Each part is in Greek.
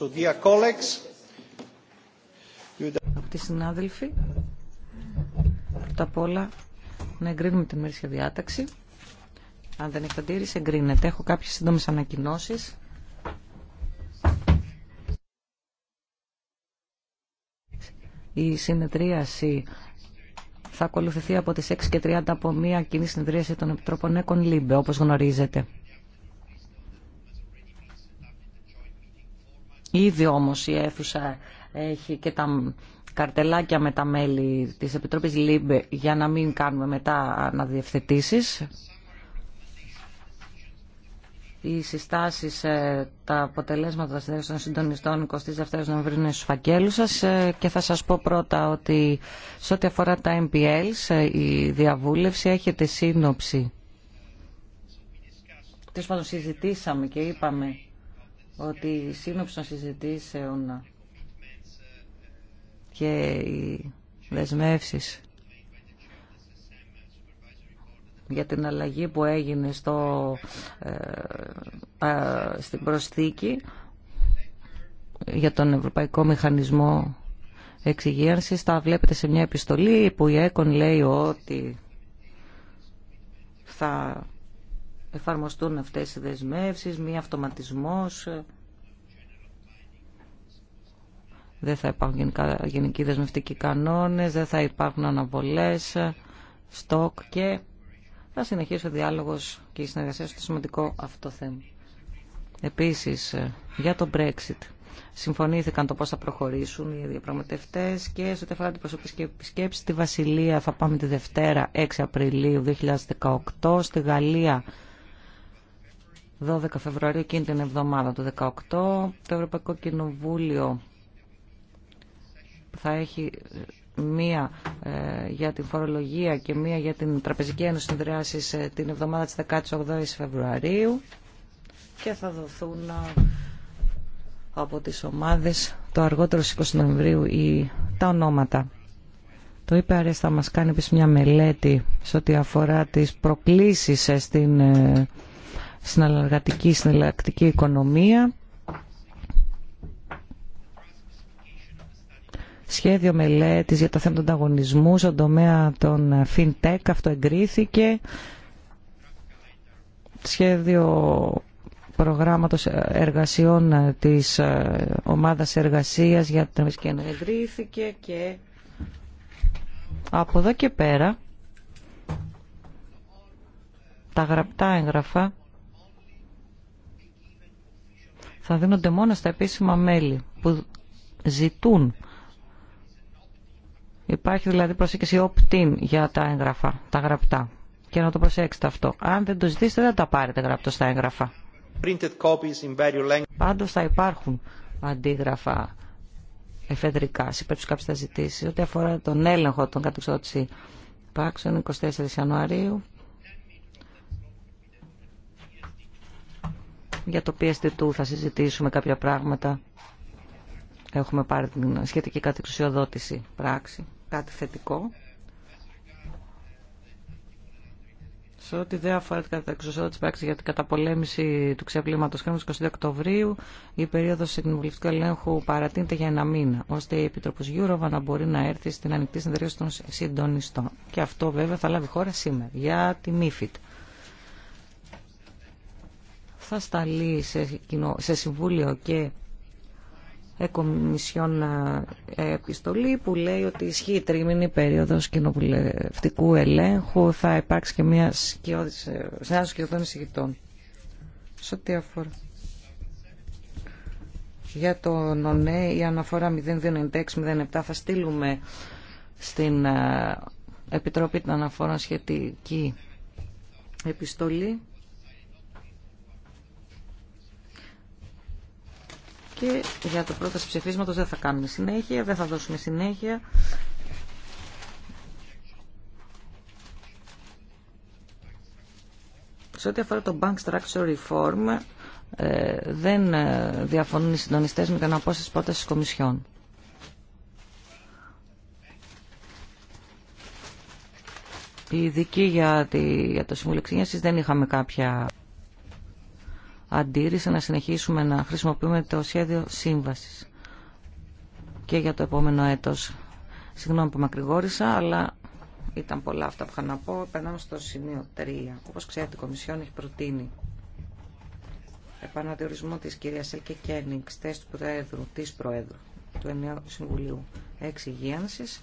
So, dear colleagues, Αγαπητοί συνάδελφοι, πρώτα απ' όλα να εγκρίνουμε την ημερήσια διάταξη. Αν δεν έχετε αντίρρηση, εγκρίνεται. Έχω κάποιε σύντομε ανακοινώσει. Η συνεδρίαση θα ακολουθηθεί από τις 6.30 από μια κοινή συνεδρίαση των Επιτροπών ΕΚΟΝ ΛΥΜΠΕ, όπως γνωρίζετε. Ήδη όμως η αίθουσα έχει και τα καρτελάκια με τα μέλη της Επιτροπής ΛΥΜΠΕ για να μην κάνουμε μετά αναδιευθετήσεις. Οι συστάσει, ε, τα αποτελέσματα των συντονιστών 22 να βρουν στου φακέλου σα και θα σα πω πρώτα ότι σε ό,τι αφορά τα MPL, ε, η διαβούλευση έχετε σύνοψη. Τέλο πάντων, συζητήσαμε και είπαμε ότι η σύνοψη των συζητήσεων και οι δεσμεύσει για την αλλαγή που έγινε στο, ε, στην προσθήκη για τον Ευρωπαϊκό Μηχανισμό Εξυγίανσης τα βλέπετε σε μια επιστολή που η ΕΚΟΝ λέει ότι θα εφαρμοστούν αυτές οι δεσμεύσεις, μη αυτοματισμός. Δεν θα υπάρχουν γενικά, γενικοί δεσμευτικοί κανόνες, δεν θα υπάρχουν αναβολές, στόκ και θα συνεχίσει ο διάλογος και η συνεργασία στο σημαντικό αυτό θέμα. Επίσης, για το Brexit. Συμφωνήθηκαν το πώς θα προχωρήσουν οι διαπραγματευτές και σε ό,τι την προσωπική επισκέψη στη Βασιλεία θα πάμε τη Δευτέρα 6 Απριλίου 2018, στη Γαλλία 12 Φεβρουαρίου εκείνη την εβδομάδα του 18 το Ευρωπαϊκό Κοινοβούλιο θα έχει ε, μία ε, για την φορολογία και μία για την Τραπεζική Ένωση ε, την εβδομάδα της 18 Φεβρουαρίου και θα δοθούν από τις ομάδες το αργότερο 20 Νοεμβρίου ή τα ονόματα. Το ΕΠΑΡΕΣ θα μας κάνει επίσης μια μελέτη σε ό,τι αφορά τις προκλήσεις στην συναλλαγματική, συναλλακτική οικονομία, σχέδιο μελέτης για το θέμα του ανταγωνισμού στον τομέα των FinTech, αυτό εγκρίθηκε, σχέδιο προγράμματος εργασιών της ε, ομάδας εργασίας για την Ευσκένα εγκρίθηκε και από εδώ και πέρα τα γραπτά έγγραφα θα δίνονται μόνο στα επίσημα μέλη που ζητούν. Υπάρχει δηλαδή προσέγγιση opt-in για τα έγγραφα, τα γραπτά. Και να το προσέξετε αυτό. Αν δεν το ζητήσετε δεν τα πάρετε γραπτό στα έγγραφα. Πάντως θα υπάρχουν αντίγραφα εφεδρικά, σύμπρεψη κάποιες τα ζητήσει, ό,τι αφορά τον έλεγχο των κατεξότηση υπάρξεων 24 Ιανουαρίου Για το pst 2 θα συζητήσουμε κάποια πράγματα. Έχουμε πάρει την σχετική κατεξουσιοδότηση πράξη. Κάτι θετικό. Σε ό,τι δεν αφορά την κατεξουσιοδότηση πράξη για την καταπολέμηση του ξεπλήματο χρήματο 22 Οκτωβρίου, η περίοδο συμβουλευτικού ελέγχου παρατείνεται για ένα μήνα, ώστε η Επιτροπή Γιούροβα να μπορεί να έρθει στην ανοιχτή Συνδερίωση των συντονιστών. Και αυτό βέβαια θα λάβει χώρα σήμερα για τη ΜΥΦΙΤ θα σταλεί σε, σε Συμβούλιο και Εκομισιόν ε, επιστολή που λέει ότι ισχύει η τρίμηνη περίοδος κοινοβουλευτικού ελέγχου. Θα υπάρξει και μια ένα ε, σκιωδόν εισηγητών. Σε ό,τι αφορά. Για το ΝΟΝΕ η αναφορά 0296-07 θα στείλουμε στην ε, Επιτροπή των Αναφορών σχετική επιστολή. και για το πρόταση ψηφίσματος δεν θα κάνουμε συνέχεια, δεν θα δώσουμε συνέχεια. Σε ό,τι αφορά το Bank Structure Reform, ε, δεν ε, διαφωνούν οι συντονιστές με την απόσταση πρόταση Κομισιόν. Οι ειδικοί για, το Συμβούλιο δεν είχαμε κάποια αντίρρηση να συνεχίσουμε να χρησιμοποιούμε το σχέδιο σύμβασης και για το επόμενο έτος. Συγγνώμη που μακρηγόρησα, αλλά ήταν πολλά αυτά που είχα να πω. Περνάμε στο σημείο 3. Όπως ξέρετε, η Κομισιόν έχει προτείνει επαναδιορισμό της κυρίας Ελκε Κένιγκ, θέση του Προέδρου, της Προέδρου του Ενιαίου Συμβουλίου Εξυγίανσης.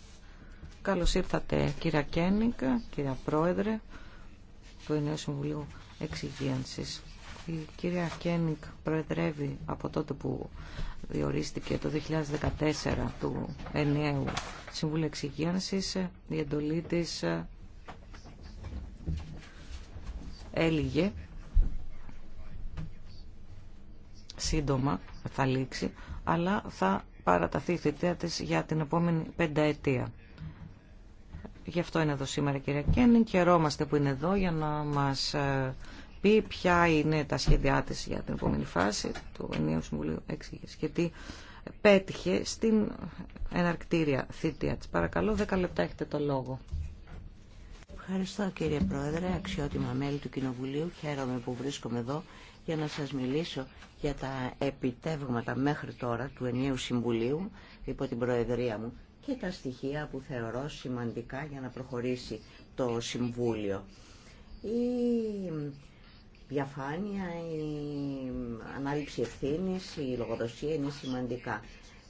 Καλώς ήρθατε κυρία Κένιγκ, κυρία Πρόεδρε του Ενιαίου Συμβουλίου Εξυγίανσης. Η κυρία Κένικ προεδρεύει από τότε που διορίστηκε το 2014 του ενιαίου Συμβούλου Εξυγίανσης. Η εντολή της ε, έλυγε σύντομα θα λήξει, αλλά θα παραταθεί η θητεία της για την επόμενη πενταετία. Γι' αυτό είναι εδώ σήμερα η κυρία Κένιν. Χαιρόμαστε που είναι εδώ για να μας ε, πει ποια είναι τα σχέδιά της για την επόμενη φάση του Ενίου συμβουλίου έξηγε και πέτυχε στην εναρκτήρια θητεία της. Παρακαλώ, 10 λεπτά έχετε το λόγο. Ευχαριστώ κύριε Πρόεδρε, αξιότιμα μέλη του Κοινοβουλίου. Χαίρομαι που βρίσκομαι εδώ για να σας μιλήσω για τα επιτεύγματα μέχρι τώρα του ενιαίου συμβουλίου υπό την Προεδρία μου και τα στοιχεία που θεωρώ σημαντικά για να προχωρήσει το Συμβούλιο διαφάνεια, η ανάληψη ευθύνη, η λογοδοσία είναι σημαντικά.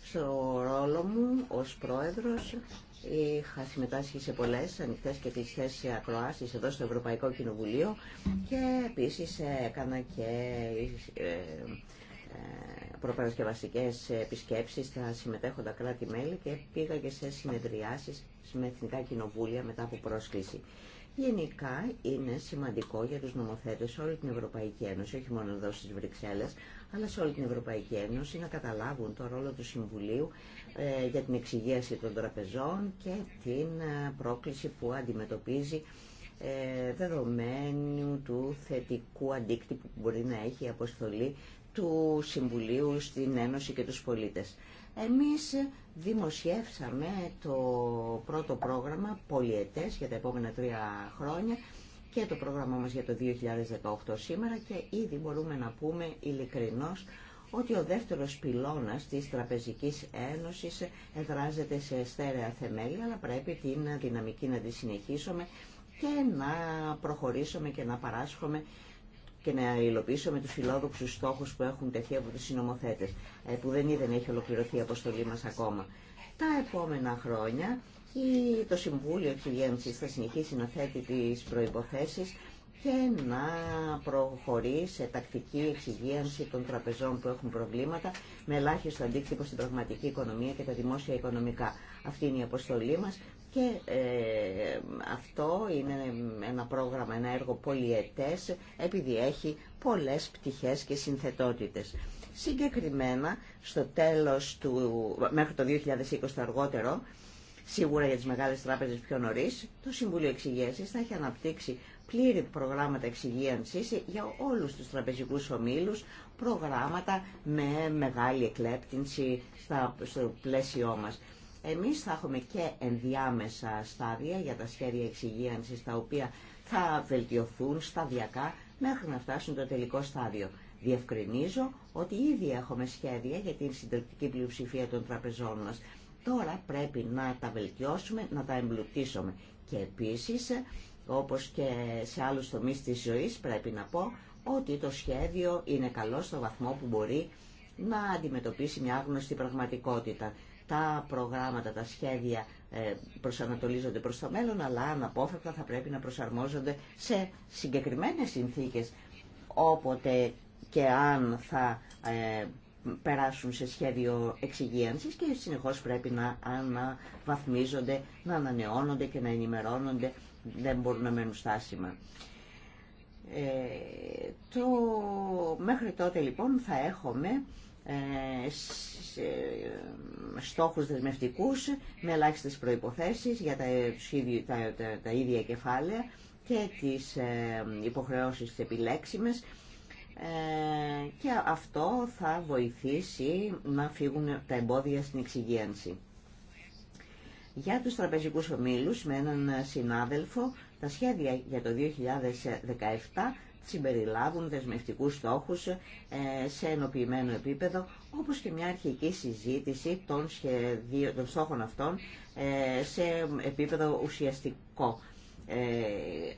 Στο ρόλο μου ως πρόεδρος είχα συμμετάσχει σε πολλές ανοιχτές και κλειστές ακροάσεις εδώ στο Ευρωπαϊκό Κοινοβουλίο και επίσης έκανα και ε, ε, προπαρασκευαστικές επισκέψεις στα συμμετέχοντα κράτη-μέλη και πήγα και σε συνεδριάσεις με εθνικά κοινοβούλια μετά από πρόσκληση γενικά είναι σημαντικό για τους νομοθέτες σε όλη την Ευρωπαϊκή Ένωση, όχι μόνο εδώ στις Βρυξέλλες, αλλά σε όλη την Ευρωπαϊκή Ένωση να καταλάβουν το ρόλο του Συμβουλίου ε, για την εξυγίαση των τραπεζών και την ε, πρόκληση που αντιμετωπίζει ε, δεδομένου του θετικού αντίκτυπου που μπορεί να έχει η αποστολή του Συμβουλίου στην Ένωση και τους πολίτες. Εμείς δημοσιεύσαμε το πρώτο πρόγραμμα πολιετές για τα επόμενα τρία χρόνια και το πρόγραμμα μας για το 2018 σήμερα και ήδη μπορούμε να πούμε ειλικρινώς ότι ο δεύτερος πυλώνας της Τραπεζικής Ένωσης εδράζεται σε στέρεα θεμέλια, αλλά πρέπει την δυναμική να τη συνεχίσουμε και να προχωρήσουμε και να παράσχουμε και να υλοποιήσουμε τους φιλόδοξους στόχους που έχουν τεθεί από τους συνομοθέτες, ε, που δεν είδε να έχει ολοκληρωθεί η αποστολή μας ακόμα. Τα επόμενα χρόνια το Συμβούλιο Εξυγένσης θα συνεχίσει να θέτει τις προϋποθέσεις και να προχωρεί σε τακτική εξυγίανση των τραπεζών που έχουν προβλήματα με ελάχιστο αντίκτυπο στην πραγματική οικονομία και τα δημόσια οικονομικά. Αυτή είναι η αποστολή μας και ε, αυτό είναι ένα πρόγραμμα, ένα έργο πολυετές, επειδή έχει πολλές πτυχές και συνθετότητες. Συγκεκριμένα, στο τέλος του, μέχρι το 2020 το αργότερο, σίγουρα για τις μεγάλες τράπεζες πιο νωρίς, το Συμβούλιο Εξυγίανσης θα έχει αναπτύξει πλήρη προγράμματα εξυγίανσης για όλους τους τραπεζικούς ομίλους, προγράμματα με μεγάλη εκλέπτυνση στο πλαίσιό μας. Εμείς θα έχουμε και ενδιάμεσα στάδια για τα σχέδια εξυγίανσης τα οποία θα βελτιωθούν σταδιακά μέχρι να φτάσουν το τελικό στάδιο. Διευκρινίζω ότι ήδη έχουμε σχέδια για την συντριπτική πλειοψηφία των τραπεζών μας. Τώρα πρέπει να τα βελτιώσουμε, να τα εμπλουτίσουμε. Και επίσης, όπως και σε άλλους τομείς της ζωής, πρέπει να πω ότι το σχέδιο είναι καλό στο βαθμό που μπορεί να αντιμετωπίσει μια άγνωστη πραγματικότητα τα προγράμματα, τα σχέδια ε, προσανατολίζονται προς το μέλλον, αλλά αναπόφευκτα θα πρέπει να προσαρμόζονται σε συγκεκριμένες συνθήκες, όποτε και αν θα ε, περάσουν σε σχέδιο εξυγίανσης και συνεχώς πρέπει να αναβαθμίζονται, να ανανεώνονται και να ενημερώνονται, δεν μπορούν να μένουν στάσιμα. Ε, το... Μέχρι τότε λοιπόν θα έχουμε ε, ε, στόχους δεσμευτικούς με ελάχιστες προϋποθέσεις για τα, ε, τα, τα, ίδια κεφάλαια και τις υποχρεώσεις της επιλέξιμες και αυτό θα βοηθήσει να φύγουν τα εμπόδια στην εξυγίανση. Για τους τραπεζικούς ομίλους με έναν συνάδελφο τα σχέδια για το 2017 συμπεριλάβουν δεσμευτικούς στόχους ε, σε ενοποιημένο επίπεδο, όπως και μια αρχική συζήτηση των, των στόχων αυτών ε, σε επίπεδο ουσιαστικό. Ε,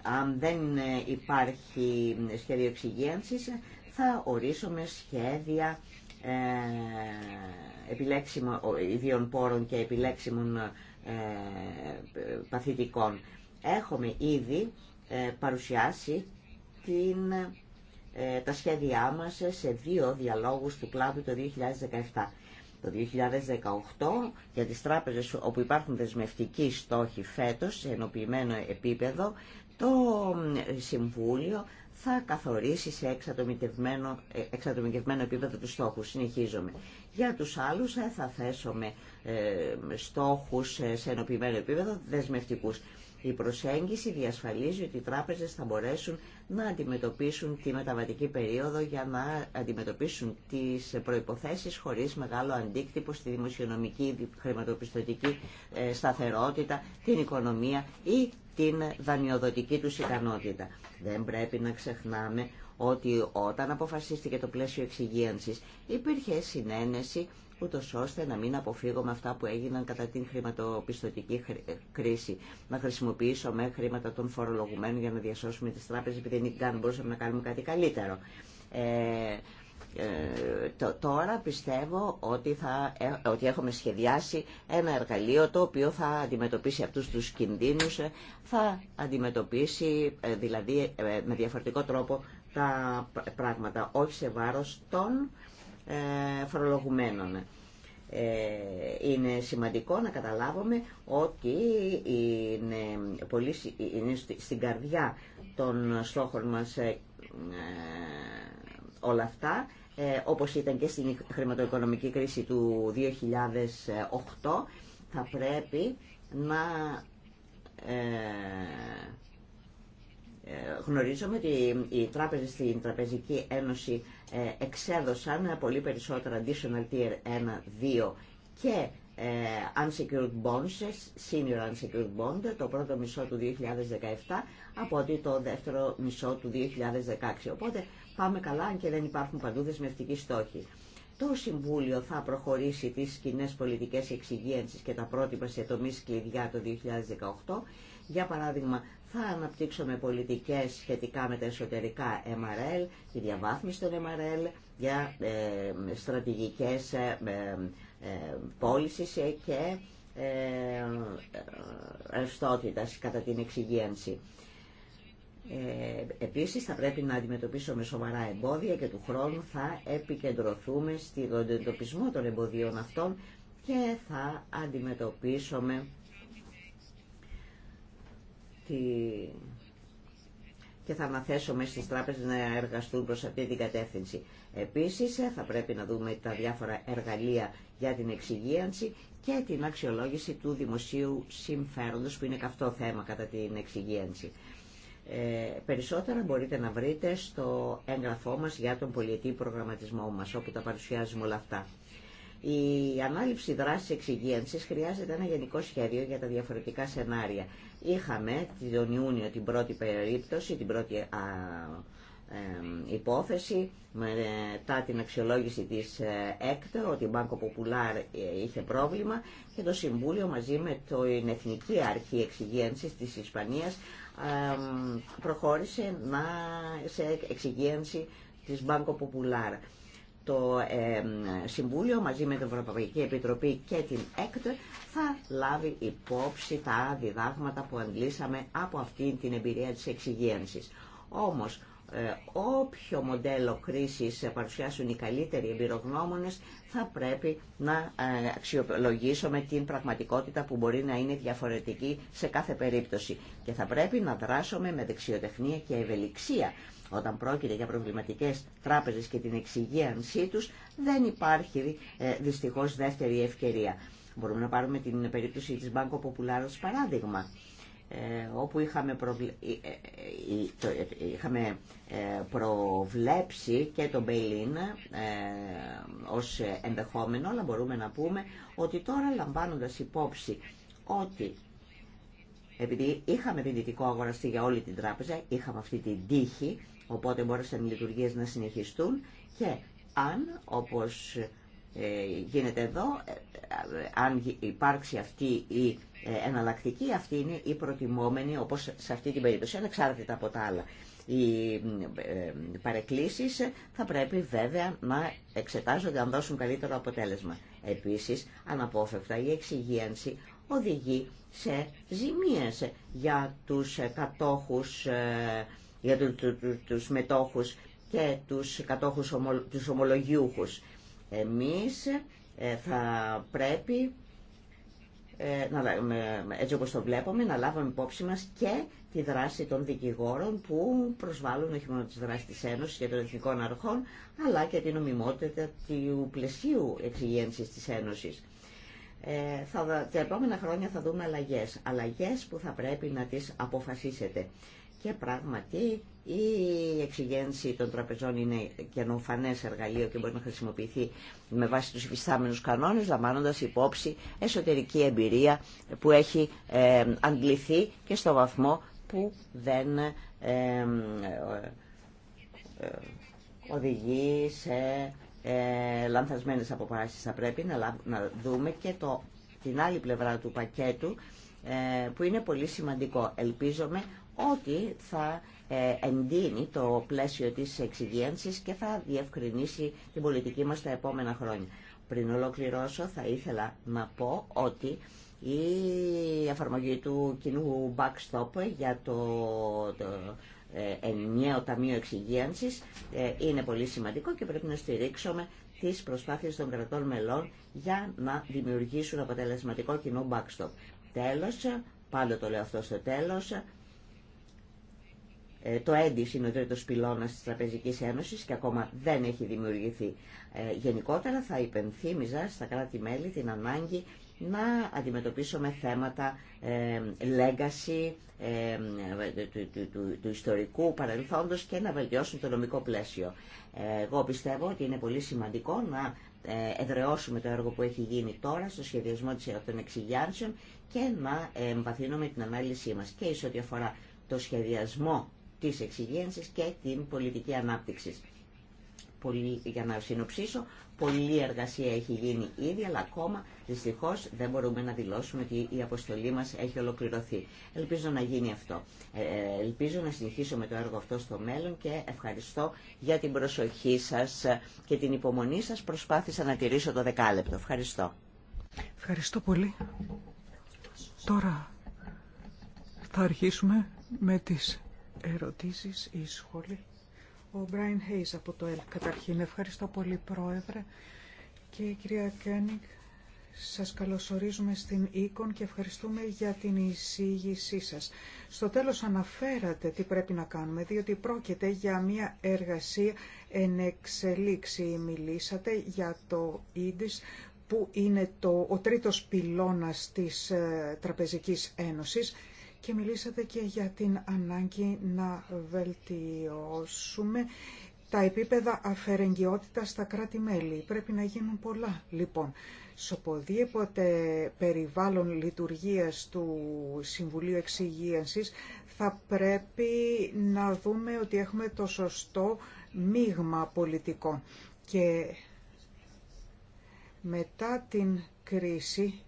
αν δεν υπάρχει σχέδιο εξυγίανσης, θα ορίσουμε σχέδια επιλέξιμο, ιδίων πόρων και επιλέξιμων παθητικών. Έχουμε ήδη παρουσιάσει την, ε, τα σχέδιά μας σε δύο διαλόγους του κλάδου το 2017. Το 2018 για τις τράπεζες όπου υπάρχουν δεσμευτικοί στόχοι φέτος σε ενοποιημένο επίπεδο το ε, Συμβούλιο θα καθορίσει σε εξατομικευμένο, ε, εξατομικευμένο επίπεδο του στόχου. Συνεχίζομαι. Για τους άλλους θα θέσουμε στόχους σε ενοποιημένο επίπεδο δεσμευτικούς. Η προσέγγιση διασφαλίζει ότι οι τράπεζες θα μπορέσουν να αντιμετωπίσουν τη μεταβατική περίοδο για να αντιμετωπίσουν τις προϋποθέσεις χωρίς μεγάλο αντίκτυπο στη δημοσιονομική, χρηματοπιστωτική ε, σταθερότητα, την οικονομία ή την δανειοδοτική τους ικανότητα. Δεν πρέπει να ξεχνάμε ότι όταν αποφασίστηκε το πλαίσιο εξυγίανσης υπήρχε συνένεση ούτω ώστε να μην αποφύγουμε αυτά που έγιναν κατά την χρηματοπιστωτική κρίση. Να χρησιμοποιήσουμε χρήματα των φορολογουμένων για να διασώσουμε τις τράπεζες επειδή δεν μπορούσαμε να κάνουμε κάτι καλύτερο. Ε, ε τώρα πιστεύω ότι, θα, ε, ότι έχουμε σχεδιάσει ένα εργαλείο το οποίο θα αντιμετωπίσει αυτούς τους κινδύνους, ε, θα αντιμετωπίσει δηλαδή με διαφορετικό τρόπο τα πράγματα, όχι σε βάρος των ε, φορολογουμένων. Ε, είναι σημαντικό να καταλάβουμε ότι είναι, πολύ, είναι στην καρδιά των στόχων μας ε, όλα αυτά, όπως ήταν και στην χρηματοοικονομική κρίση του 2008, θα πρέπει να γνωρίζουμε ότι οι τράπεζες στην Τραπεζική Ένωση ε, εξέδωσαν πολύ περισσότερα additional tier 1, 2 και ε, unsecured bonds, senior unsecured bond, το πρώτο μισό του 2017 από ότι το δεύτερο μισό του 2016. Οπότε πάμε καλά αν και δεν υπάρχουν παντού δεσμευτικοί στόχοι. Το Συμβούλιο θα προχωρήσει τις κοινέ πολιτικές εξυγίανσης και τα πρότυπα σε τομείς κλειδιά το 2018. Για παράδειγμα, θα αναπτύξουμε πολιτικές σχετικά με τα εσωτερικά MRL, τη διαβάθμιση των MRL για ε, στρατηγικές ε, ε, και ε, ρευστότητας κατά την εξυγίανση. Ε, επίσης θα πρέπει να αντιμετωπίσουμε σοβαρά εμπόδια και του χρόνου θα επικεντρωθούμε στον εντοπισμό των εμποδιών αυτών και θα αντιμετωπίσουμε ότι και θα αναθέσω μέσα στις τράπεζες να εργαστούν προς αυτή την κατεύθυνση. Επίσης ε, θα πρέπει να δούμε τα διάφορα εργαλεία για την εξυγίανση και την αξιολόγηση του δημοσίου συμφέροντος που είναι καυτό θέμα κατά την εξυγίανση. Ε, περισσότερα μπορείτε να βρείτε στο έγγραφό μας για τον πολιετή προγραμματισμό μας όπου τα παρουσιάζουμε όλα αυτά. Η ανάληψη δράση εξυγίανση χρειάζεται ένα γενικό σχέδιο για τα διαφορετικά σενάρια. Είχαμε τον Ιούνιο την πρώτη περίπτωση, την πρώτη α, ε, υπόθεση μετά την αξιολόγηση της ε, ΕΚΤ ότι η Banco Popular ε, είχε πρόβλημα και το Συμβούλιο μαζί με την Εθνική Αρχή Εξυγένσης της Ισπανίας προχώρησε να, σε εξυγένση της Banco Popular. Το ε, Συμβούλιο μαζί με την Ευρωπαϊκή Επιτροπή και την ΕΚΤ θα λάβει υπόψη τα διδάγματα που αντλήσαμε από αυτή την εμπειρία της εξυγίανσης. Όμως, ε, όποιο μοντέλο κρίσης παρουσιάσουν οι καλύτεροι εμπειρογνώμονες θα πρέπει να ε, αξιολογήσουμε την πραγματικότητα που μπορεί να είναι διαφορετική σε κάθε περίπτωση και θα πρέπει να δράσουμε με δεξιοτεχνία και ευελιξία όταν πρόκειται για προβληματικές τράπεζες και την εξυγίανσή τους, δεν υπάρχει ε, δυστυχώς δεύτερη ευκαιρία. Μπορούμε να πάρουμε την περίπτωση της Banco Popular ως παράδειγμα, ε, όπου είχαμε, ε, είχαμε προβλέψει και τον Μπέιλιν ως ενδεχόμενο, αλλά μπορούμε να πούμε ότι τώρα λαμβάνοντας υπόψη ότι επειδή είχαμε δυνητικό αγοραστή για όλη την τράπεζα, είχαμε αυτή την τύχη Οπότε μπόρεσαν οι λειτουργίες να συνεχιστούν και αν, όπως ε, γίνεται εδώ, ε, ε, αν υπάρξει αυτή η εναλλακτική, αυτή είναι η προτιμόμενη, όπως σε αυτή την περίπτωση, ανεξάρτητα από τα άλλα. Οι παρεκκλήσεις θα πρέπει βέβαια να εξετάζονται αν δώσουν καλύτερο αποτέλεσμα. Επίσης, αναπόφευκτα η εξυγίανση οδηγεί σε ζημίες για τους κατόχους για τους μετόχους και τους κατόχους τους ομολογιούχους. Εμείς ε, θα πρέπει, ε, να, έτσι όπως το βλέπουμε, να λάβουμε υπόψη μας και τη δράση των δικηγόρων που προσβάλλουν όχι μόνο τις δράση της Ένωσης και των εθνικών αρχών, αλλά και την ομιμότητα του πλαισίου εξυγένσης της Ένωσης. Ε, θα, τα επόμενα χρόνια θα δούμε αλλαγές, αλλαγές που θα πρέπει να τις αποφασίσετε. Και πράγματι η εξηγένση των τραπεζών είναι καινοφανέ εργαλείο και μπορεί να χρησιμοποιηθεί με βάση τους υφιστάμενου κανόνε, λαμβάνοντα υπόψη εσωτερική εμπειρία που έχει ε, αντληθεί και στο βαθμό που δεν ε, ε, ε, οδηγεί σε λανθασμένες αποφάσεις. Θα πρέπει να, δούμε και το, την άλλη πλευρά του πακέτου που είναι πολύ σημαντικό. Ελπίζομαι ότι θα ε, εντείνει το πλαίσιο της εξυγίανσης και θα διευκρινίσει την πολιτική μας τα επόμενα χρόνια. Πριν ολοκληρώσω θα ήθελα να πω ότι η εφαρμογή του κοινού backstop για το, το ε, ενιαίο Ταμείο Εξυγίανσης ε, είναι πολύ σημαντικό και πρέπει να στηρίξουμε τις προσπάθειες των κρατών μελών για να δημιουργήσουν αποτελεσματικό κοινό backstop. Τέλος, πάντα το λέω αυτό στο τέλος, ε, το έντις είναι ο τρίτο πυλώνα τη Τραπεζική Ένωση και ακόμα δεν έχει δημιουργηθεί. Ε, γενικότερα θα υπενθύμιζα στα κράτη-μέλη την ανάγκη να αντιμετωπίσουμε θέματα ε, legacy ε, του, του, του, του, ιστορικού παρελθόντος και να βελτιώσουν το νομικό πλαίσιο. Ε, εγώ πιστεύω ότι είναι πολύ σημαντικό να εδραιώσουμε το έργο που έχει γίνει τώρα στο σχεδιασμό των εξηγιάνσεων και να εμβαθύνουμε την ανάλυση μας και ίσως ό,τι αφορά το σχεδιασμό της εξυγένσης και την πολιτική ανάπτυξη. για να συνοψίσω, πολλή εργασία έχει γίνει ήδη, αλλά ακόμα δυστυχώ, δεν μπορούμε να δηλώσουμε ότι η αποστολή μας έχει ολοκληρωθεί. Ελπίζω να γίνει αυτό. Ε, ε, ελπίζω να συνεχίσω με το έργο αυτό στο μέλλον και ευχαριστώ για την προσοχή σας και την υπομονή σας. Προσπάθησα να τηρήσω το δεκάλεπτο. Ευχαριστώ. Ευχαριστώ πολύ. Τώρα θα αρχίσουμε με τις ερωτήσεις ή σχόλια. Ο Μπράιν Χέις από το ΕΛ. Καταρχήν, ευχαριστώ πολύ Πρόεδρε και η κυρία Κένιγκ. Σας καλωσορίζουμε στην ΕΚΟΝ και ευχαριστούμε για την εισήγησή σας. Στο τέλος αναφέρατε τι πρέπει να κάνουμε, διότι πρόκειται για μια εργασία εν εξελίξη. Μιλήσατε για το ίντις που είναι το, ο τρίτος πυλώνας της ε, Τραπεζικής Ένωσης και μιλήσατε και για την ανάγκη να βελτιώσουμε τα επίπεδα αφαιρεγγιότητας στα κράτη-μέλη. Πρέπει να γίνουν πολλά, λοιπόν. Σε περιβάλλον λειτουργίας του Συμβουλίου Εξυγίανσης θα πρέπει να δούμε ότι έχουμε το σωστό μείγμα πολιτικό. Και μετά την κρίση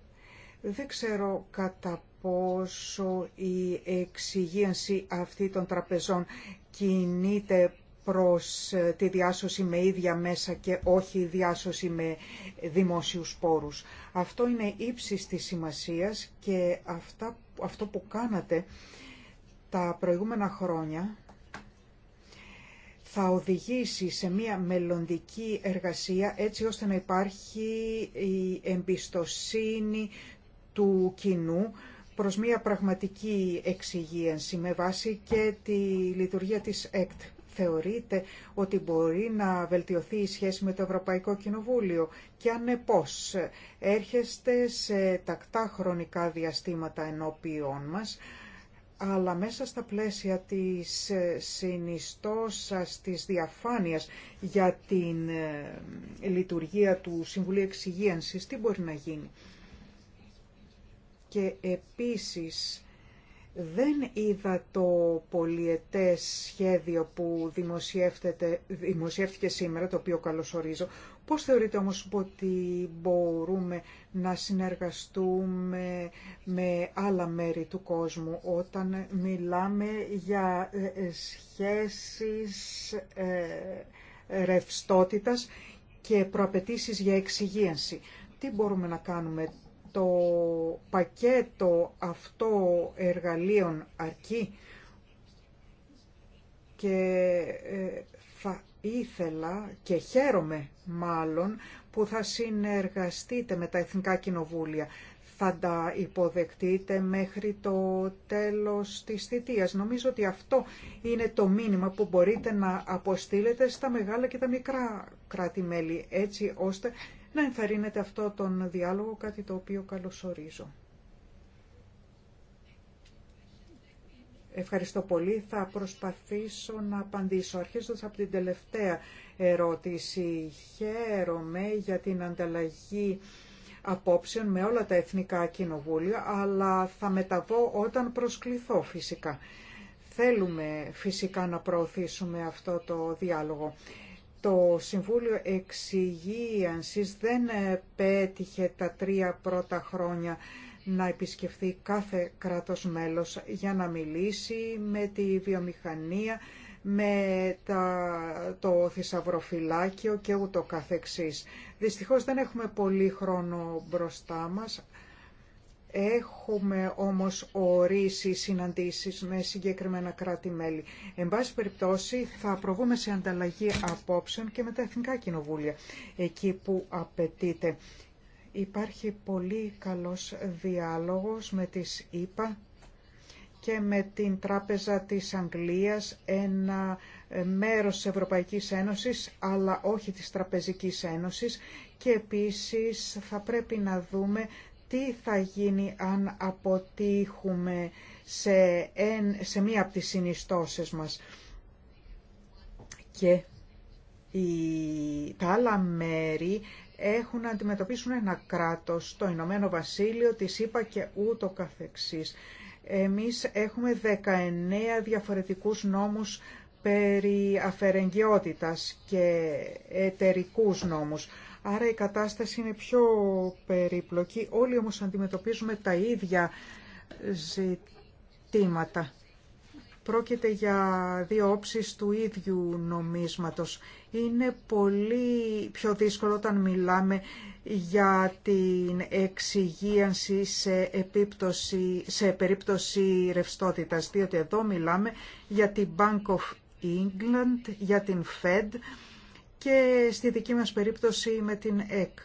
δεν ξέρω κατά πόσο η εξυγίανση αυτή των τραπεζών κινείται προς τη διάσωση με ίδια μέσα και όχι διάσωση με δημόσιους πόρους. Αυτό είναι ύψης της σημασίας και αυτό που κάνατε τα προηγούμενα χρόνια θα οδηγήσει σε μια μελλοντική εργασία έτσι ώστε να υπάρχει η εμπιστοσύνη του κοινού προς μια πραγματική εξυγίανση με βάση και τη λειτουργία της ΕΚΤ. Θεωρείτε ότι μπορεί να βελτιωθεί η σχέση με το Ευρωπαϊκό Κοινοβούλιο και αν ναι, πώς έρχεστε σε τακτά χρονικά διαστήματα ενώπιών μας αλλά μέσα στα πλαίσια της συνιστώσας της διαφάνειας για την ε, λειτουργία του Συμβουλίου Εξυγίανσης, τι μπορεί να γίνει και επίσης δεν είδα το πολιετές σχέδιο που δημοσιεύτηκε σήμερα, το οποίο καλωσορίζω. Πώς θεωρείτε όμως ότι μπορούμε να συνεργαστούμε με άλλα μέρη του κόσμου όταν μιλάμε για ε, ε, σχέσεις ε, ρευστότητας και προαπαιτήσεις για εξυγίανση. Τι μπορούμε να κάνουμε το πακέτο αυτό εργαλείων αρκεί και ε, θα ήθελα και χαίρομαι μάλλον που θα συνεργαστείτε με τα Εθνικά Κοινοβούλια. Θα τα υποδεχτείτε μέχρι το τέλος της θητείας. Νομίζω ότι αυτό είναι το μήνυμα που μπορείτε να αποστείλετε στα μεγάλα και τα μικρά κράτη-μέλη, έτσι ώστε να ενθαρρύνεται αυτό τον διάλογο, κάτι το οποίο καλωσορίζω. Ευχαριστώ πολύ. Θα προσπαθήσω να απαντήσω. Αρχίζοντας από την τελευταία ερώτηση. Χαίρομαι για την ανταλλαγή απόψεων με όλα τα εθνικά κοινοβούλια, αλλά θα μεταβώ όταν προσκληθώ φυσικά. Θέλουμε φυσικά να προωθήσουμε αυτό το διάλογο το Συμβούλιο Εξυγίανσης δεν πέτυχε τα τρία πρώτα χρόνια να επισκεφθεί κάθε κράτος μέλος για να μιλήσει με τη βιομηχανία, με τα, το θησαυροφυλάκιο και ούτω καθεξής. Δυστυχώς δεν έχουμε πολύ χρόνο μπροστά μας, Έχουμε όμως ορίσει συναντήσεις με συγκεκριμένα κράτη-μέλη. Εν πάση περιπτώσει θα προβούμε σε ανταλλαγή απόψεων και με τα Εθνικά Κοινοβούλια, εκεί που απαιτείται. Υπάρχει πολύ καλός διάλογος με τις ΗΠΑ και με την Τράπεζα της Αγγλίας, ένα μέρος της Ευρωπαϊκής Ένωσης, αλλά όχι της Τραπεζικής Ένωσης και επίσης θα πρέπει να δούμε τι θα γίνει αν αποτύχουμε σε, εν, σε μία από τις συνιστώσεις μας. Και οι, τα άλλα μέρη έχουν να αντιμετωπίσουν ένα κράτος, το Ηνωμένο Βασίλειο, τη είπα και ούτω καθεξής. Εμείς έχουμε 19 διαφορετικούς νόμους περί αφαιρεγγιότητας και εταιρικούς νόμους. Άρα η κατάσταση είναι πιο περίπλοκη. Όλοι όμως αντιμετωπίζουμε τα ίδια ζητήματα. Πρόκειται για δύο όψεις του ίδιου νομίσματος. Είναι πολύ πιο δύσκολο όταν μιλάμε για την εξυγίανση σε, επίπτωση, σε περίπτωση ρευστότητας, διότι εδώ μιλάμε για την Bank of England, για την Fed, και στη δική μας περίπτωση με την ΕΚ.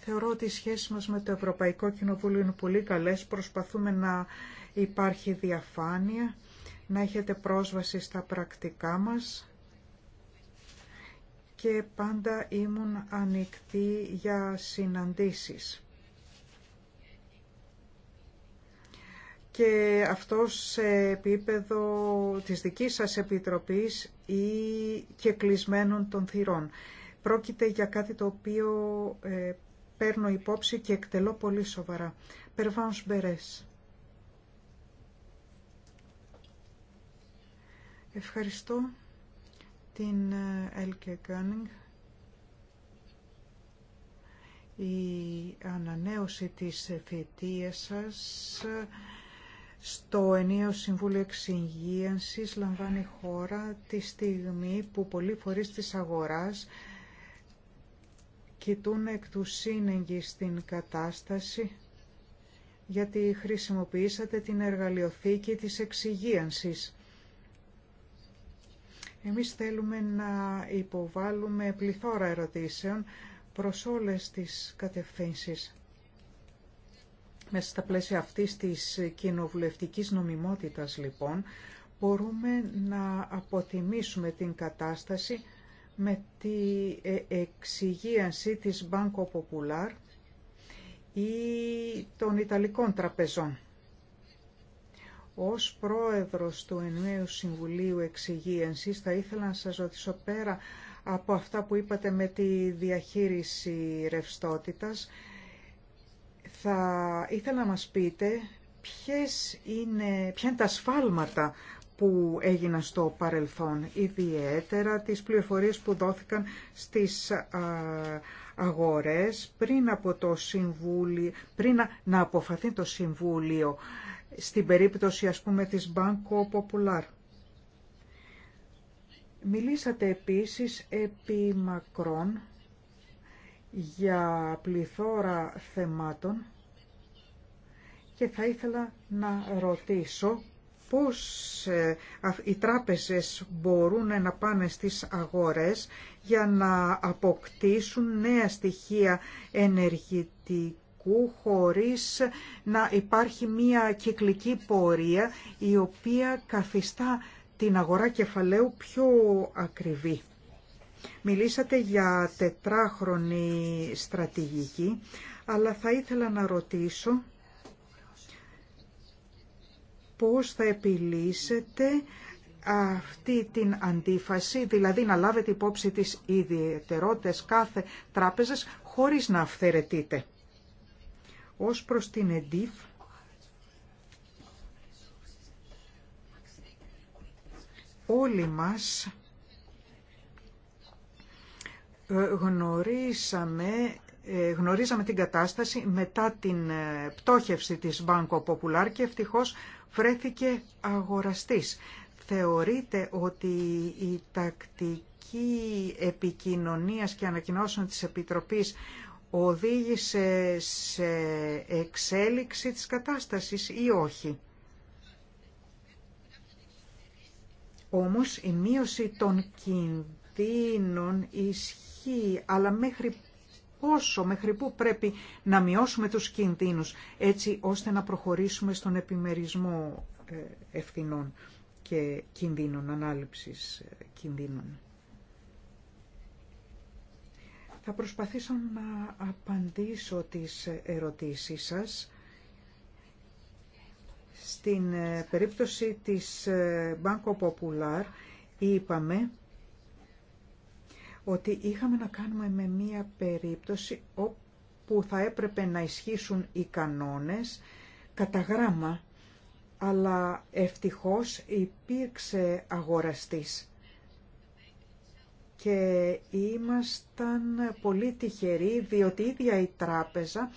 Θεωρώ ότι οι σχέσεις μας με το Ευρωπαϊκό Κοινοβούλιο είναι πολύ καλές. Προσπαθούμε να υπάρχει διαφάνεια, να έχετε πρόσβαση στα πρακτικά μας και πάντα ήμουν ανοιχτή για συναντήσεις. και αυτό σε επίπεδο της δικής σας επιτροπής ή και κλεισμένων των θυρών. Πρόκειται για κάτι το οποίο ε, παίρνω υπόψη και εκτελώ πολύ σοβαρά. Περβάνς Μπερές. Ευχαριστώ την ε, Έλκε Γκάνιγκ. Η και κλεισμενων των θυρων προκειται για κατι το οποιο παιρνω υποψη και εκτελω πολυ σοβαρα περβανος μπερες ευχαριστω την ελκε γκανιγκ η ανανεωση της θητείας σας στο ενίο Συμβούλιο Εξυγίανσης λαμβάνει χώρα τη στιγμή που πολλοί φορείς της αγοράς κοιτούν εκ του σύνεγγυ στην κατάσταση γιατί χρησιμοποιήσατε την εργαλειοθήκη της εξυγίανσης. Εμείς θέλουμε να υποβάλουμε πληθώρα ερωτήσεων προς όλες τις κατευθύνσεις. Μέσα στα πλαίσια αυτής της κοινοβουλευτικής νομιμότητας, λοιπόν, μπορούμε να αποτιμήσουμε την κατάσταση με τη ε, εξυγίανση της Banco Popular ή των Ιταλικών τραπεζών. Ως πρόεδρος του Εννέου Συμβουλίου Εξυγίανσης θα ήθελα να σας ρωτήσω πέρα από αυτά που είπατε με τη διαχείριση ρευστότητας θα ήθελα να μας πείτε ποιες είναι, ποια είναι τα σφάλματα που έγιναν στο παρελθόν, ιδιαίτερα τις πληροφορίες που δόθηκαν στις αγορές πριν από το Συμβούλιο, πριν να αποφαθεί το Συμβούλιο, στην περίπτωση ας πούμε της Banco Popular. Μιλήσατε επίσης επί μακρόν για πληθώρα θεμάτων και θα ήθελα να ρωτήσω πώς ε, οι τράπεζες μπορούν να πάνε στις αγορές για να αποκτήσουν νέα στοιχεία ενεργητικού χωρίς να υπάρχει μία κυκλική πορεία η οποία καθιστά την αγορά κεφαλαίου πιο ακριβή. Μιλήσατε για τετράχρονη στρατηγική, αλλά θα ήθελα να ρωτήσω πώς θα επιλύσετε αυτή την αντίφαση, δηλαδή να λάβετε υπόψη τις ιδιαιτερότητες κάθε τράπεζας χωρίς να αυθαιρετείτε. Ως προς την ΕΝΤΙΦ, όλοι μας ε, γνωρίσαμε, ε, γνωρίσαμε την κατάσταση μετά την ε, πτώχευση της Banco Popular και ευτυχώς βρέθηκε αγοραστής. Θεωρείτε ότι η τακτική επικοινωνίας και ανακοινώσεων της Επιτροπής οδήγησε σε εξέλιξη της κατάστασης ή όχι. Όμως η μείωση των κινδύνων ισχύει αλλά μέχρι πόσο, μέχρι πού πρέπει να μειώσουμε τους κινδύνους, έτσι ώστε να προχωρήσουμε στον επιμερισμό ε, ευθυνών και κινδύνων, ανάληψης ε, κινδύνων. Θα προσπαθήσω να απαντήσω τις ερωτήσεις σας. Στην ε, περίπτωση της Banco Popular είπαμε ότι είχαμε να κάνουμε με μία περίπτωση όπου θα έπρεπε να ισχύσουν οι κανόνες κατά γράμμα, αλλά ευτυχώς υπήρξε αγοραστής και ήμασταν πολύ τυχεροί διότι η ίδια η τράπεζα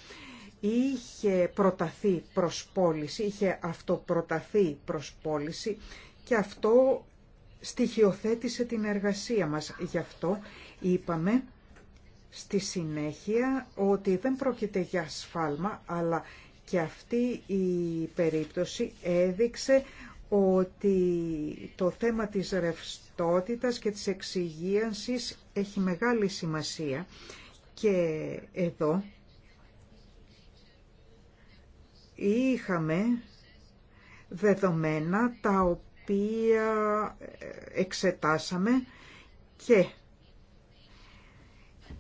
είχε προταθεί προς πώληση, είχε αυτοπροταθεί προς πώληση και αυτό στοιχειοθέτησε την εργασία μας. Γι' αυτό είπαμε στη συνέχεια ότι δεν πρόκειται για σφάλμα, αλλά και αυτή η περίπτωση έδειξε ότι το θέμα της ρευστότητα και της εξυγίανσης έχει μεγάλη σημασία και εδώ είχαμε δεδομένα τα οποία οποία ε, εξετάσαμε και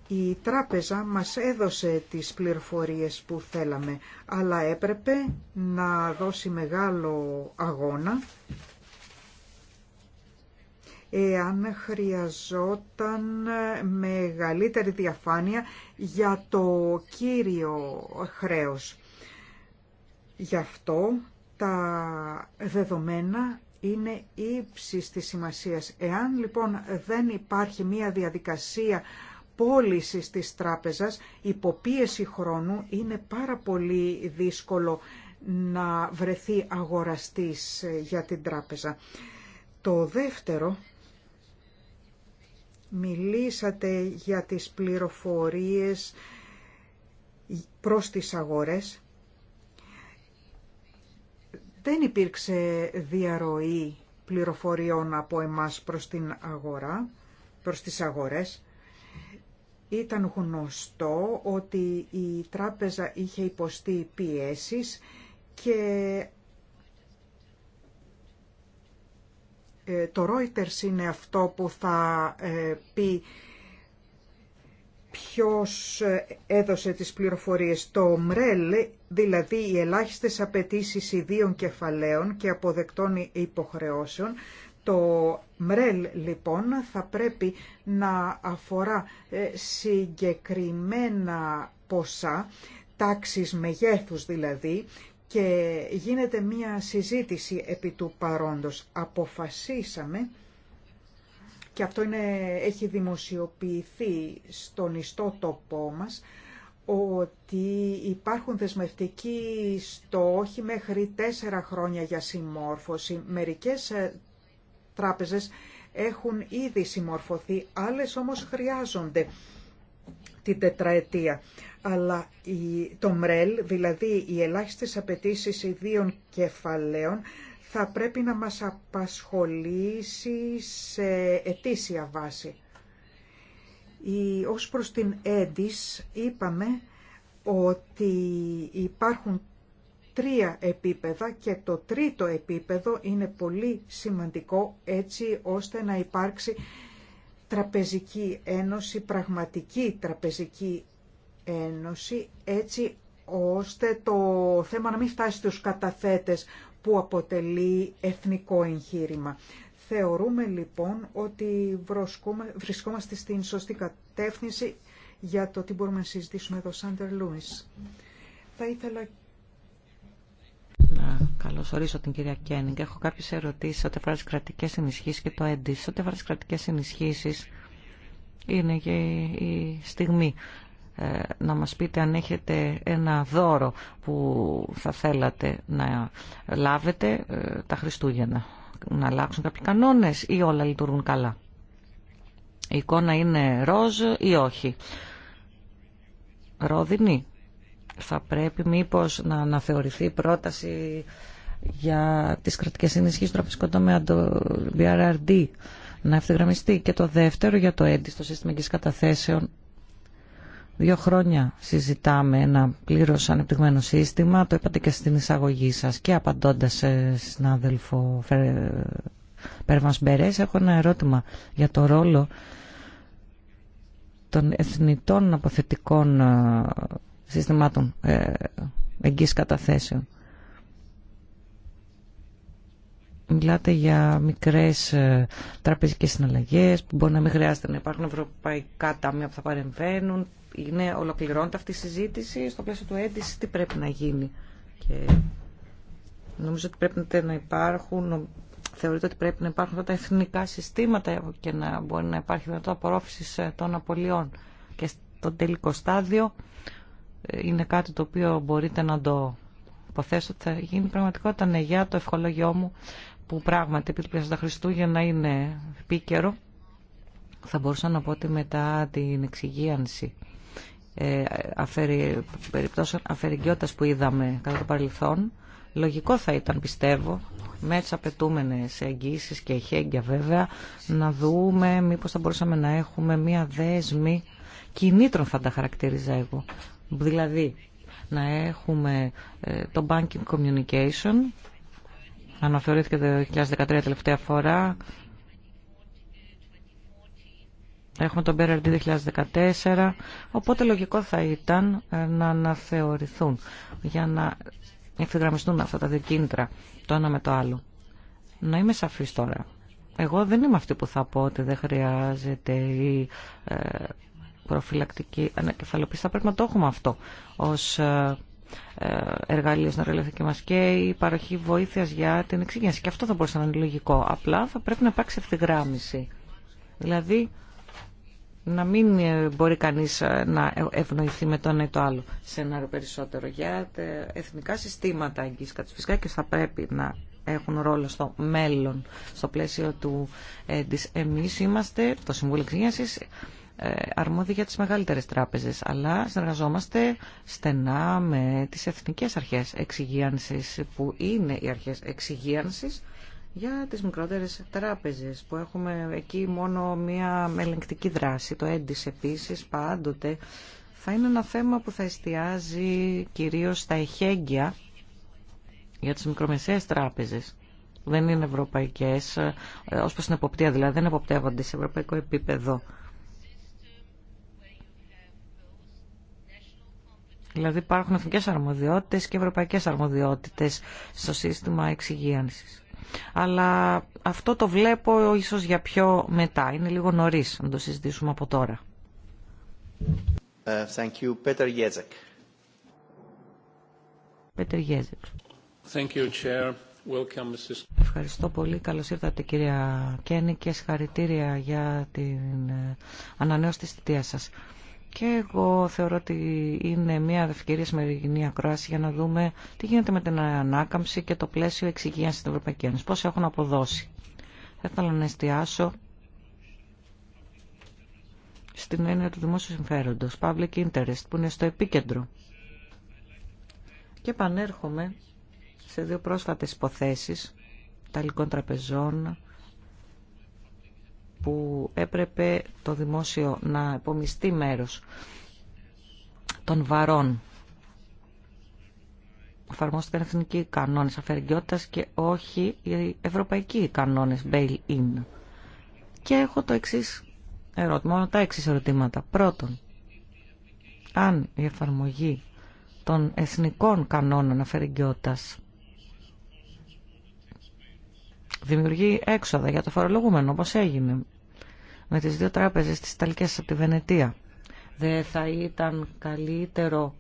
η τράπεζα μας έδωσε τις πληροφορίες που θέλαμε, αλλά έπρεπε να δώσει μεγάλο αγώνα εάν χρειαζόταν ε, μεγαλύτερη διαφάνεια για το κύριο χρέος. Γι' αυτό τα δεδομένα είναι ύψης της σημασίας. Εάν λοιπόν δεν υπάρχει μία διαδικασία πώληση της τράπεζας, υποπίεση χρόνου είναι πάρα πολύ δύσκολο να βρεθεί αγοραστής ε, για την τράπεζα. Το δεύτερο, μιλήσατε για τις πληροφορίες προς τις αγορές δεν υπήρξε διαρροή πληροφοριών από εμάς προς την αγορά, προς τις αγορές. Ήταν γνωστό ότι η τράπεζα είχε υποστεί πιέσεις και ε, το Reuters είναι αυτό που θα ε, πει ποιος ε, έδωσε τις πληροφορίες. Το ΜΡΕΛ, δηλαδή οι ελάχιστες απαιτήσει ιδίων κεφαλαίων και αποδεκτών υποχρεώσεων, το ΜΡΕΛ λοιπόν θα πρέπει να αφορά ε, συγκεκριμένα ποσά, τάξεις μεγέθους δηλαδή, και γίνεται μία συζήτηση επί του παρόντος. Αποφασίσαμε και αυτό έχει δημοσιοποιηθεί στον ιστό τοπό μας, ότι υπάρχουν δεσμευτικοί στόχοι μέχρι τέσσερα χρόνια για συμμόρφωση. Μερικές ε, τράπεζες έχουν ήδη συμμορφωθεί, άλλες όμως χρειάζονται την τετραετία. Αλλά το ΜΡΕΛ, δηλαδή οι ελάχιστες απαιτήσει ιδίων κεφαλαίων, θα πρέπει να μας απασχολήσει σε ετήσια βάση. Η, ως προς την έντις είπαμε ότι υπάρχουν τρία επίπεδα και το τρίτο επίπεδο είναι πολύ σημαντικό έτσι ώστε να υπάρξει τραπεζική ένωση, πραγματική τραπεζική ένωση έτσι ώστε το θέμα να μην φτάσει στους καταθέτες που αποτελεί εθνικό εγχείρημα. Θεωρούμε λοιπόν ότι βρισκόμαστε στην σωστή κατεύθυνση για το τι μπορούμε να συζητήσουμε εδώ, Σάντερ Λούις. Θα ήθελα να καλωσορίσω την κυρία Κένιγκ. Έχω κάποιες ερωτήσεις ό,τι αφορά τις κρατικές ενισχύσεις και το έντις. Ό,τι αφορά τις κρατικές ενισχύσεις είναι και η στιγμή ε, να μας πείτε αν έχετε ένα δώρο που θα θέλατε να λάβετε ε, τα Χριστούγεννα. Να αλλάξουν κάποιοι κανόνες ή όλα λειτουργούν καλά. Η εικόνα είναι ροζ ή όχι. Ρόδινη. Θα πρέπει μήπως να αναθεωρηθεί η πρόταση για τις κρατικές ενισχύσεις του τραπεζικού τομέα, το BRRD, να ευθυγραμμιστεί. Και το δεύτερο για το έντι στο σύστημα καταθέσεων Δύο χρόνια συζητάμε ένα πλήρω ανεπτυγμένο σύστημα, το είπατε και στην εισαγωγή σας και απαντώντα σε συνάδελφο Πέρβανς Μπερέ, έχω ένα ερώτημα για το ρόλο των εθνητών αποθετικών ε, συστημάτων ε, εγγύης καταθέσεων. Μιλάτε για μικρές ε, τραπεζικές συναλλαγές που μπορεί να μην χρειάζεται να υπάρχουν ευρωπαϊκά ταμεία που θα παρεμβαίνουν, είναι, ολοκληρώνεται αυτή η συζήτηση στο πλαίσιο του έντηση τι πρέπει να γίνει και νομίζω ότι πρέπει να υπάρχουν θεωρείται ότι πρέπει να υπάρχουν αυτά τα εθνικά συστήματα και να μπορεί να υπάρχει δυνατότητα απορρόφησης ε, των απολειών και στο τελικό στάδιο ε, είναι κάτι το οποίο μπορείτε να το υποθέσω ότι θα γίνει πραγματικότητα ναι, για το ευχολόγιό μου που πράγματι επειδή τα Χριστούγεννα είναι επίκαιρο θα μπορούσα να πω ότι μετά την εξυγίανση ε, αφαιρι... περιπτώσεων που είδαμε κατά το παρελθόν. Λογικό θα ήταν, πιστεύω, με τι απαιτούμενε εγγύσει και για βέβαια, να δούμε μήπως θα μπορούσαμε να έχουμε μία δέσμη κινήτρων θα τα χαρακτηρίζα εγώ. Δηλαδή, να έχουμε ε, το banking communication, αναφερήθηκε το 2013 τελευταία φορά, Έχουμε τον BRD 2014, οπότε λογικό θα ήταν ε, να αναθεωρηθούν για να ευθυγραμμιστούν αυτά τα δύο το ένα με το άλλο. Να είμαι σαφής τώρα. Εγώ δεν είμαι αυτή που θα πω ότι δεν χρειάζεται η ε, προφυλακτική ανακεφαλοποίηση. Θα πρέπει να το έχουμε αυτό ως ε, εργαλείο στην αρελευθερική μας και η παροχή βοήθειας για την εξήγηση. Και αυτό θα μπορούσε να είναι λογικό. Απλά θα πρέπει να υπάρξει ευθυγράμμιση. Δηλαδή, να μην ε, μπορεί κανείς ε, να ευνοηθεί με το ένα ή το άλλο σενάριο περισσότερο για εθνικά συστήματα αγγίσκα φυσικά και θα πρέπει να έχουν ρόλο στο μέλλον στο πλαίσιο του ε, της εμείς είμαστε το Συμβούλιο Εξηγίασης, ε, αρμόδιοι για τις μεγαλύτερες τράπεζες αλλά συνεργαζόμαστε στενά με τις εθνικές αρχές εξηγίανσης, που είναι οι αρχές εξηγίανσης, για τις μικρότερες τράπεζες που έχουμε εκεί μόνο μία ελεγκτική δράση, το έντις επίσης πάντοτε, θα είναι ένα θέμα που θα εστιάζει κυρίως στα εχέγγυα για τις μικρομεσαίες τράπεζες δεν είναι ευρωπαϊκές, ε, ως προς την εποπτεία δηλαδή, δεν εποπτεύονται σε ευρωπαϊκό επίπεδο. Δηλαδή υπάρχουν εθνικές αρμοδιότητες και ευρωπαϊκές αρμοδιότητες στο σύστημα εξυγίανσης αλλά αυτό το βλέπω ίσως για πιο μετά. Είναι λίγο νωρίς να το συζητήσουμε από τώρα. Ευχαριστώ πολύ. Καλώς ήρθατε κυρία Κέννη και συγχαρητήρια για την ε, ανανέωση της θητείας σας. Και εγώ θεωρώ ότι είναι μια ευκαιρία σημερινή ακρόαση για να δούμε τι γίνεται με την ανάκαμψη και το πλαίσιο εξυγίανση στην Ευρωπαϊκή Ένωση. Πώς έχουν αποδώσει. Θα ήθελα να εστιάσω στην έννοια του δημόσιου συμφέροντος, public interest, που είναι στο επίκεντρο. Και επανέρχομαι σε δύο πρόσφατες υποθέσεις ταλικών τραπεζών που έπρεπε το δημόσιο να επομιστεί μέρος των βαρών. Εφαρμόστηκαν εθνικοί κανόνες αφαιρεγγιότητας και όχι οι ευρωπαϊκοί κανόνες bail-in. Και έχω το εξής ερώτημα, τα εξής ερωτήματα. Πρώτον, αν η εφαρμογή των εθνικών κανόνων αφαιρεγγιότητας δημιουργεί έξοδα για το φορολογούμενο, όπως έγινε με τις δύο τράπεζες της Ιταλικές από τη Βενετία. Δεν θα ήταν καλύτερο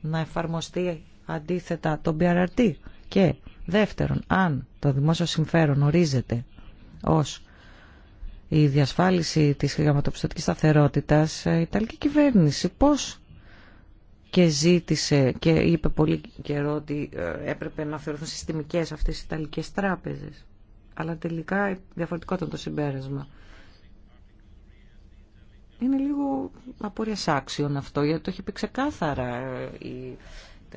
να εφαρμοστεί αντίθετα το BRRT. Και δεύτερον, αν το δημόσιο συμφέρον ορίζεται ως η διασφάλιση της χρηματοπιστωτικής σταθερότητας, ε, η Ιταλική κυβέρνηση πώς και ζήτησε και είπε πολύ καιρό ότι ε, έπρεπε να θεωρηθούν συστημικές αυτές οι Ιταλικές τράπεζες. Αλλά τελικά ε, διαφορετικό ήταν το συμπέρασμα. Είναι λίγο απόρρια άξιον αυτό, γιατί το έχει πει ξεκάθαρα η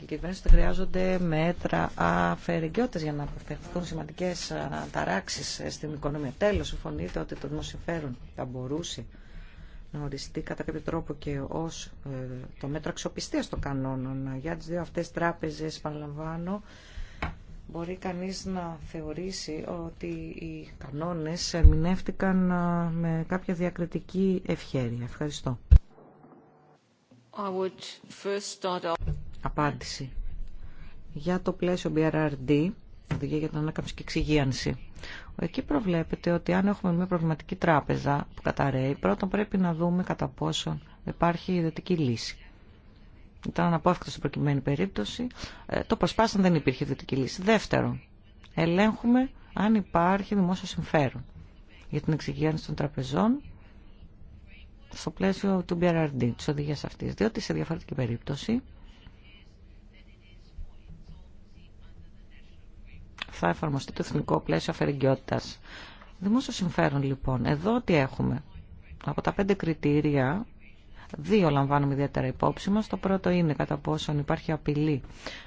κυβέρνηση ότι χρειάζονται μέτρα αφαιρεγκαιότητα για να αποφευχθούν σημαντικέ ταράξει στην οικονομία. Τέλο, συμφωνείτε ότι το δημοσιοφέρον θα μπορούσε να οριστεί κατά κάποιο τρόπο και ω ε, το μέτρο αξιοπιστία των κανόνων. Για τι δύο αυτέ τράπεζε, παραλαμβάνω, Μπορεί κανείς να θεωρήσει ότι οι κανόνες ερμηνεύτηκαν με κάποια διακριτική ευχέρεια. Ευχαριστώ. Απάντηση. Για το πλαίσιο BRRD, οδηγία για την ανάκαμψη και εξυγίανση. Εκεί προβλέπεται ότι αν έχουμε μια προβληματική τράπεζα που καταραίει, πρώτον πρέπει να δούμε κατά πόσο υπάρχει η ιδιωτική λύση ήταν αναπόφευκτο στην προκειμένη περίπτωση, ε, το προσπάσαν δεν υπήρχε δυτική λύση. Δεύτερον, ελέγχουμε αν υπάρχει δημόσιο συμφέρον για την εξυγίανση των τραπεζών στο πλαίσιο του BRRD, της οδηγία αυτή, διότι σε διαφορετική περίπτωση θα εφαρμοστεί το εθνικό πλαίσιο αφαιρεγκαιότητα. Δημόσιο συμφέρον λοιπόν, εδώ τι έχουμε. Από τα πέντε κριτήρια Δύο λαμβάνουμε ιδιαίτερα υπόψη μας. Το πρώτο είναι κατά πόσον υπάρχει απειλή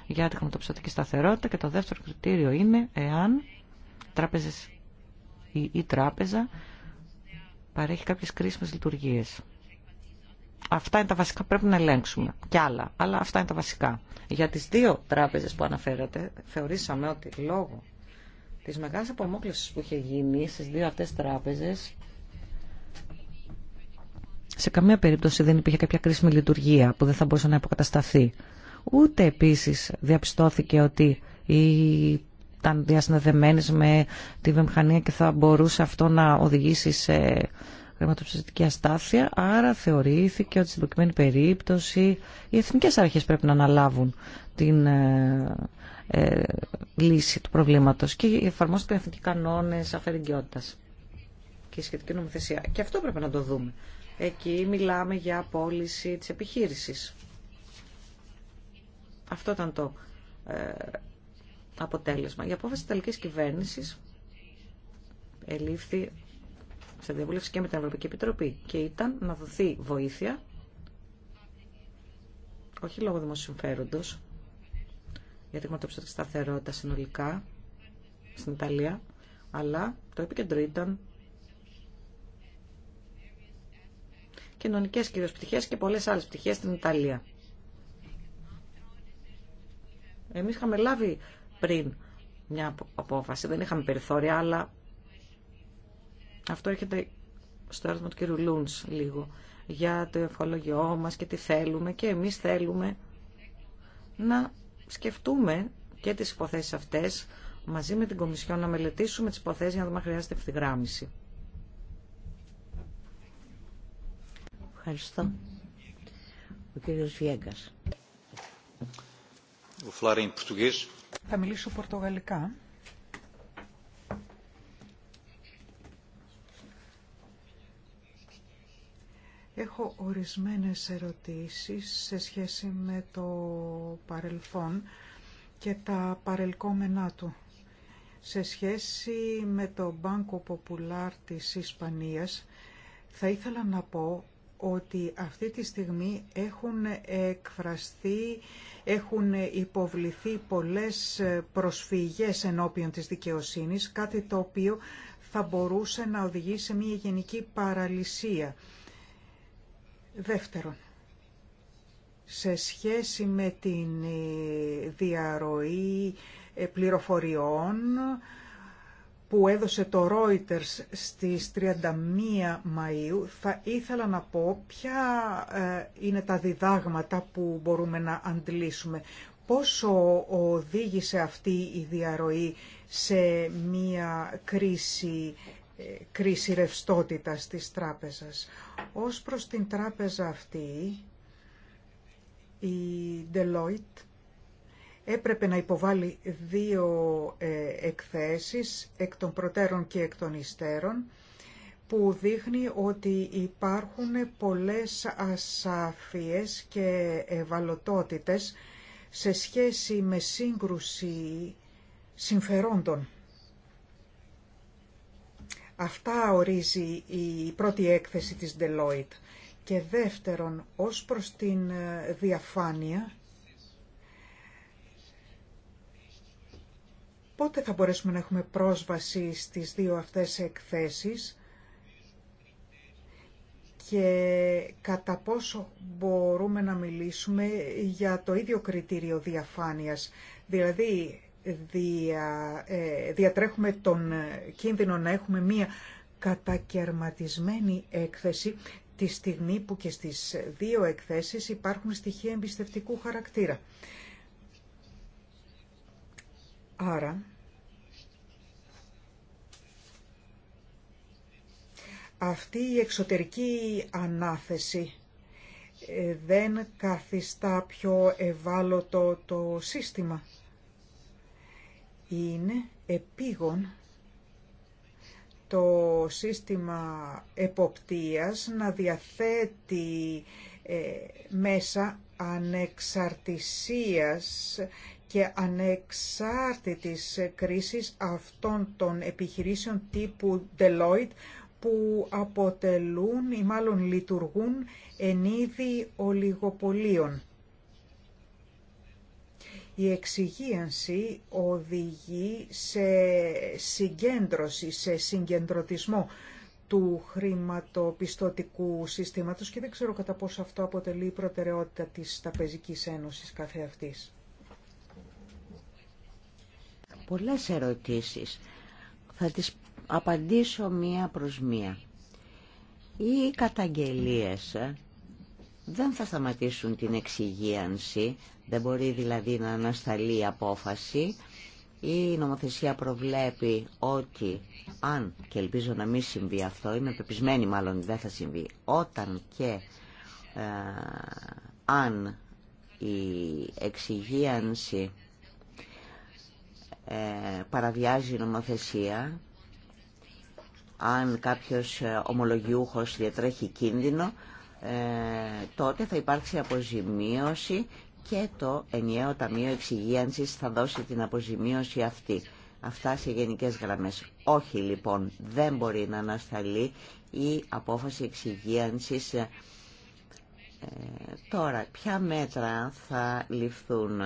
για τη χρηματοπιστωτική σταθερότητα και το δεύτερο κριτήριο είναι εάν τράπεζες ή η τράπεζα παρέχει κάποιες κρίσιμες λειτουργίες. Αυτά είναι τα βασικά που πρέπει να ελέγξουμε. και άλλα, αλλά αυτά είναι τα βασικά. Για τις δύο τράπεζες που αναφέρατε, θεωρήσαμε ότι λόγω της μεγάλης απομόκληση που είχε γίνει στις δύο αυτές τράπεζες, σε καμία περίπτωση δεν υπήρχε κάποια κρίσιμη λειτουργία που δεν θα μπορούσε να υποκατασταθεί. Ούτε επίσης διαπιστώθηκε ότι ήταν διασυνδεδεμένες με τη βιομηχανία και θα μπορούσε αυτό να οδηγήσει σε χρηματοψηφιστική αστάθεια. Άρα θεωρήθηκε ότι στην προκειμένη περίπτωση οι εθνικέ αρχέ πρέπει να αναλάβουν την ε, ε λύση του προβλήματο. και εφαρμόστηκαν εθνικοί κανόνε αφαιρεγκαιότητα και η σχετική νομοθεσία. Και αυτό πρέπει να το δούμε. Εκεί μιλάμε για απόλυση της επιχείρησης. Αυτό ήταν το ε, αποτέλεσμα. Η απόφαση της Ιταλικής κυβέρνησης ελήφθη σε διαβούλευση και με την Ευρωπαϊκή Επιτροπή και ήταν να δοθεί βοήθεια όχι λόγω δημοσιοσυμφέροντος για τη σταθερότητα συνολικά στην Ιταλία αλλά το επίκεντρο ήταν κοινωνικές κυρίως πτυχές και πολλές άλλες πτυχές στην Ιταλία. Εμείς είχαμε λάβει πριν μια απόφαση, δεν είχαμε περιθώρια, αλλά αυτό έρχεται στο έρθμα του κύριου Λούντς λίγο για το ευχολογιό μας και τι θέλουμε και εμείς θέλουμε να σκεφτούμε και τις υποθέσεις αυτές μαζί με την Κομισιόν να μελετήσουμε τις υποθέσεις για να δούμε χρειάζεται ευθυγράμμιση. Ευχαριστώ. Ο κύριος Βιέγκας. Θα μιλήσω πορτογαλικά. Έχω ορισμένες ερωτήσεις σε σχέση με το παρελθόν και τα παρελκόμενά του. Σε σχέση με το Banco Popular της Ισπανίας, θα ήθελα να πω ότι αυτή τη στιγμή έχουν εκφραστεί, έχουν υποβληθεί πολλές προσφυγές ενώπιον της δικαιοσύνης, κάτι το οποίο θα μπορούσε να οδηγήσει σε μια γενική παραλυσία. Δεύτερον, σε σχέση με την διαρροή πληροφοριών, που έδωσε το Reuters στις 31 Μαΐου, θα ήθελα να πω ποια ε, είναι τα διδάγματα που μπορούμε να αντλήσουμε. Πόσο οδήγησε αυτή η διαρροή σε μία κρίση, ε, κρίση ρευστότητας της τράπεζας. Ως προς την τράπεζα αυτή, η Deloitte έπρεπε να υποβάλει δύο ε, εκθέσεις, εκ των προτέρων και εκ των υστέρων, που δείχνει ότι υπάρχουν πολλές ασαφίες και ευαλωτότητες σε σχέση με σύγκρουση συμφερόντων. Αυτά ορίζει η πρώτη έκθεση της Deloitte. Και δεύτερον, ως προς την ε, διαφάνεια, Πότε θα μπορέσουμε να έχουμε πρόσβαση στις δύο αυτές εκθέσεις και κατά πόσο μπορούμε να μιλήσουμε για το ίδιο κριτήριο διαφάνειας. Δηλαδή, ε, διατρέχουμε τον κίνδυνο να έχουμε μία κατακαιρματισμένη έκθεση τη στιγμή που και στις δύο εκθέσεις υπάρχουν στοιχεία εμπιστευτικού χαρακτήρα. Άρα, αυτή η εξωτερική ανάθεση ε, δεν καθιστά πιο ευάλωτο το σύστημα. Είναι επίγον το σύστημα εποπτείας να διαθέτει ε, μέσα ανεξαρτησίας και ανεξάρτητης κρίσης αυτών των επιχειρήσεων τύπου Deloitte που αποτελούν ή μάλλον λειτουργούν εν είδη ολιγοπολίων. Η εξυγίανση οδηγεί σε συγκέντρωση, σε συγκεντρωτισμό του χρηματοπιστωτικού συστήματος και δεν ξέρω κατά πόσο αυτό αποτελεί η προτεραιότητα της Ταπεζικής Ένωσης καθεαυτής πολλές ερωτήσεις. Θα τις απαντήσω μία προς μία. Οι καταγγελίες ε, δεν θα σταματήσουν την εξυγίανση, δεν μπορεί δηλαδή να ανασταλεί η απόφαση. Η νομοθεσία προβλέπει ότι αν, και ελπίζω να μην συμβεί αυτό, είμαι πεπισμένη μάλλον δεν θα συμβεί, όταν και ε, αν η εξυγίανση ε, παραβιάζει νομοθεσία, αν κάποιος ε, ομολογιούχος διατρέχει κίνδυνο, ε, τότε θα υπάρξει αποζημίωση και το ενιαίο Ταμείο Εξυγίανσης θα δώσει την αποζημίωση αυτή. Αυτά σε γενικές γραμμές. Όχι λοιπόν, δεν μπορεί να ανασταλεί η απόφαση εξυγίανσης. τώρα, ποια μέτρα θα ληφθούν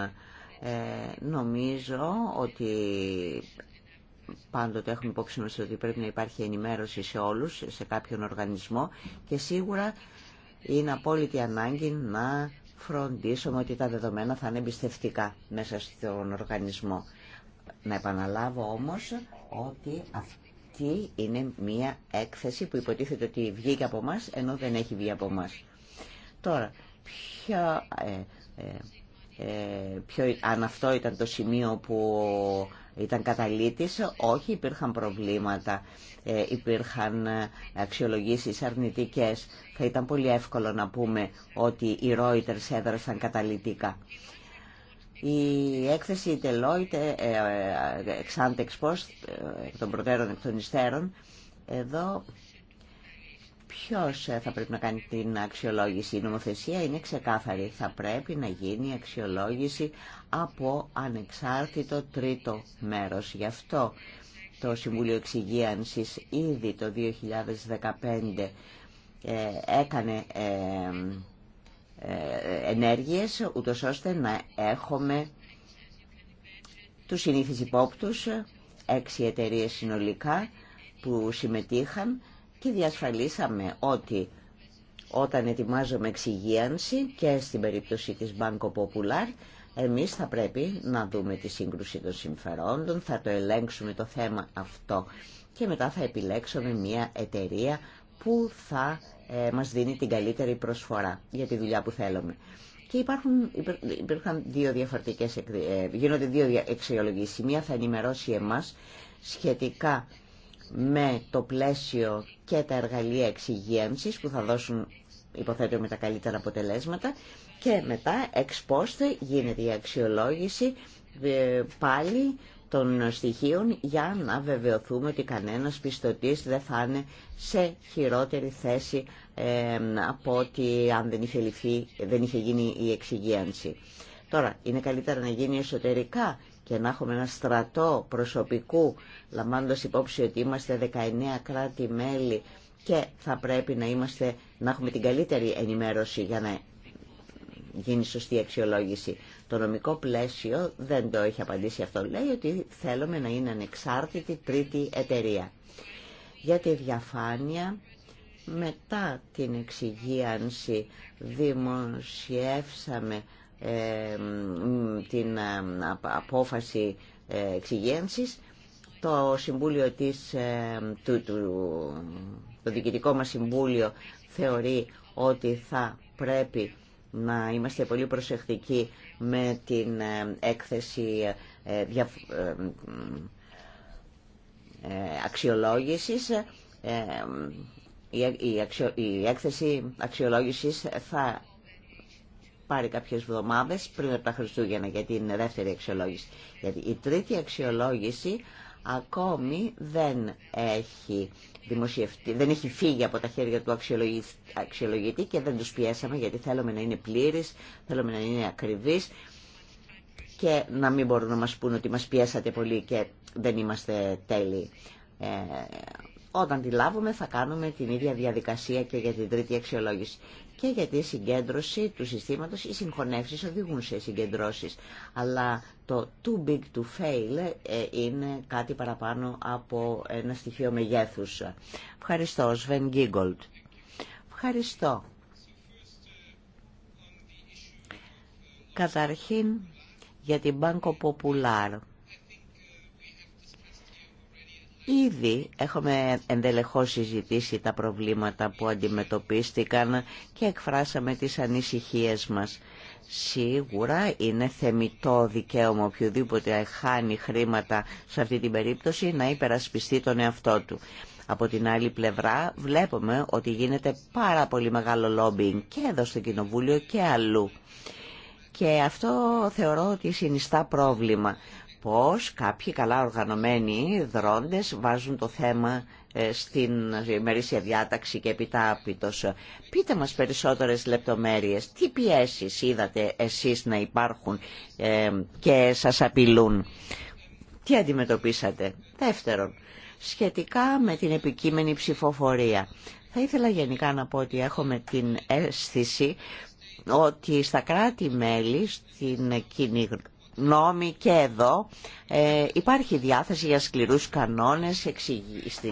ε, νομίζω ότι πάντοτε έχουμε υπόψη μας ότι πρέπει να υπάρχει ενημέρωση σε όλους, σε κάποιον οργανισμό και σίγουρα είναι απόλυτη ανάγκη να φροντίσουμε ότι τα δεδομένα θα είναι εμπιστευτικά μέσα στον οργανισμό. Να επαναλάβω όμως ότι αυτή είναι μία έκθεση που υποτίθεται ότι βγήκε από μας ενώ δεν έχει βγει από μας. Τώρα, ε, ε ε, ποιο, αν αυτό ήταν το σημείο που ήταν καταλήτης, όχι υπήρχαν προβλήματα, ε, υπήρχαν ε, αξιολογήσεις αρνητικές. Θα ήταν πολύ εύκολο να πούμε ότι οι Reuters έδρασαν καταλήτικα. Η έκθεση Deloitte, εξάντε εξ των προτέρων εκ των υστέρων, εδώ Ποιος ε, θα πρέπει να κάνει την αξιολόγηση. Η νομοθεσία είναι ξεκάθαρη. Θα πρέπει να γίνει αξιολόγηση από ανεξάρτητο τρίτο μέρος. Γι' αυτό το Συμβούλιο Εξυγίανσης ήδη το 2015 ε, έκανε ε, ενέργειες ούτως ώστε να έχουμε τους συνήθεις υπόπτους, έξι εταιρείες συνολικά που συμμετείχαν και διασφαλίσαμε ότι όταν ετοιμάζουμε εξυγίανση και στην περίπτωση της Banco Popular εμείς θα πρέπει να δούμε τη σύγκρουση των συμφερόντων, θα το ελέγξουμε το θέμα αυτό και μετά θα επιλέξουμε μια εταιρεία που θα ε, μας δίνει την καλύτερη προσφορά για τη δουλειά που θέλουμε. Και υπάρχουν, υπήρχαν δύο διαφορετικές, ε, γίνονται δύο αξιολογήσεις. Μία θα ενημερώσει εμάς σχετικά με το πλαίσιο και τα εργαλεία εξυγίανσης που θα δώσουν υποθέτω με τα καλύτερα αποτελέσματα και μετά εξπόστε γίνεται η αξιολόγηση ε, πάλι των στοιχείων για να βεβαιωθούμε ότι κανένας πιστωτής δεν θα είναι σε χειρότερη θέση ε, από ότι αν δεν είχε, δεν είχε γίνει η εξυγίανση. Τώρα, είναι καλύτερα να γίνει εσωτερικά και να έχουμε ένα στρατό προσωπικού, λαμβάνοντας υπόψη ότι είμαστε 19 κράτη-μέλη και θα πρέπει να, είμαστε, να έχουμε την καλύτερη ενημέρωση για να γίνει σωστή αξιολόγηση. Το νομικό πλαίσιο δεν το έχει απαντήσει αυτό. Λέει ότι θέλουμε να είναι ανεξάρτητη τρίτη εταιρεία. Για τη διαφάνεια, μετά την εξυγίανση δημοσιεύσαμε ε, την ε, απόφαση ε, εξυγένσης. Το Συμβούλιο της, του, το Διοικητικό μας Συμβούλιο θεωρεί ότι θα πρέπει να είμαστε πολύ προσεκτικοί με την έκθεση αξιολόγησης. Η έκθεση αξιολόγησης θα πάρει κάποιες βδομάδες πριν από τα Χριστούγεννα για την δεύτερη αξιολόγηση. Γιατί η τρίτη αξιολόγηση ακόμη δεν έχει δημοσιευτεί, δεν έχει φύγει από τα χέρια του αξιολογητή και δεν τους πιέσαμε γιατί θέλουμε να είναι πλήρης, θέλουμε να είναι ακριβείς και να μην μπορούν να μας πούν ότι μας πιέσατε πολύ και δεν είμαστε τέλειοι. Ε, όταν τη λάβουμε θα κάνουμε την ίδια διαδικασία και για την τρίτη αξιολόγηση. Και για τη συγκέντρωση του συστήματος, οι συγχωνεύσεις οδηγούν σε συγκεντρώσεις. Αλλά το too big to fail ε, είναι κάτι παραπάνω από ένα στοιχείο μεγέθους. Ευχαριστώ, Σβεν Γκίγκολτ. Ευχαριστώ. Καταρχήν για την Banco Popular Ήδη έχουμε ενδελεχώς συζητήσει τα προβλήματα που αντιμετωπίστηκαν και εκφράσαμε τις ανησυχίες μας. Σίγουρα είναι θεμητό δικαίωμα οποιοδήποτε χάνει χρήματα σε αυτή την περίπτωση να υπερασπιστεί τον εαυτό του. Από την άλλη πλευρά βλέπουμε ότι γίνεται πάρα πολύ μεγάλο λόμπινγκ και εδώ στο Κοινοβούλιο και αλλού. Και αυτό θεωρώ ότι συνιστά πρόβλημα πως κάποιοι καλά οργανωμένοι δρόντες βάζουν το θέμα ε, στην ημερήσια διάταξη και επιτάπητος. Πείτε μας περισσότερες λεπτομέρειες. Τι πιέσεις είδατε εσείς να υπάρχουν ε, και σας απειλούν. Τι αντιμετωπίσατε. Δεύτερον, σχετικά με την επικείμενη ψηφοφορία. Θα ήθελα γενικά να πω ότι έχουμε την αίσθηση ότι στα κράτη-μέλη, στην κοινή νόμοι και εδώ ε, υπάρχει διάθεση για σκληρούς κανόνες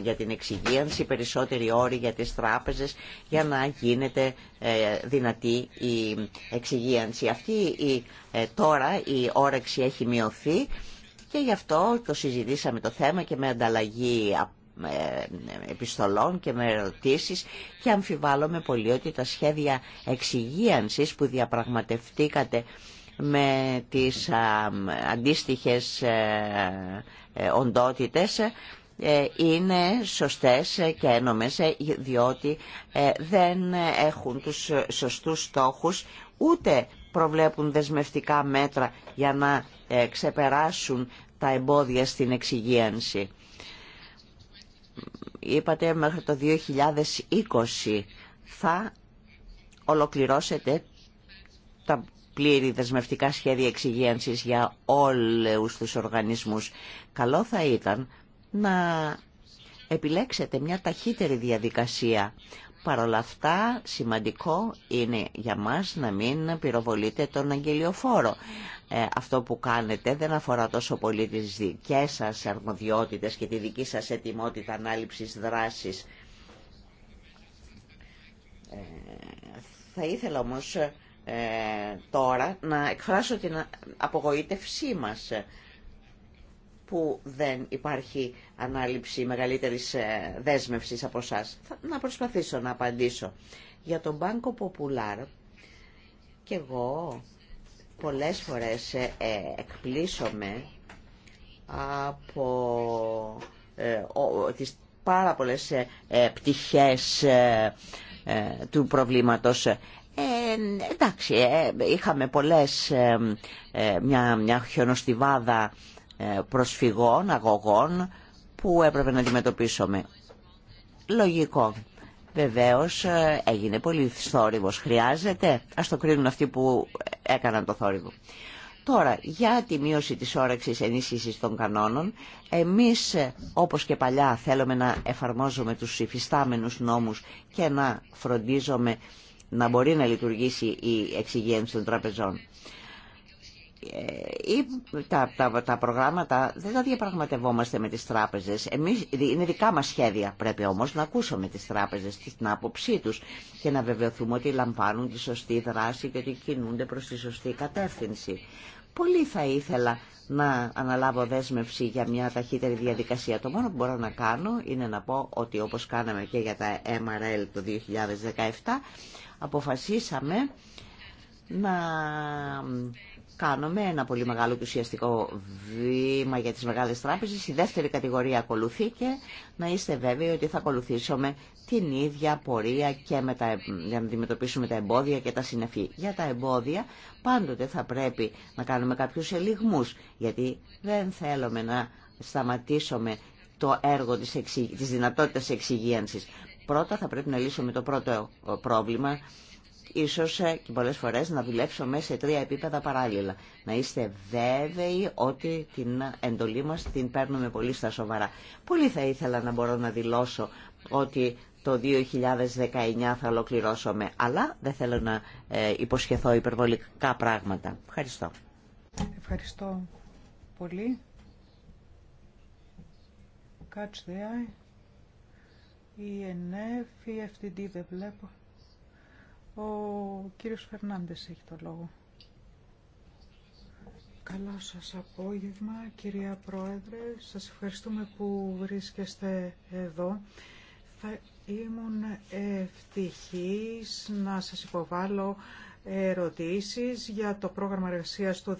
για την εξυγίανση, περισσότεροι όροι για τις τράπεζες για να γίνεται ε, δυνατή η εξυγίανση. Αυτή η, ε, τώρα η όρεξη έχει μειωθεί και γι' αυτό το συζητήσαμε το θέμα και με ανταλλαγή επιστολών και με ερωτήσεις και αμφιβάλλομαι πολύ ότι τα σχέδια εξυγίανσης που διαπραγματευτήκατε με τις αντίστοιχες ε, ε, οντότητες ε, είναι σωστές και ένομες διότι δεν έχουν τους σωστούς στόχους ούτε προβλέπουν δεσμευτικά μέτρα για να ξεπεράσουν τα εμπόδια στην εξυγίανση. Είπατε μέχρι το 2020 θα ολοκληρώσετε τα πλήρη δεσμευτικά σχέδια εξυγένσης για όλους τους οργανισμούς. Καλό θα ήταν να επιλέξετε μια ταχύτερη διαδικασία. Παρ' όλα αυτά, σημαντικό είναι για μας να μην πυροβολείτε τον αγγελιοφόρο. Ε, αυτό που κάνετε δεν αφορά τόσο πολύ τις δικές σας αρμοδιότητες και τη δική σας ετοιμότητα ανάληψης δράσης. Ε, θα ήθελα όμως ε, τώρα να εκφράσω την απογοήτευσή μας ε, που δεν υπάρχει ανάληψη μεγαλύτερης ε, δέσμευσης από εσά. Να προσπαθήσω να απαντήσω. Για τον Banco Popular και εγώ πολλές φορές ε, εκπλήσωμαι από ε, τις πάρα πολλές ε, πτυχές του προβλήματος. Ε, εντάξει, ε, είχαμε πολλές, ε, μια, μια χιονοστιβάδα προσφυγών, αγωγών που έπρεπε να αντιμετωπίσουμε. Λογικό. Βεβαίως έγινε πολύ θόρυβος. Χρειάζεται. Ας το κρίνουν αυτοί που έκαναν το θόρυβο. Τώρα, για τη μείωση της όρεξης ενίσχυσης των κανόνων, εμείς όπως και παλιά θέλουμε να εφαρμόζουμε τους υφιστάμενους νόμους και να φροντίζουμε να μπορεί να λειτουργήσει η εξυγένση των τραπεζών. Ε, τα, τα, τα προγράμματα δεν τα διαπραγματευόμαστε με τις τράπεζες. Εμείς, είναι δικά μας σχέδια. Πρέπει όμως να ακούσουμε τις τράπεζες την άποψή τους και να βεβαιωθούμε ότι λαμβάνουν τη σωστή δράση και ότι κινούνται προς τη σωστή κατεύθυνση. Πολύ θα ήθελα να αναλάβω δέσμευση για μια ταχύτερη διαδικασία. Το μόνο που μπορώ να κάνω είναι να πω ότι όπως κάναμε και για τα MRL το 2017 αποφασίσαμε να κάνουμε ένα πολύ μεγάλο και ουσιαστικό βήμα για τις μεγάλες τράπεζες. Η δεύτερη κατηγορία ακολουθεί και να είστε βέβαιοι ότι θα ακολουθήσουμε την ίδια πορεία και με τα, για να αντιμετωπίσουμε τα εμπόδια και τα συνεφή. Για τα εμπόδια πάντοτε θα πρέπει να κάνουμε κάποιους ελιγμούς, γιατί δεν θέλουμε να σταματήσουμε το έργο της, εξυ... της δυνατότητας εξυγίανσης. Πρώτα θα πρέπει να λύσουμε το πρώτο ε, πρόβλημα, ίσως ε, και πολλές φορές να δουλέψουμε μέσα σε τρία επίπεδα παράλληλα. Να είστε βέβαιοι ότι την εντολή μας την παίρνουμε πολύ στα σοβαρά. Πολύ θα ήθελα να μπορώ να δηλώσω ότι το 2019 θα ολοκληρώσουμε, αλλά δεν θέλω να ε, υποσχεθώ υπερβολικά πράγματα. Ευχαριστώ. Ευχαριστώ πολύ. Catch η ΕΝΕΦ, η FTD δεν βλέπω. Ο κύριος Φερνάντες έχει το λόγο. Καλό σας απόγευμα, κυρία Πρόεδρε. Σας ευχαριστούμε που βρίσκεστε εδώ. Θα ήμουν ευτυχής να σας υποβάλω ερωτήσεις για το πρόγραμμα εργασίας του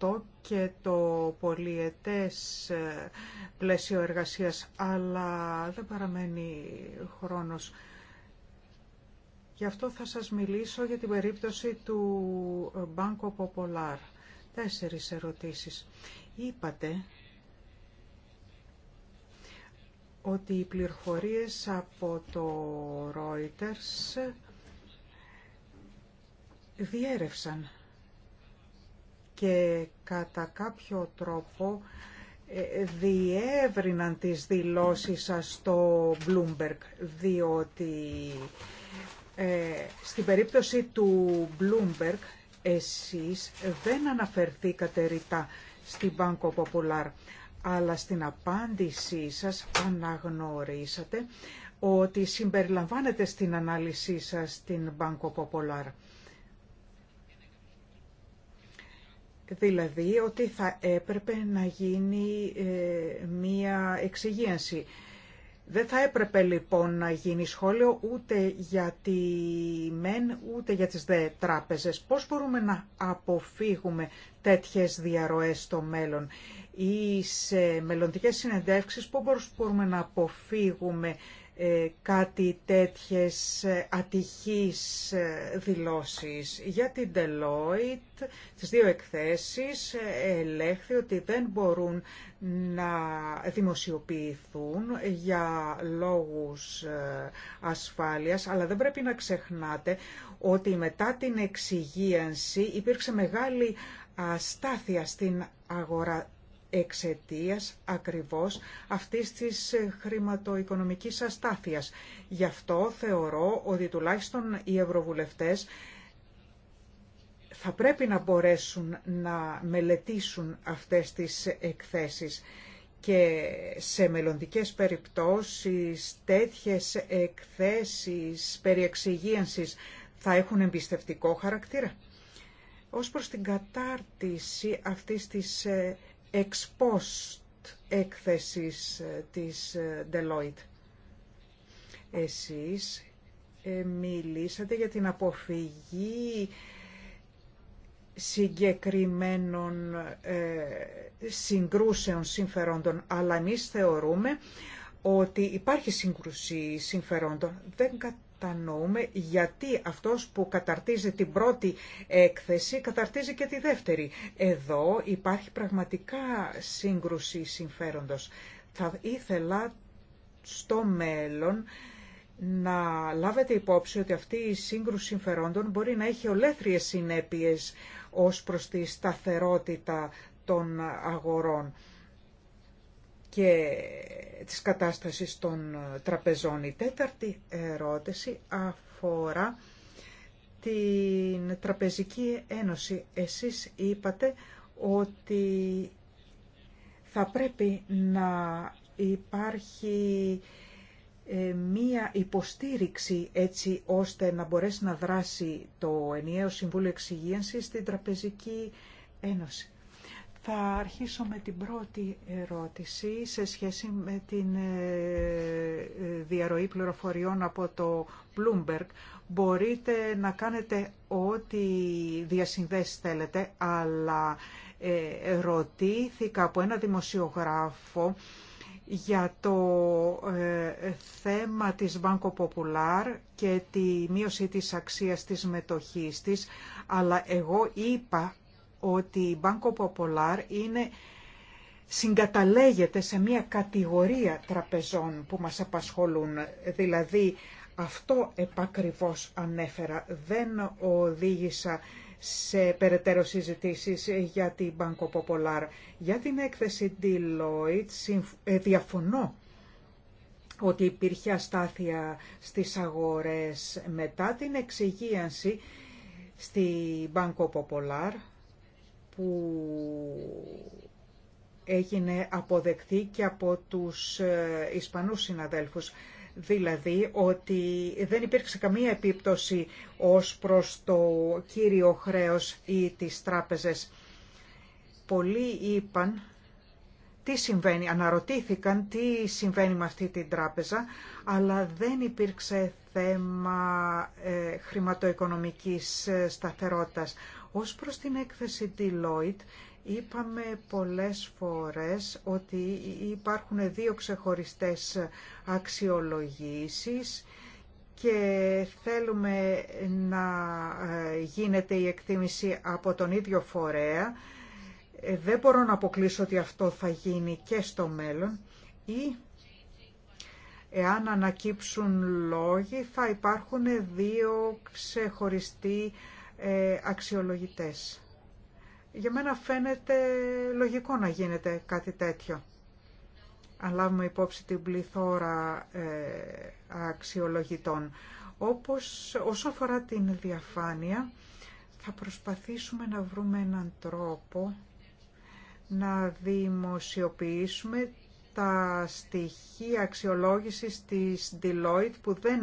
18 και το πολιετές ε, πλαίσιο εργασίας, αλλά δεν παραμένει χρόνος. Γι' αυτό θα σας μιλήσω για την περίπτωση του Banco Popular. Τέσσερις ερωτήσεις. Είπατε ότι οι πληροφορίες από το Reuters διέρευσαν και κατά κάποιο τρόπο ε, διεύρυναν τις δηλώσεις σας στο Bloomberg, διότι ε, στην περίπτωση του Bloomberg εσείς δεν αναφερθήκατε ρητά στην Banco Popular, αλλά στην απάντησή σας αναγνωρίσατε ότι συμπεριλαμβάνεται στην ανάλυση σας την Banco Popular. δηλαδή ότι θα έπρεπε να γίνει ε, μία εξυγίανση. Δεν θα έπρεπε λοιπόν να γίνει σχόλιο ούτε για τη ΜΕΝ ούτε για τις δε τράπεζες. Πώς μπορούμε να αποφύγουμε τέτοιες διαρροές στο μέλλον ή σε μελλοντικές συνεντεύξεις πώς μπορούμε να αποφύγουμε ε, κάτι τέτοιες ε, ατυχείς ε, δηλώσεις. Για την Deloitte, στις δύο εκθέσεις, ελέγχθη ότι δεν μπορούν να δημοσιοποιηθούν για λόγους ασφάλειας, αλλά δεν πρέπει να ξεχνάτε ότι μετά την εξυγίανση υπήρξε μεγάλη αστάθεια στην αγορά εξαιτίας ακριβώς αυτής της ε, χρηματοοικονομικής αστάθειας. Γι' αυτό θεωρώ ότι τουλάχιστον οι ευρωβουλευτές θα πρέπει να μπορέσουν να μελετήσουν αυτές τις εκθέσεις και σε μελλοντικές περιπτώσεις τέτοιες εκθέσεις περί εξυγίανσης θα έχουν εμπιστευτικό χαρακτήρα. Ως προς την κατάρτιση αυτής της ε, εξπόστ έκθεσης ε, της ε, Deloitte. Εσείς ε, μιλήσατε για την αποφυγή συγκεκριμένων συγκρούσεων συμφερόντων, αλλά εμείς θεωρούμε ότι υπάρχει σύγκρουση συμφερόντων. Δεν κατανοούμε γιατί αυτός που καταρτίζει την πρώτη έκθεση καταρτίζει και τη δεύτερη. Εδώ υπάρχει πραγματικά σύγκρουση συμφέροντος. Θα ήθελα στο μέλλον να λάβετε υπόψη ότι αυτή η σύγκρουση συμφερόντων μπορεί να έχει ολέθριες συνέπειες ως προς τη σταθερότητα των αγορών και της κατάστασης των ε, τραπεζών. Η τέταρτη ερώτηση αφορά την Τραπεζική Ένωση. Εσείς είπατε ότι θα πρέπει να υπάρχει ε, μία υποστήριξη έτσι ώστε να μπορέσει να δράσει το ενιαίο Συμβούλιο Εξυγίανσης στην Τραπεζική Ένωση. Θα αρχίσω με την πρώτη ερώτηση σε σχέση με την ε, διαρροή πληροφοριών από το Bloomberg. Μπορείτε να κάνετε ό,τι διασυνδέσεις θέλετε, αλλά ε, ρωτήθηκα από ένα δημοσιογράφο για το ε, θέμα της Banco Popular και τη μείωση της αξίας της μετοχής της, αλλά εγώ είπα ότι η Banco Popular είναι, συγκαταλέγεται σε μια κατηγορία τραπεζών που μας απασχολούν. Δηλαδή αυτό επακριβώς ανέφερα. Δεν οδήγησα σε περαιτέρω συζητήσει για την Banco Popular. Για την έκθεση Deloitte ε, διαφωνώ ότι υπήρχε αστάθεια στις αγορές μετά την εξυγίανση στη Banco Popular που έγινε αποδεκτή και από τους ε, Ισπανούς συναδέλφους. Δηλαδή ότι δεν υπήρξε καμία επίπτωση ως προς το κύριο χρέος ή τις τράπεζες. Πολλοί είπαν τι συμβαίνει, αναρωτήθηκαν τι συμβαίνει με αυτή την τράπεζα, αλλά δεν υπήρξε θέμα ε, χρηματοοικονομικής ε, σταθερότητας. Ως προς την έκθεση Deloitte, είπαμε πολλές φορές ότι υπάρχουν δύο ξεχωριστές αξιολογήσεις και θέλουμε να ε, γίνεται η εκτίμηση από τον ίδιο φορέα. Ε, δεν μπορώ να αποκλείσω ότι αυτό θα γίνει και στο μέλλον ή εάν ανακύψουν λόγοι θα υπάρχουν δύο ξεχωριστοί ε, αξιολογητές. Για μένα φαίνεται λογικό να γίνεται κάτι τέτοιο. Αν λάβουμε υπόψη την πληθώρα ε, αξιολογητών. Όπως, όσο αφορά την διαφάνεια, θα προσπαθήσουμε να βρούμε έναν τρόπο να δημοσιοποιήσουμε τα στοιχεία αξιολόγησης της Deloitte που δεν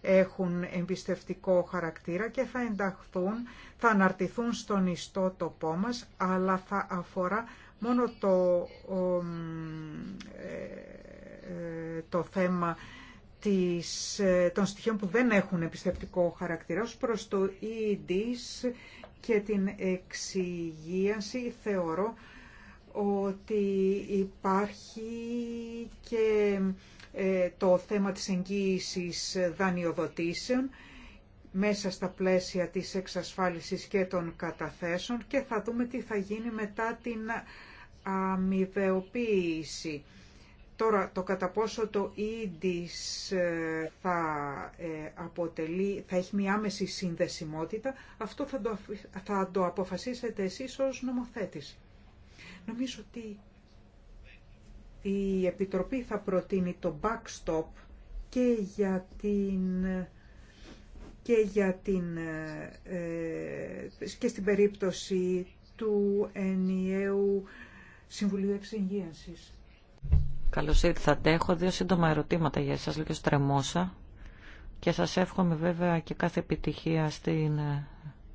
έχουν εμπιστευτικό χαρακτήρα και θα ενταχθούν, θα αναρτηθούν στον ιστό τοπό μας, αλλά θα αφορά μόνο το, ε, ε, το θέμα της, ε, των στοιχείων που δεν έχουν εμπιστευτικό χαρακτήρα. Ως προς το EDs και την εξυγίαση θεωρώ ότι υπάρχει και ε, το θέμα της εγγύησης δανειοδοτήσεων μέσα στα πλαίσια της εξασφάλισης και των καταθέσεων και θα δούμε τι θα γίνει μετά την αμοιβεοποίηση. Τώρα, το κατά πόσο το ίδις ε, θα, ε, αποτελεί, θα έχει μια άμεση συνδεσιμότητα, αυτό θα το, θα το αποφασίσετε εσείς ως νομοθέτης. Νομίζω ότι η Επιτροπή θα προτείνει το backstop και για την και για την ε, και στην περίπτωση του ενιαίου Συμβουλίου Εξυγίανσης. Καλώς ήρθατε. Έχω δύο σύντομα ερωτήματα για εσάς, λίγο στρεμόσα. Και σας εύχομαι βέβαια και κάθε επιτυχία στην, ε,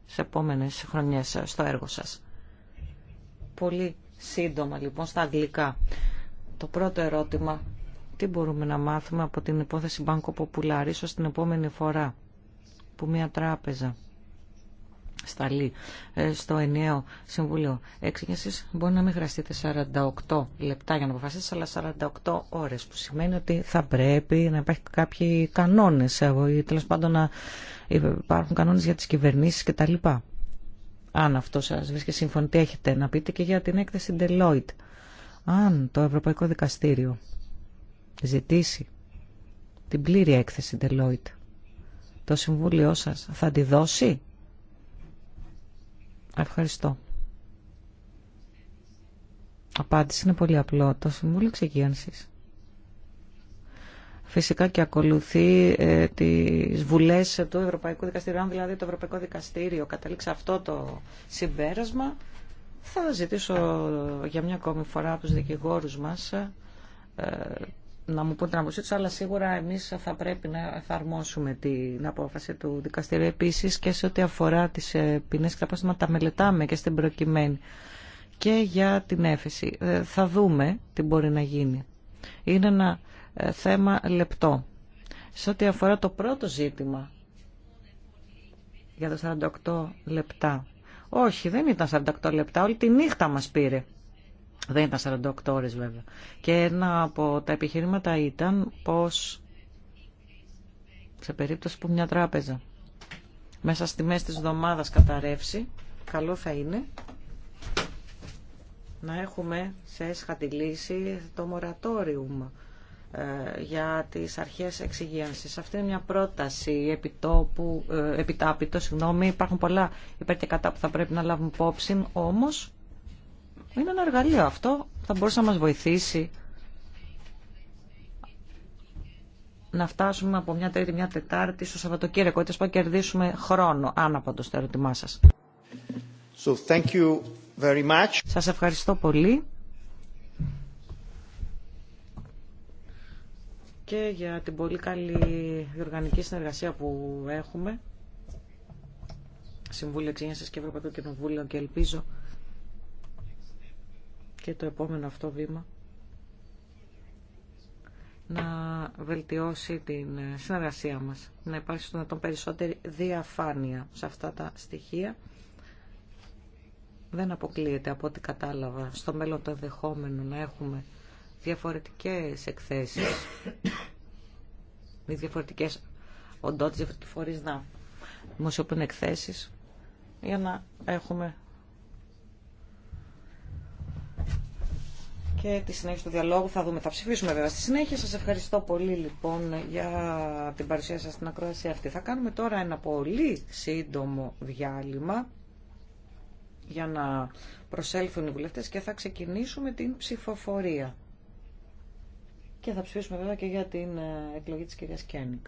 σε επόμενες χρονιές ε, στο έργο σας. Πολύ Σύντομα λοιπόν στα αγγλικά. Το πρώτο ερώτημα, τι μπορούμε να μάθουμε από την υπόθεση Banco Popular, ίσως την επόμενη φορά που μια τράπεζα σταλεί ε, στο ενιαίο Συμβούλιο έξυγεσης, μπορεί να μην χρειαστείτε 48 λεπτά για να αποφασίσετε, αλλά 48 ώρες που σημαίνει ότι θα πρέπει να υπάρχουν κάποιοι κανόνες ε, ή τέλος πάντων να υπάρχουν κανόνες για τις κυβερνήσεις κτλ αν αυτό σας βρίσκει σύμφωνο, τι έχετε να πείτε και για την έκθεση Deloitte. Αν το Ευρωπαϊκό Δικαστήριο ζητήσει την πλήρη έκθεση Deloitte, το Συμβούλιο σας θα τη δώσει. Ευχαριστώ. Απάντηση είναι πολύ απλό. Το Συμβούλιο Εξεγίανσης φυσικά και ακολουθεί ε, τις βουλές του Ευρωπαϊκού Δικαστηρίου. Αν δηλαδή το Ευρωπαϊκό Δικαστήριο καταλήξει αυτό το συμπέρασμα, θα ζητήσω για μια ακόμη φορά από τους δικηγόρους μας ε, να μου πούν την άποψή του, αλλά σίγουρα εμεί θα πρέπει να εφαρμόσουμε την απόφαση του δικαστηρίου. Επίση και σε ό,τι αφορά τι ε, ποινέ και τα τα μελετάμε και στην προκειμένη. Και για την έφεση. Ε, θα δούμε τι μπορεί να γίνει. Είναι ένα ε, θέμα λεπτό. Σε ό,τι αφορά το πρώτο ζήτημα για τα 48 λεπτά. Όχι, δεν ήταν 48 λεπτά, όλη τη νύχτα μας πήρε. Δεν ήταν 48 ώρες βέβαια. Και ένα από τα επιχειρήματα ήταν πως σε περίπτωση που μια τράπεζα μέσα στη μέση της εβδομάδας καταρρεύσει, καλό θα είναι να έχουμε σε έσχατη λύση το μορατόριου ε, για τις αρχές εξυγίανσης. Αυτή είναι μια πρόταση επιτόπου, ε, επιτάπητο, συγγνώμη, υπάρχουν πολλά υπέρ και κατά που θα πρέπει να λάβουν υπόψη, όμως είναι ένα εργαλείο αυτό θα μπορούσε να μας βοηθήσει να φτάσουμε από μια τρίτη, μια τετάρτη στο Σαββατοκύριακο, έτσι να κερδίσουμε χρόνο, αν απαντώ στο ερώτημά σας. So, thank you very much. Σας ευχαριστώ πολύ. και για την πολύ καλή διοργανική συνεργασία που έχουμε. Συμβούλιο Εξήγησης και Ευρωπαϊκό Κοινοβούλιο και ελπίζω και το επόμενο αυτό βήμα να βελτιώσει την συνεργασία μας, να υπάρξει στον ατόμο περισσότερη διαφάνεια σε αυτά τα στοιχεία. Δεν αποκλείεται από ό,τι κατάλαβα στο μέλλον το δεχόμενο να έχουμε διαφορετικές εκθέσεις με διαφορετικές οντότητες, διαφορετικές φορείς να δημοσιοποιούν εκθέσεις για να έχουμε και τη συνέχεια του διαλόγου θα δούμε, θα ψηφίσουμε βέβαια στη συνέχεια. Σας ευχαριστώ πολύ λοιπόν για την παρουσία σας στην ακρόαση αυτή. Θα κάνουμε τώρα ένα πολύ σύντομο διάλειμμα για να προσέλθουν οι βουλευτές και θα ξεκινήσουμε την ψηφοφορία και θα ψηφίσουμε βέβαια και για την ε, εκλογή της κυρίας Κένικ.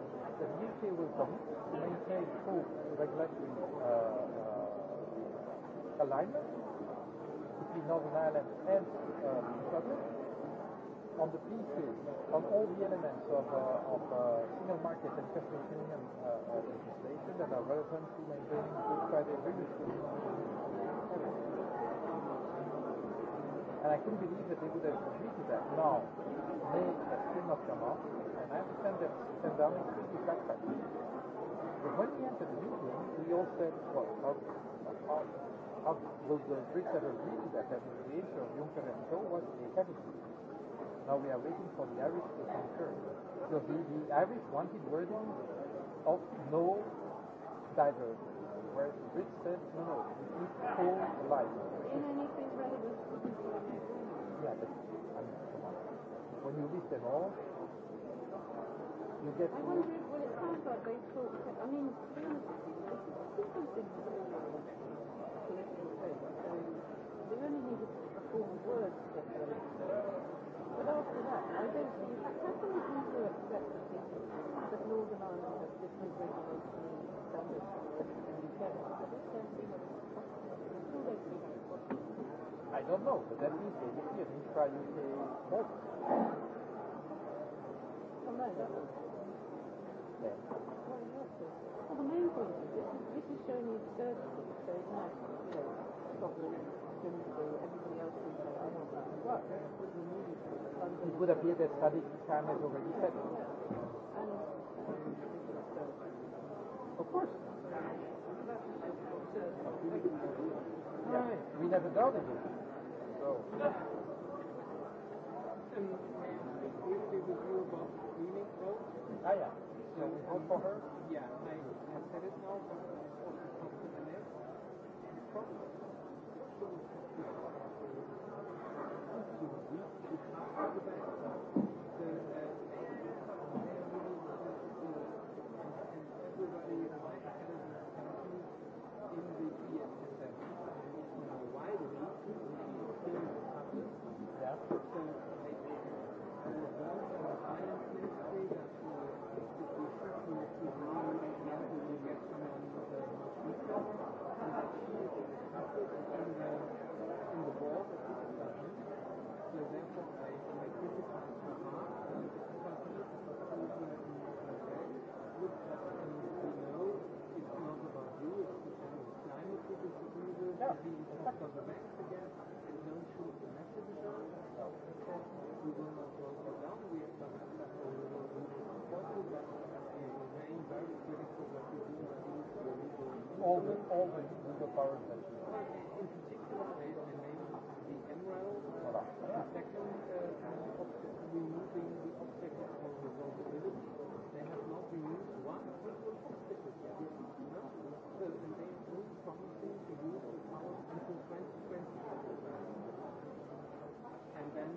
the UK will to maintain full regulatory uh, uh alignment between Northern Ireland and uh on the pieces, on all the elements of, uh, of uh, single market and customs union uh, legislation that are relevant to maintaining good private agreements. And I couldn't believe that they would have agreed to that. Now, May has still not come up. I understand that Sandal is pretty backpack. But when we entered the meeting, we all said, well, how, how, how will the Brits ever agree that that the creation of Juncker and Co was a heavy? Now we are waiting for the Irish to concur. So the, the Irish wanted wording of no divergence, whereas the Brits said, no, no, we need full life. In anything relevant. Yeah, but I mean, come on. When you list them all, I wonder it sounds like they I mean, they only a form of words But after that, I don't see, how that Northern Ireland different I don't know, but at least they try to there. Well, It would appear that study time has already set. of course. We never doubted it. So. Ah, yeah going her. Yeah, I, said it now, but always, always do the power section. In particular, they enable the MRAL. The second uh, removing the obstacle for resolvability. They have not removed one single obstacle yet. So, and they will promising to use the power until 2020. And then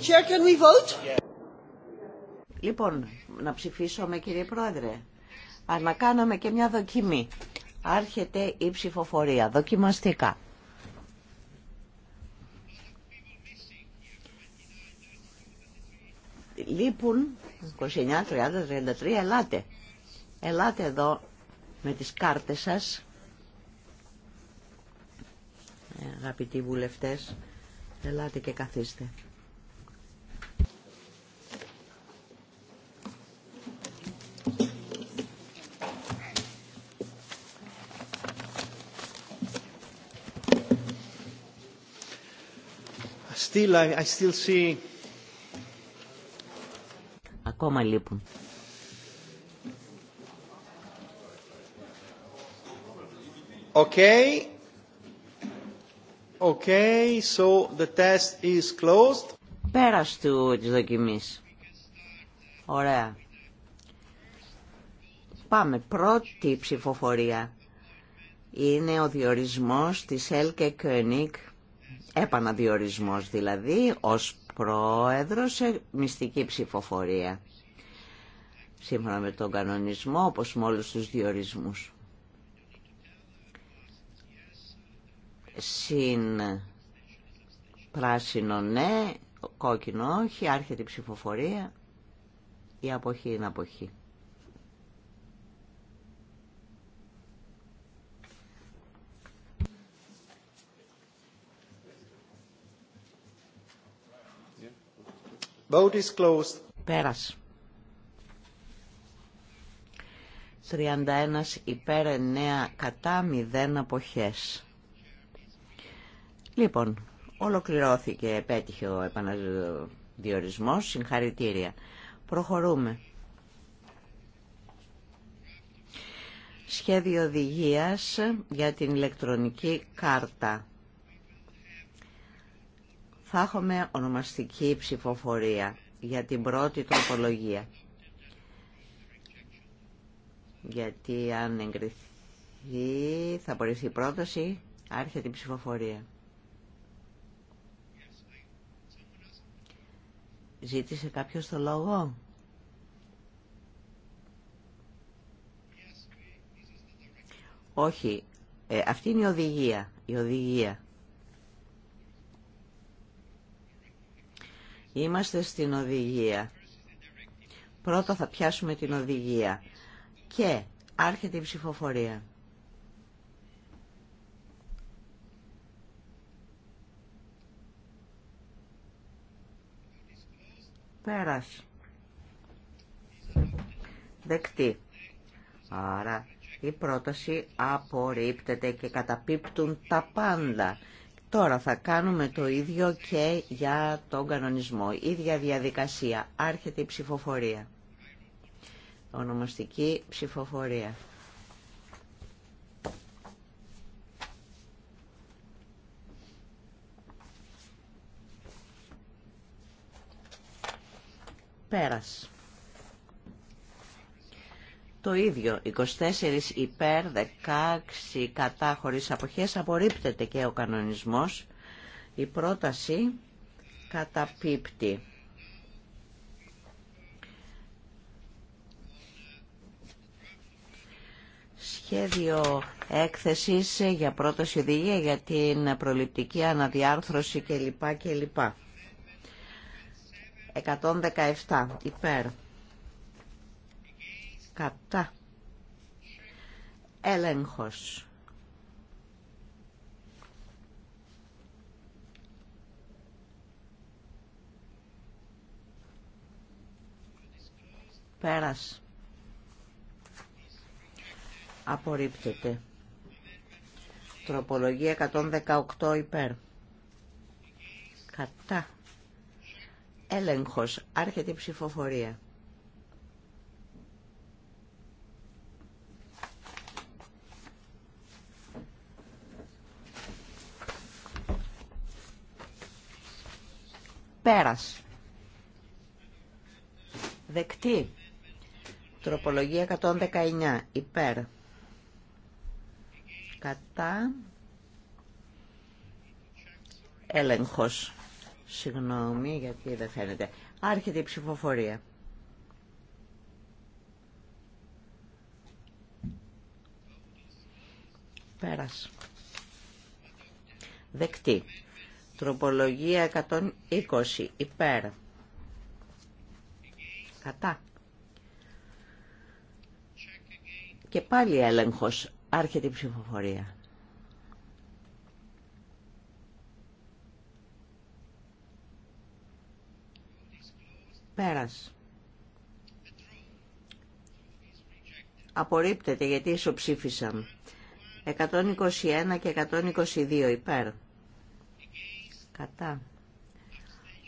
Chair, can we vote? Λοιπόν, να ψηφίσουμε κύριε Πρόεδρε. Αλλά να κάνουμε και μια δοκιμή. Άρχεται η ψηφοφορία, δοκιμαστικά. Λείπουν 29, 30, 33, ελάτε. Ελάτε εδώ με τις κάρτες σας. Ε, αγαπητοί βουλευτές, ελάτε και καθίστε. Still, I, I still see... Ακόμα λείπουν. Okay. Okay, so the test is closed. Πέρας του της δοκιμής. Ωραία. Πάμε. Πρώτη ψηφοφορία. Είναι ο διορισμός της Elke König επαναδιορισμός δηλαδή ως πρόεδρος σε μυστική ψηφοφορία σύμφωνα με τον κανονισμό όπως με όλους τους διορισμούς. Συν πράσινο ναι, κόκκινο όχι, άρχεται η ψηφοφορία, η αποχή είναι αποχή. Vote Πέρας. 31 υπέρ 9 κατά 0 αποχές. Λοιπόν, ολοκληρώθηκε, επέτυχε ο επαναδιορισμός, συγχαρητήρια. Προχωρούμε. Σχέδιο οδηγίας για την ηλεκτρονική κάρτα θα έχουμε ονομαστική ψηφοφορία για την πρώτη τροπολογία. Γιατί αν εγκριθεί θα απορριφθεί η πρόταση, άρχεται η ψηφοφορία. Ζήτησε κάποιος το λόγο. Όχι. Ε, αυτή είναι η οδηγία. Η οδηγία. Είμαστε στην οδηγία. Πρώτα θα πιάσουμε την οδηγία. Και άρχεται η ψηφοφορία. Πέρας. Δεκτή. Άρα η πρόταση απορρίπτεται και καταπίπτουν τα πάντα. Τώρα θα κάνουμε το ίδιο και για τον κανονισμό. Ίδια διαδικασία. Άρχεται η ψηφοφορία. Ονομαστική ψηφοφορία. Πέρας το ίδιο. 24 υπέρ, 16 κατά χωρίς αποχές. Απορρίπτεται και ο κανονισμός. Η πρόταση καταπίπτει. Σχέδιο έκθεσης για πρόταση οδηγία για την προληπτική αναδιάρθρωση κλπ. κλπ. 117 υπέρ. Κατά. Έλεγχος. Πέρας. Απορρίπτεται. Τροπολογία 118 υπέρ. Κατά. Έλεγχος. Άρχεται η ψηφοφορία. Πέρας. Δεκτή. Τροπολογία 119. Υπέρ. Κατά. Έλεγχος. Συγγνώμη γιατί δεν φαίνεται. Άρχεται η ψηφοφορία. Πέρας. Δεκτή. Τροπολογία 120 υπέρ. Κατά. Και πάλι έλεγχος. Άρχεται η ψηφοφορία. Πέρας. Απορρίπτεται γιατί ισοψήφισαν. 121 και 122 υπέρ κατά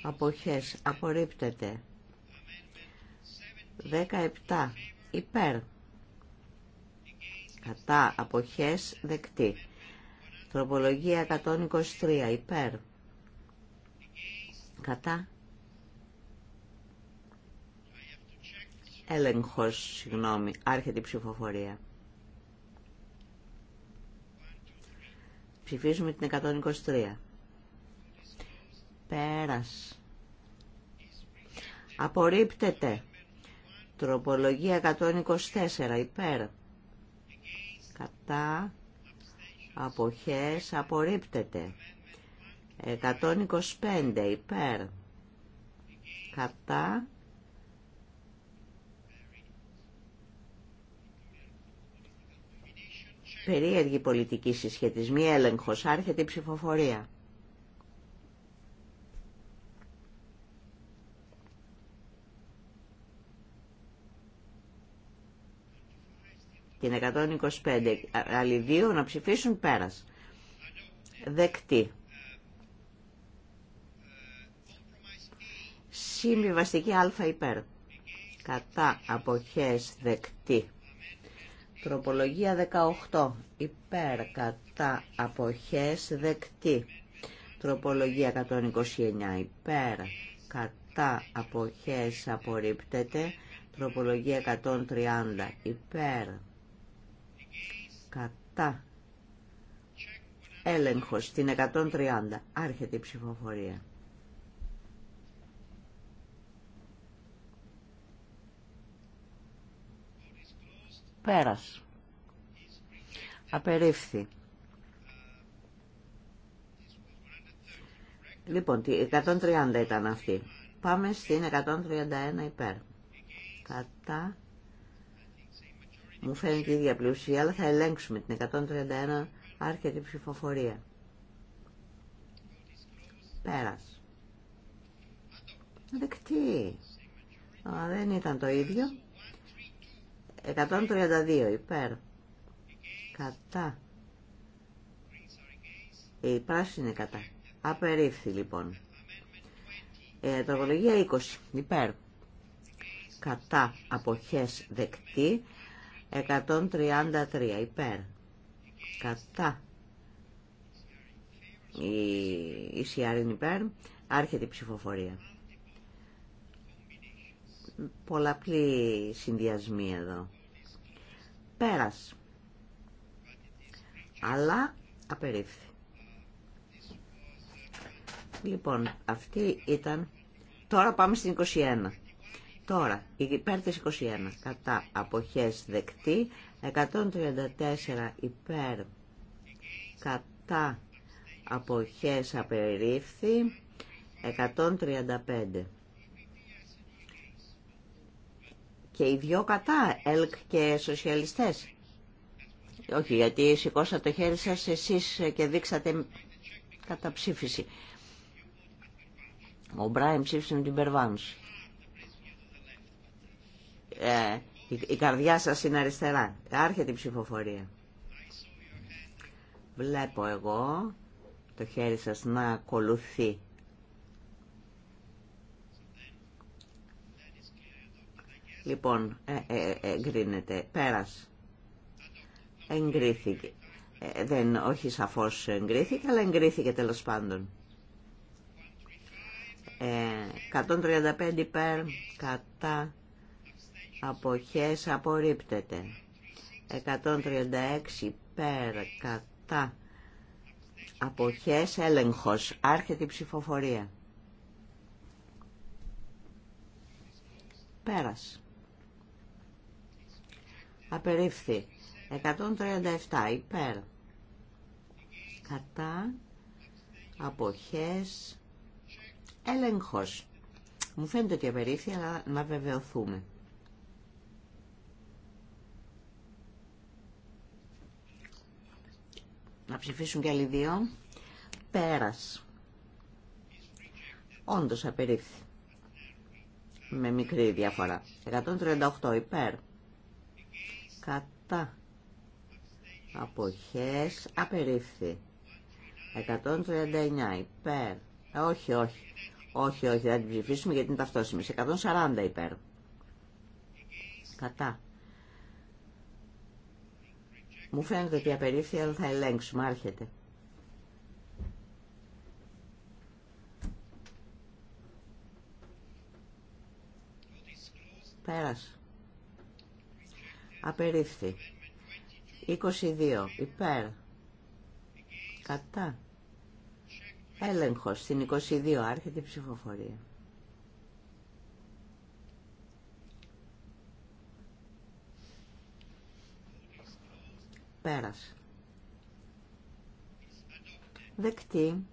αποχές απορρίπτεται 17 υπέρ κατά αποχές δεκτή τροπολογία 123 υπέρ κατά έλεγχος συγγνώμη άρχεται η ψηφοφορία ψηφίζουμε την 123 Πέρας. Απορρίπτεται. Τροπολογία 124 υπέρ. Κατά αποχές απορρίπτεται. 125 υπέρ. Κατά περίεργη πολιτική συσχετισμή έλεγχος. Άρχεται η ψηφοφορία. την 125. Άλλοι δύο να ψηφίσουν πέρας. Δεκτή. Συμβιβαστική α υπέρ. Κατά αποχές δεκτή. Τροπολογία 18. Υπέρ κατά αποχές δεκτή. Τροπολογία 129. Υπέρ κατά αποχές απορρίπτεται. Τροπολογία 130. Υπέρ Κατά. Έλεγχο στην 130. Άρχεται η ψηφοφορία. Πέρας. Απερίφθη. Λοιπόν, 130 ήταν αυτή. Πάμε στην 131 υπέρ. Κατά μου φαίνεται η ίδια πλειοψηφία, αλλά θα ελέγξουμε την 131 άρχεται ψηφοφορία. Πέρας. Δεκτή. Α, δεν ήταν το ίδιο. 132 υπέρ. Κατά. Η πράσινη κατά. Απερίφθη λοιπόν. Ε, τροπολογία 20 υπέρ. Κατά αποχές δεκτή. 133 υπέρ κατά η η υπέρ άρχεται η ψηφοφορία πολλαπλή συνδυασμή εδώ πέρας αλλά απερίφθη λοιπόν αυτή ήταν τώρα πάμε στην 21 Τώρα, υπέρ της 21, κατά αποχές δεκτή, 134 υπέρ κατά αποχές απερίφθη, 135. Και οι δυο κατά, ΕΛΚ και σοσιαλιστές. Όχι, γιατί σηκώσατε το χέρι σας εσείς και δείξατε καταψήφιση. Ο Μπράιν ψήφισε με την περβάνωση. Ε, η καρδιά σας είναι αριστερά. Άρχεται η ψηφοφορία. Βλέπω εγώ το χέρι σας να ακολουθεί. Λοιπόν, ε, ε εγκρίνεται. Πέρας. Εγκρίθηκε. Ε, δεν, όχι σαφώς εγκρίθηκε, αλλά εγκρίθηκε τέλος πάντων. 135 υπέρ, κατά αποχές απορρίπτεται 136 υπέρ κατά αποχές έλεγχος άρχεται η ψηφοφορία πέρας απερίφθη 137 υπέρ κατά αποχές έλεγχος μου φαίνεται ότι απερίφθη αλλά να βεβαιωθούμε Να ψηφίσουν και άλλοι δύο. Πέρας. Όντως απερίφθη. Με μικρή διαφορά. 138 υπέρ. Κατά. Αποχές απερίφθη. 139 υπέρ. Ε, όχι, όχι. Όχι, όχι, δεν την ψηφίσουμε γιατί είναι ταυτόσιμη. 140 υπέρ. Κατά. Μου φαίνεται ότι απερίφθη, αλλά θα ελέγξουμε. Άρχεται. Πέρασε. Απερίφθη. 22. Υπέρ. Κατά. Έλεγχος. Στην 22 άρχεται η ψηφοφορία. Πέρας. Δεκτή.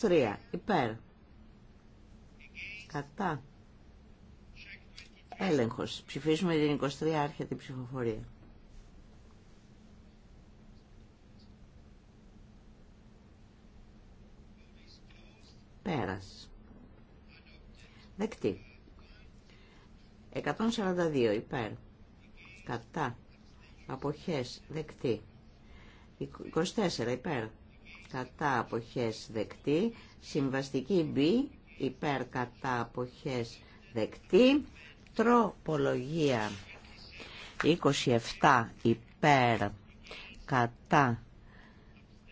23. Υπέρ. Κατά. Έλεγχος. Ψηφίσουμε την 23 άρχεται η ψηφοφορία. Πέρας. Δεκτή. 142. Υπέρ. Κατά αποχές δεκτή 24 υπέρ κατά αποχές δεκτή συμβαστική B υπέρ κατά αποχές δεκτή τροπολογία 27 υπέρ κατά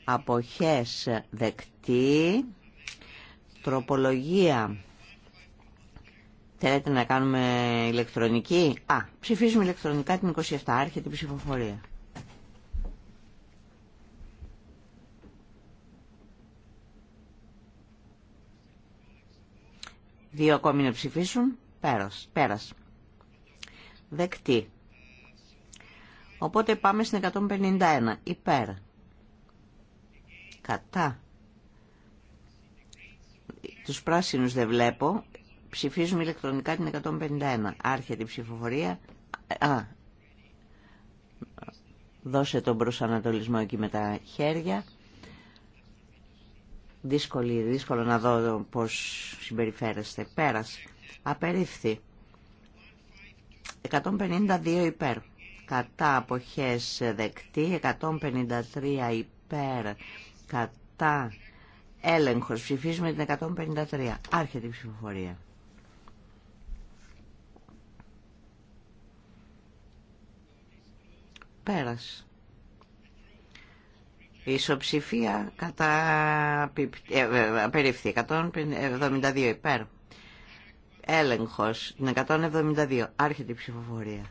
αποχές δεκτή τροπολογία Θέλετε να κάνουμε ηλεκτρονική. Α, ψηφίζουμε ηλεκτρονικά την 27. Άρχεται η ψηφοφορία. Δύο ακόμη να ψηφίσουν. Πέρας. Πέρας. Δεκτή. Οπότε πάμε στην 151. Υπέρ. Κατά. Τους πράσινους δεν βλέπω. Ψηφίζουμε ηλεκτρονικά την 151. Άρχεται η ψηφοφορία. Α, δώσε τον προσανατολισμό εκεί με τα χέρια. Δύσκολη, δύσκολο να δω πώς συμπεριφέρεστε. Πέρασε. Απερίφθη. 152 υπέρ. Κατά αποχές δεκτή. 153 υπέρ. Κατά έλεγχος. Ψηφίζουμε την 153. Άρχεται η ψηφοφορία. Πέρας. Η ισοψηφία κατά ε, ε, περίφθη 172 υπέρ. Έλεγχος 172. Άρχεται η ψηφοφορία.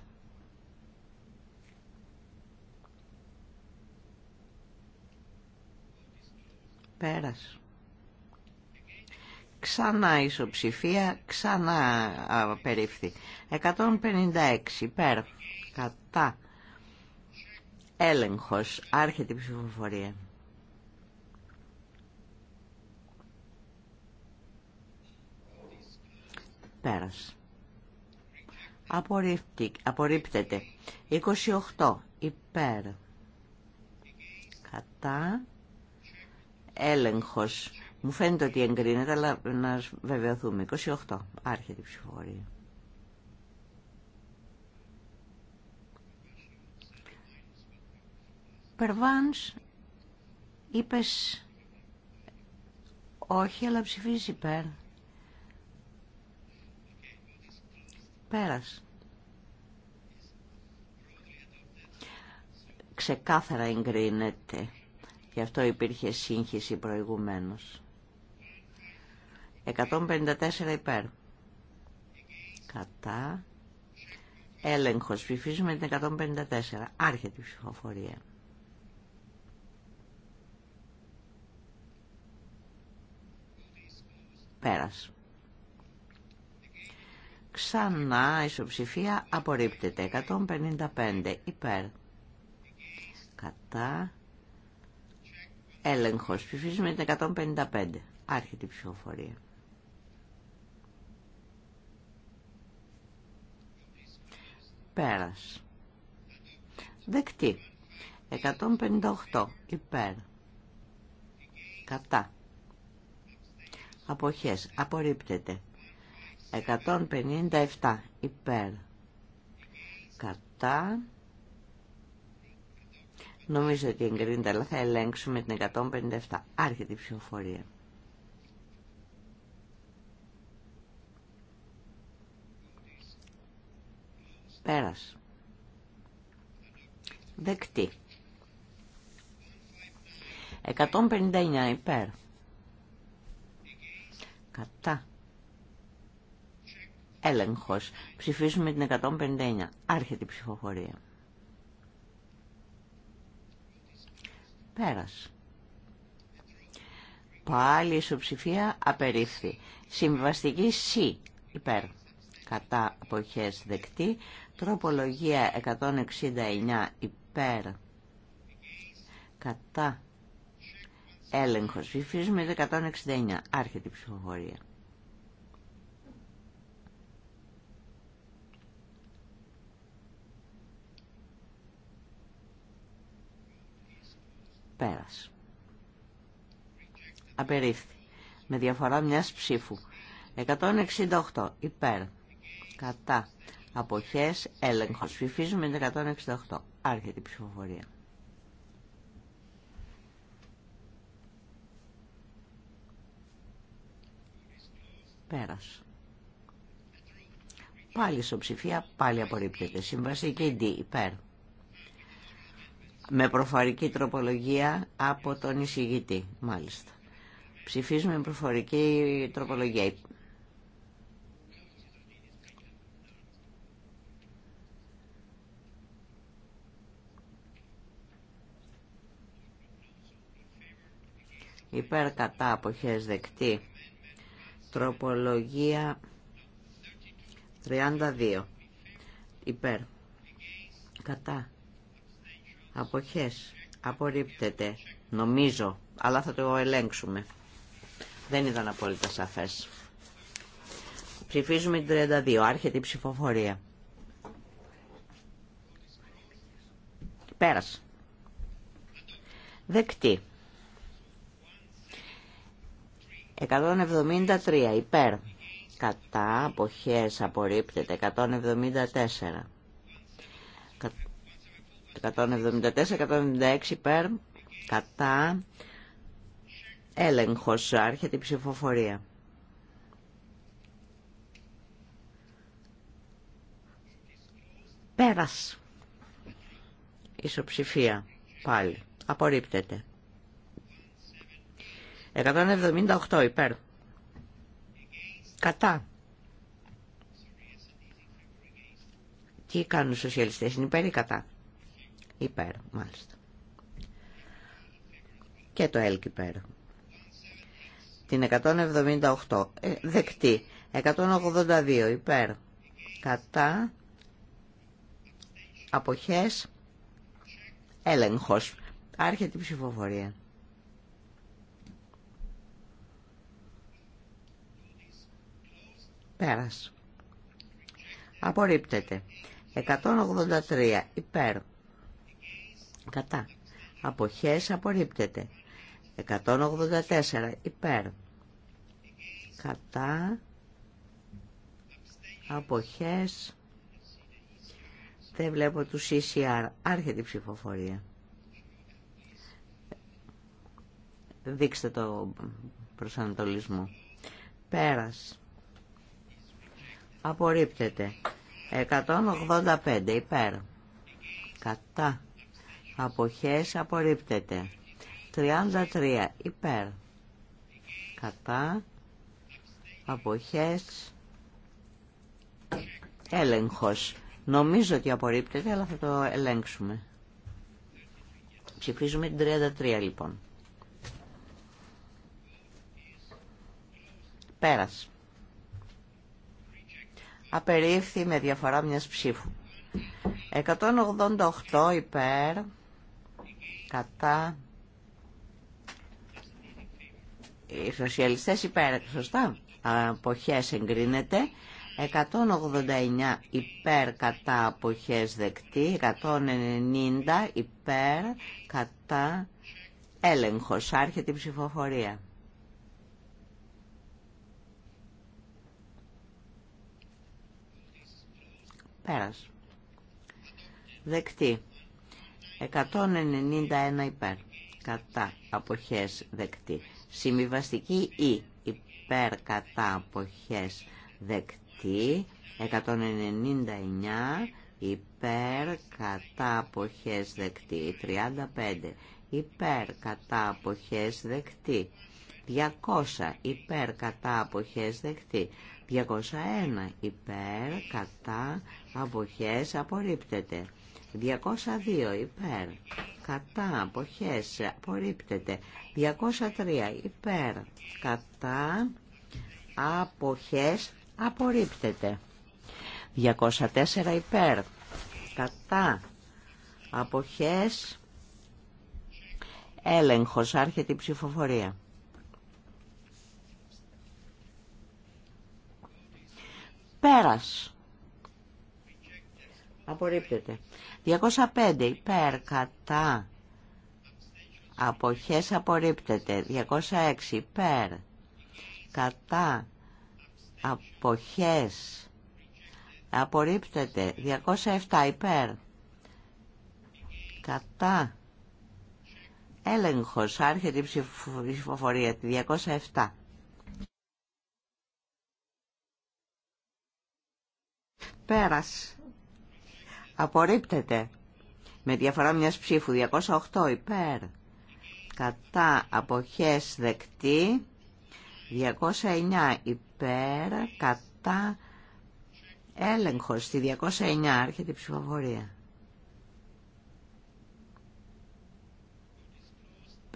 Πέρας. Ξανά ισοψηφία, ξανά περίφθη. 156 υπέρ. Κατά έλεγχος. Άρχεται η ψηφοφορία. Πέρας. Απορρίπτεται. 28. Υπέρ. Κατά. Έλεγχος. Μου φαίνεται ότι εγκρίνεται, αλλά να βεβαιωθούμε. 28. Άρχεται η ψηφοφορία. Περβάνς, είπες όχι, αλλά ψηφίζει υπέρ. Πέρας. Ξεκάθαρα εγκρίνεται. Γι' αυτό υπήρχε σύγχυση προηγουμένως. 154 υπέρ. Κατά. Έλεγχος. Ψηφίζουμε την 154. Άρχεται η ψηφοφορία. Πέρας. Ξανά ισοψηφία απορρίπτεται. 155 υπέρ. Κατά. Έλεγχος. Ψηφίζουμε την 155. Άρχεται η ψηφοφορία. Πέρας. Δεκτή. 158 υπέρ. Κατά αποχές απορρίπτεται 157 υπέρ κατά νομίζω ότι εγκρίνεται αλλά θα ελέγξουμε την 157 άρχεται η ψηφοφορία πέρας δεκτή 159 υπέρ Κατά. Έλεγχος. ψηφίσουμε την 159. Άρχεται η ψηφοφορία. Πέρας. Πάλι η ισοψηφία απερίφθη. Συμβαστική C. Υπέρ. Κατά αποχές δεκτή. Τροπολογία 169 υπέρ. Κατά Έλεγχος. με 169. Άρχεται η ψηφοφορία. Πέρας. Απερίφθη. Με διαφορά μιας ψήφου. 168. Υπέρ. Κατά. Αποχές. Έλεγχος. Ψηφίζουμε 168. Άρχεται η ψηφοφορία. Πέρας. Πάλι ψηφία πάλι απορρίπτεται. Συμβαστική D, υπέρ. Με προφορική τροπολογία από τον εισηγητή, μάλιστα. Ψηφίζουμε προφορική τροπολογία. Υπέρ κατά αποχές δεκτή. Τροπολογία 32. Υπέρ. Κατά. Αποχές. Απορρίπτεται. Νομίζω. Αλλά θα το ελέγξουμε. Δεν ήταν απόλυτα σαφές. Ψηφίζουμε την 32. Άρχεται η ψηφοφορία. Πέρασε. Δεκτή. 173 υπέρ. Κατά αποχές απορρίπτεται. 174. 174-176 υπέρ. Κατά έλεγχος άρχεται η ψηφοφορία. Πέρας. Ισοψηφία. Πάλι. Απορρίπτεται. 178 υπέρ. Κατά. Τι κάνουν οι σοσιαλιστές, είναι υπέρ ή κατά. Υπέρ, μάλιστα. Και το ΕΛΚ υπέρ. Την 178, ε, δεκτή. 182 υπέρ. Κατά. Αποχές. Έλεγχος. Άρχεται η ψηφοφορία. Πέρας. Απορρίπτεται. 183 υπέρ. Κατά. Αποχές απορρίπτεται. 184 υπέρ. Κατά. Αποχές. Δεν βλέπω του CCR. Άρχεται η ψηφοφορία. Δείξτε το προσανατολισμό. Πέρας απορρίπτεται 185 υπέρ κατά αποχές απορρίπτεται 33 υπέρ κατά αποχές έλεγχος νομίζω ότι απορρίπτεται αλλά θα το ελέγξουμε ψηφίζουμε την 33 λοιπόν πέρας Απερίφθη με διαφορά μιας ψήφου. 188 υπέρ, κατά, οι σοσιαλιστές υπέρ, σωστά, αποχές εγκρίνεται, 189 υπέρ κατά αποχές δεκτή, 190 υπέρ κατά έλεγχος, άρχεται η ψηφοφορία. Πέρας. Δεκτή. 191 υπέρ. Κατά αποχές δεκτή. Συμβιβαστική ή υπέρ κατά αποχές δεκτή. 199 υπέρ κατά αποχές δεκτή. 35 υπέρ κατά αποχές δεκτή. 200 υπέρ κατά αποχές δεκτή. 201 υπέρ κατά αποχές απορρίπτεται 202 υπέρ κατά αποχές απορρίπτεται 203 υπέρ κατά αποχές απορρίπτεται 204 υπέρ κατά αποχές έλεγχος άρχεται η ψηφοφορία πέρας Απορρίπτεται. 205 υπέρ κατά αποχές απορρίπτεται. 206 υπέρ κατά αποχές απορρίπτεται. 207 υπέρ κατά έλεγχος άρχεται η ψηφοφορία τη 207. Πέρας απορρίπτεται με διαφορά μιας ψήφου 208 υπέρ κατά αποχές δεκτή 209 υπέρ κατά έλεγχος στη 209 άρχεται η ψηφοφορία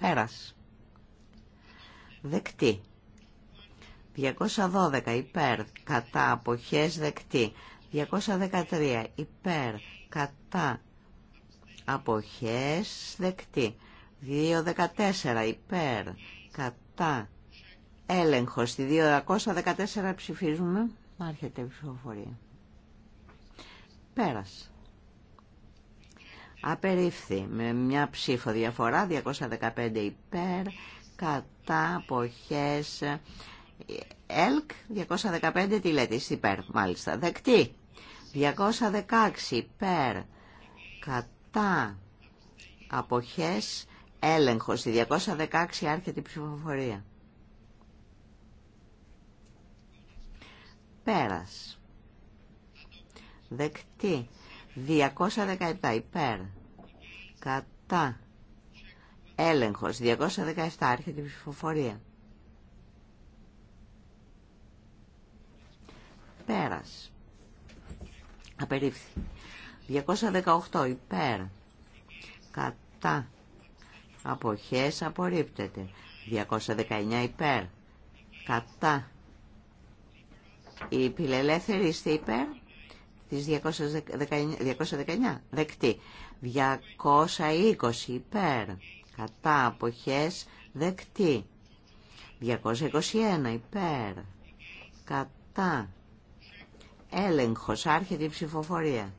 πέρας δεκτή 212 υπέρ κατά αποχές δεκτή 213 υπέρ κατά αποχές δεκτή 2.14 υπέρ κατά έλεγχο στη 214 ψηφίζουμε άρχεται η ψηφοφορία πέρας απερίφθη με μια ψήφο διαφορά 215 υπέρ κατά αποχές ΕΛΚ 215 τι λέτε υπέρ μάλιστα δεκτή 216 υπέρ κατά αποχές έλεγχος. 216 άρχεται η ψηφοφορία. Πέρας. Δεκτή. 217 υπέρ. Κατά. Έλεγχος. 217 άρχεται η ψηφοφορία. Πέρας. Απερίφθη. 218 υπέρ. Κατά. Αποχές απορρίπτεται. 219 υπέρ. Κατά. η πιλελεύθεροι είστε υπέρ της 219, 219. Δεκτή. 220 υπέρ. Κατά. Αποχές δεκτή. 221 υπέρ. Κατά έλεγχος, άρχεται η ψηφοφορία.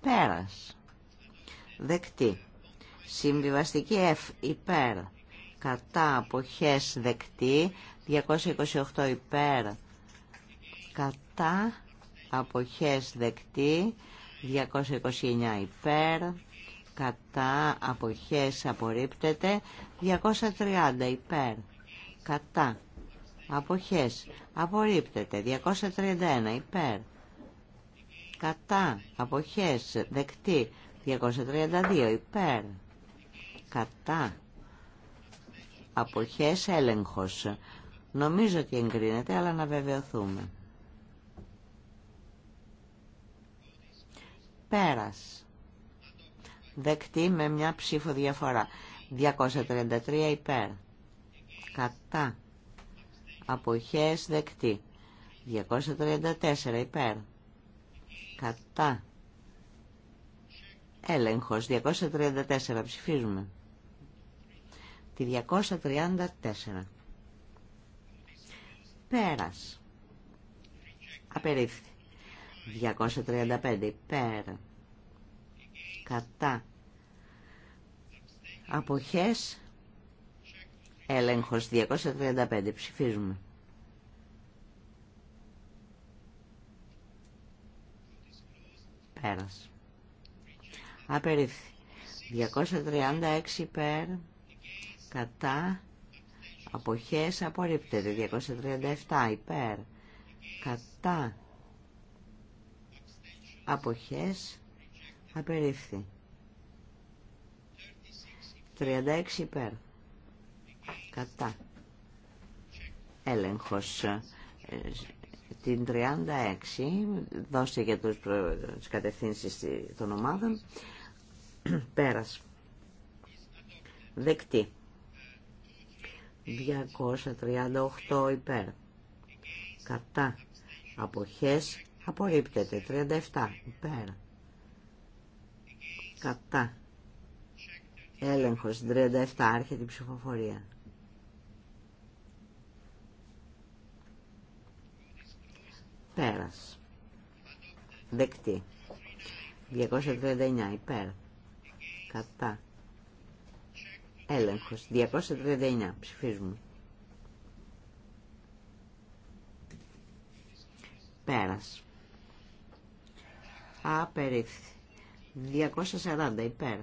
Πέρας. Δεκτή. Συμβιβαστική F υπέρ. Κατά αποχές δεκτή. 228 υπέρ. Κατά αποχές δεκτή. 229 υπέρ. Κατά αποχές απορρίπτεται. 230 υπέρ. Κατά Αποχές. Απορρίπτεται. 231 υπέρ. Κατά. Αποχές. Δεκτή. 232 υπέρ. Κατά. Αποχές έλεγχος. Νομίζω ότι εγκρίνεται, αλλά να βεβαιωθούμε. Πέρας. Δεκτή με μια ψήφο διαφορά. 233 υπέρ. Κατά αποχές δεκτή 234 υπέρ κατά έλεγχος 234 ψηφίζουμε τη 234 πέρας απερίφθη 235 υπέρ κατά αποχές Έλεγχος 235. Ψηφίζουμε. Πέρασε. Απερίφθη. 236 υπέρ. Κατά. Αποχές απορρίπτεται. 237 υπέρ. Κατά. Αποχές απερίφθη. 36 υπέρ κατά έλεγχος ε, την 36 δώστε για τους, προ... κατευθύνσεις των ομάδων πέρας δεκτή 238 υπέρ κατά αποχές απορρίπτεται 37 υπέρ κατά έλεγχος 37 άρχεται η ψηφοφορία Πέρας. Δεκτή. 239 υπέρ. Κατά. Έλεγχος. 239. Ψηφίζουμε. Πέρας. Απερίφθη. 240 υπέρ.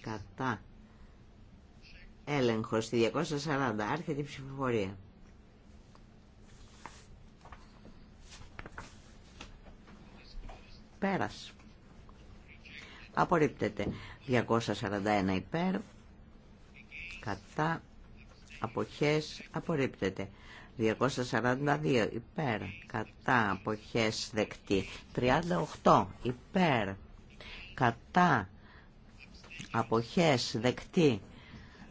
Κατά. Έλεγχος. 240. Άρχεται η ψηφοφορία. υπέρας. Απορρίπτεται. 241 υπέρ. Κατά. Αποχές. Απορρίπτεται. 242 υπέρ. Κατά. Αποχές. Δεκτή. 38 υπέρ. Κατά. Αποχές. Δεκτή.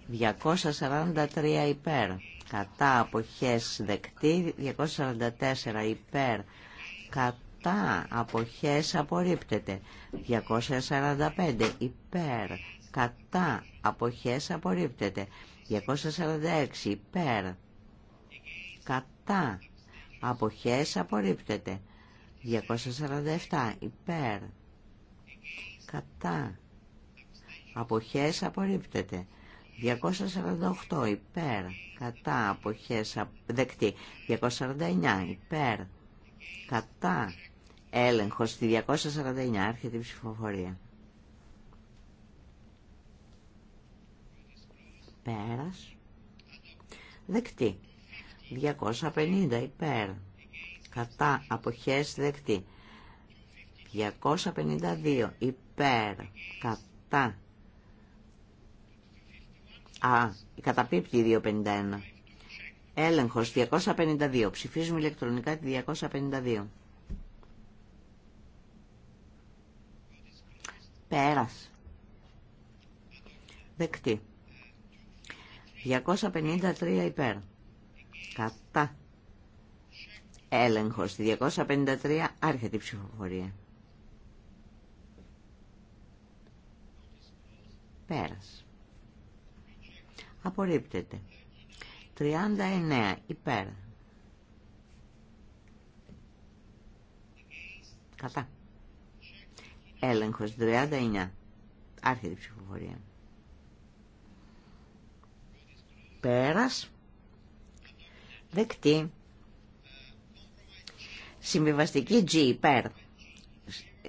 243 υπέρ. Κατά. Αποχές. Δεκτή. 244 υπέρ. Κατά κατά αποχές απορρίπτεται 245 υπέρ κατά αποχές απορρίπτεται 246 υπέρ κατά αποχές απορρίπτεται 247 υπέρ κατά αποχές απορρίπτεται 248 υπέρ κατά αποχές δεκτή 249 υπέρ κατά Έλεγχος στη 249 έρχεται η ψηφοφορία. Πέρας. Δεκτή. 250 υπέρ. Κατά αποχές δεκτή. 252 υπέρ. Κατά. Α, καταπίπτει 251. Έλεγχος 252. Ψηφίζουμε ηλεκτρονικά τη 252. Πέρας. Δεκτή. 253 υπέρ. Κατά. Έλεγχος. 253 άρχεται η ψηφοφορία. Πέρας. Απορρίπτεται. 39 υπέρ. Κατά. Έλεγχος 39. Άρχεται η ψηφοφορία. Πέρας. Δεκτή. Συμβιβαστική G υπέρ.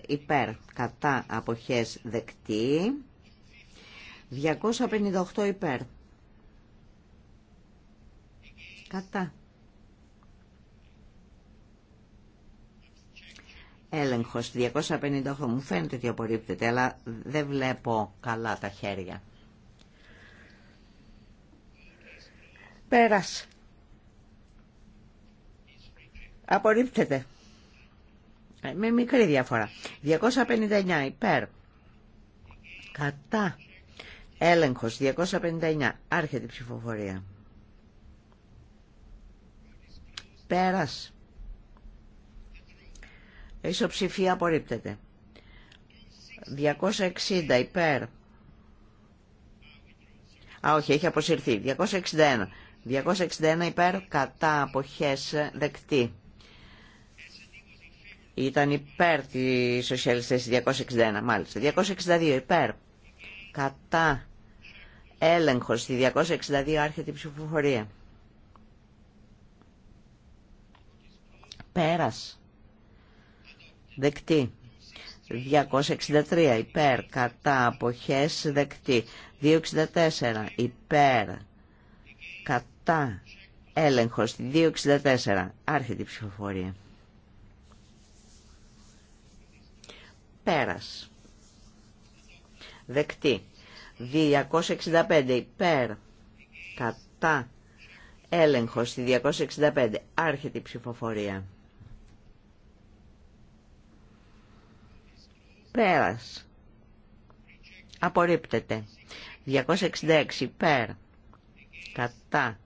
Υπέρ. Κατά αποχές δεκτή. 258 υπέρ. Κατά Έλέγχο 258 μου φαίνεται ότι απορρίπτεται αλλά δεν βλέπω καλά τα χέρια πέρας απορρίπτεται ε, με μικρή διαφορά 259 υπέρ κατά έλεγχος 259 άρχεται η ψηφοφορία πέρας Ισοψηφία απορρίπτεται. 260 υπέρ. Α, όχι, έχει αποσυρθεί. 261. 261 υπέρ, κατά αποχές δεκτή. Ήταν υπέρ τη σοσιαλιστές 261, μάλιστα. 262 υπέρ, κατά έλεγχος στη 262 άρχεται η ψηφοφορία. Πέρας δεκτή. 263 υπέρ κατά αποχές δεκτή. 264 υπέρ κατά έλεγχος. 264 άρχεται η ψηφοφορία. Πέρας. Δεκτή. 265 υπέρ κατά έλεγχος. 265 άρχεται η ψηφοφορία. Πέρας. Απορρίπτεται. 266 υπέρ. Κατά.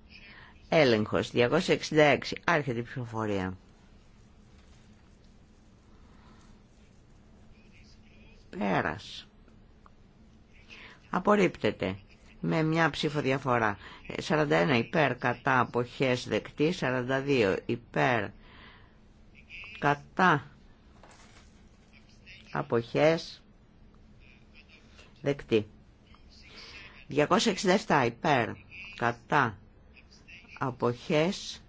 Έλεγχος. 266. Άρχεται η ψηφοφορία. Πέρας. Απορρίπτεται με μια ψήφο διαφορά. 41 υπέρ κατά αποχές δεκτή, 42 υπέρ κατά αποχές δεκτή 267 υπέρ κατά αποχές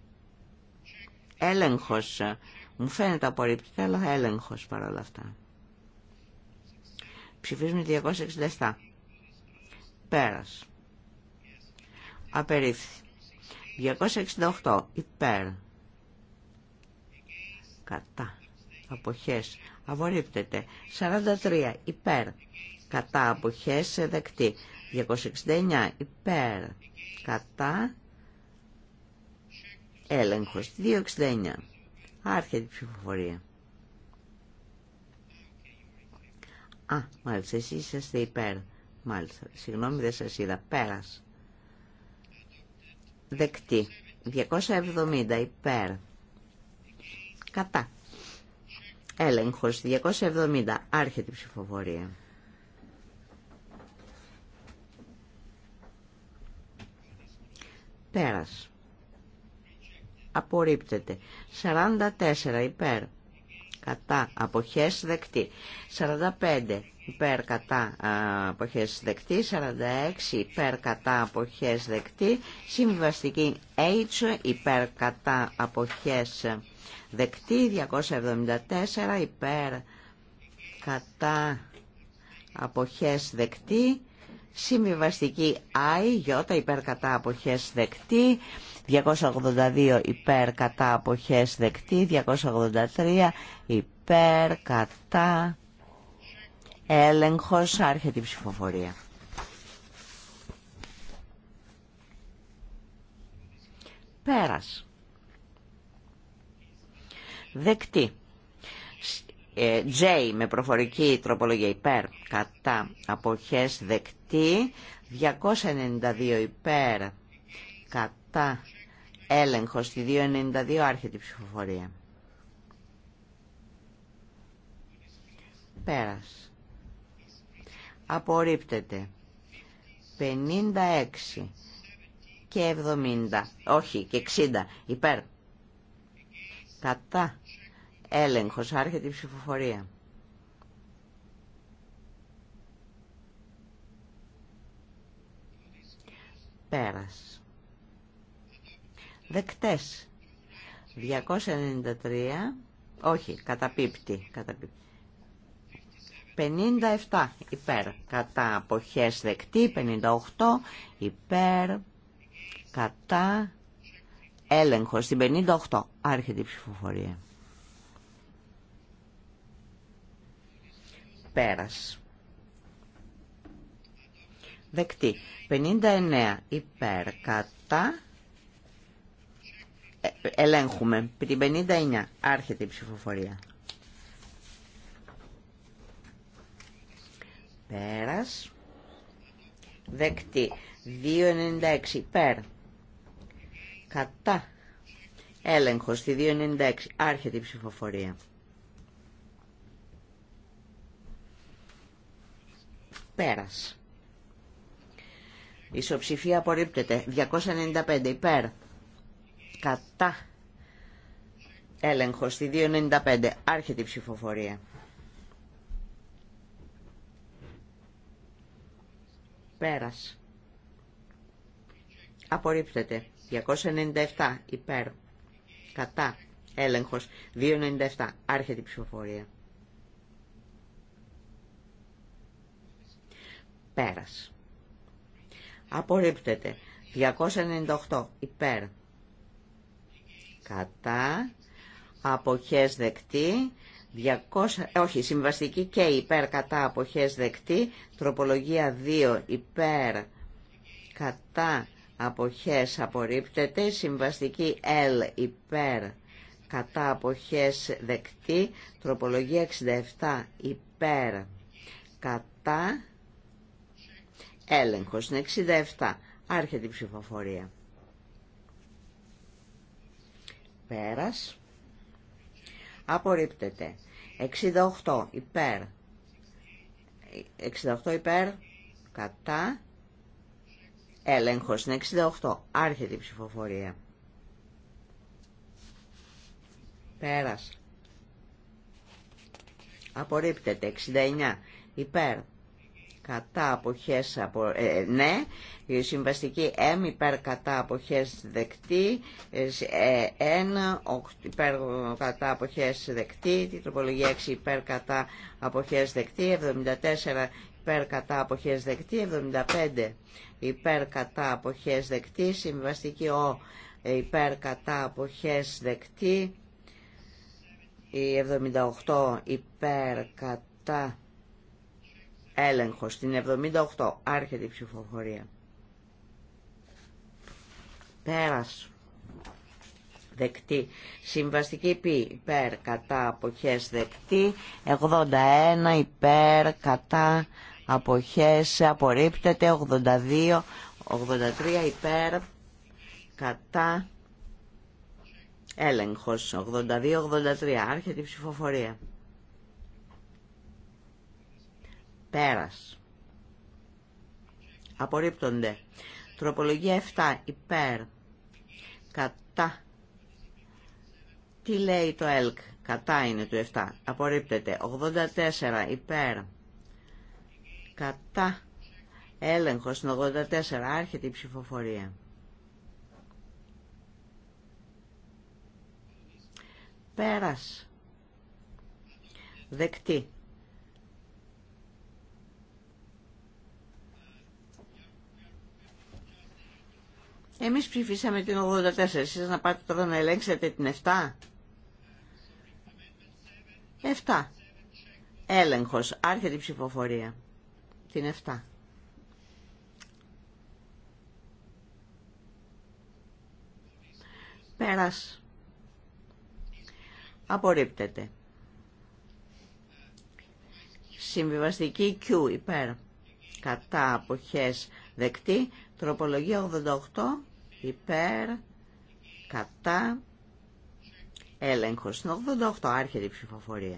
έλεγχος μου φαίνεται απορριπτικά αλλά έλεγχος παρόλα αυτά ψηφίζουμε 267 πέρας απερίφθη 268 υπέρ κατά αποχές Απορρίπτεται. 43 υπέρ. Κατά αποχές δεκτή. 269 υπέρ. Κατά έλεγχος. 269. Άρχεται η ψηφοφορία. Α, μάλιστα, εσείς είσαστε υπέρ. Μάλιστα. Συγγνώμη, δεν σας είδα. Πέρας. Δεκτή. 270 υπέρ. Κατά. Έλεγχος 270. Άρχεται η ψηφοφορία. Πέρας. Απορρίπτεται. 44 υπέρ. Κατά. Αποχές δεκτή. 45 υπέρ κατά αποχές δεκτή, 46 υπέρ κατά αποχές δεκτή, συμβιβαστική H υπέρ κατά αποχές δεκτή Δεκτή 274 υπέρ κατά αποχές δεκτή. Συμβιβαστική ΑΙ, υπέρ κατά αποχές δεκτή. 282 υπέρ κατά αποχές δεκτή, 283 υπέρ κατά έλεγχος άρχεται η ψηφοφορία. Πέρας δεκτή. Ε, J με προφορική τροπολογία υπέρ κατά αποχές δεκτή 292 υπέρ κατά έλεγχο στη 292 άρχεται η ψηφοφορία πέρας απορρίπτεται 56 και 70 όχι και 60 υπέρ Κατά. Έλεγχος. Άρχεται η ψηφοφορία. Πέρας. Δεκτές. 293. Όχι. Καταπίπτει. Καταπίπτει. 57 υπέρ κατά αποχές δεκτή, 58 υπέρ κατά έλεγχο στην 58. Άρχεται η ψηφοφορία. Πέρας. Δεκτή. 59 υπέρ κατά. Ε, ελέγχουμε. Την 59. Άρχεται η ψηφοφορία. Πέρας. Δεκτή. 2,96 υπέρ Κατά. Έλεγχο στη 296. Άρχεται η ψηφοφορία. Πέρας. Ισοψηφία απορρίπτεται. 295 υπέρ. Κατά. Έλεγχο στη 295. Άρχεται η ψηφοφορία. Πέρας. Απορρίπτεται. 297 υπέρ κατά έλεγχος 297 άρχεται η ψηφοφορία πέρας απορρίπτεται 298 υπέρ κατά αποχές δεκτή 200, ε, όχι, συμβαστική και υπέρ κατά αποχές δεκτή, τροπολογία 2 υπέρ κατά αποχές απορρίπτεται, συμβαστική L υπέρ κατά αποχές δεκτή, τροπολογία 67 υπέρ κατά έλεγχος, 67, άρχεται η ψηφοφορία. Πέρας, απορρίπτεται, 68 υπέρ, 68 υπέρ, κατά, Έλέγχο Είναι 68. Άρχεται η ψηφοφορία. Πέρας. Απορρίπτεται. 69. Υπέρ. Κατά αποχές. Απο... Ε, ε, ναι. Η συμβαστική M υπέρ κατά αποχές δεκτή. 1 ε, ε, υπέρ κατά αποχές δεκτή. Την τροπολογία 6 υπέρ κατά αποχές δεκτή. 74 υπέρ κατά αποχές δεκτή, 75 υπέρ κατά αποχές δεκτή, συμβαστική ο υπέρ κατά αποχές δεκτή, η 78 υπέρ κατά έλεγχο, στην 78 άρχεται η ψηφοφορία. Πέρας δεκτή. Συμβαστική πι υπέρ κατά αποχές δεκτή. 81 υπέρ κατά αποχές απορρίπτεται 82 83 υπέρ κατά έλεγχος 82-83 άρχεται η ψηφοφορία πέρας απορρίπτονται τροπολογία 7 υπέρ κατά τι λέει το ΕΛΚ κατά είναι του 7 απορρίπτεται 84 υπέρ κατά Έλέγχο στην 84 άρχεται η ψηφοφορία πέρας δεκτή Εμείς ψηφίσαμε την 84, εσείς να πάτε τώρα να ελέγξετε την 7. 7. Έλεγχος. Άρχεται η ψηφοφορία την 7. Πέρας. Απορρίπτεται. Συμβιβαστική Q υπέρ. Κατά αποχές δεκτή. Τροπολογία 88 υπέρ. Κατά. Έλεγχος. 88 άρχεται η ψηφοφορία.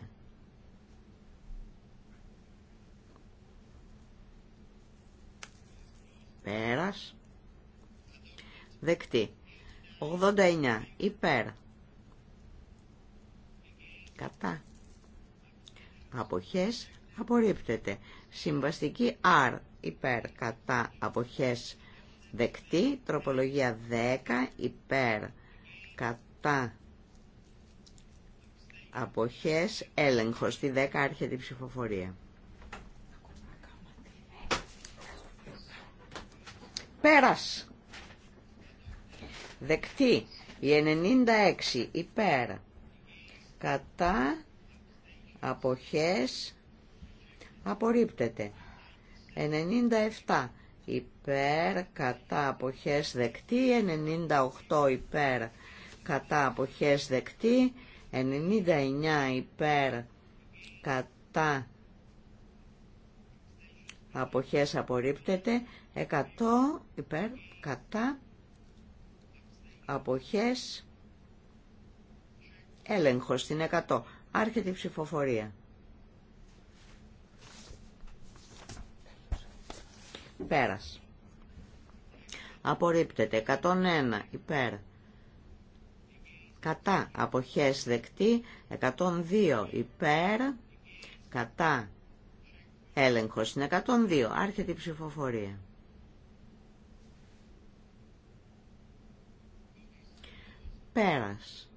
πέρας δεκτή 89 υπέρ κατά αποχές απορρίπτεται συμβαστική R υπέρ κατά αποχές δεκτή τροπολογία 10 υπέρ κατά αποχές έλεγχος στη 10 έρχεται η ψηφοφορία Πέρας. Δεκτή. Η 96 υπέρ. Κατά αποχές απορρίπτεται. 97 υπέρ κατά αποχές δεκτή. 98 υπέρ κατά αποχές δεκτή. 99 υπέρ κατά αποχές απορρίπτεται. 100 υπέρ κατά αποχές έλεγχος στην 100 άρχεται η ψηφοφορία πέρας απορρίπτεται 101 υπέρ κατά αποχές δεκτή 102 υπέρ κατά έλεγχος στην 102 άρχεται η ψηφοφορία πέρας.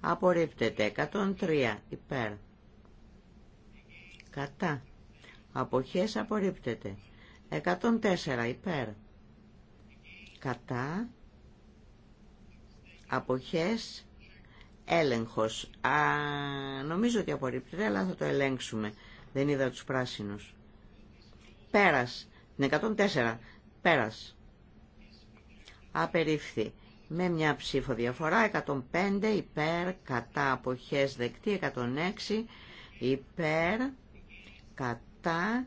Απορρίπτεται 103 υπέρ. Κατά. Αποχές απορρίπτεται. 104 υπέρ. Κατά. Αποχές έλεγχος. Α, νομίζω ότι απορρίπτεται, αλλά θα το ελέγξουμε. Δεν είδα τους πράσινους. Πέρας. 104. Πέρας. Απερίφθη με μια ψήφο διαφορά 105 υπέρ κατά αποχές δεκτή 106 υπέρ κατά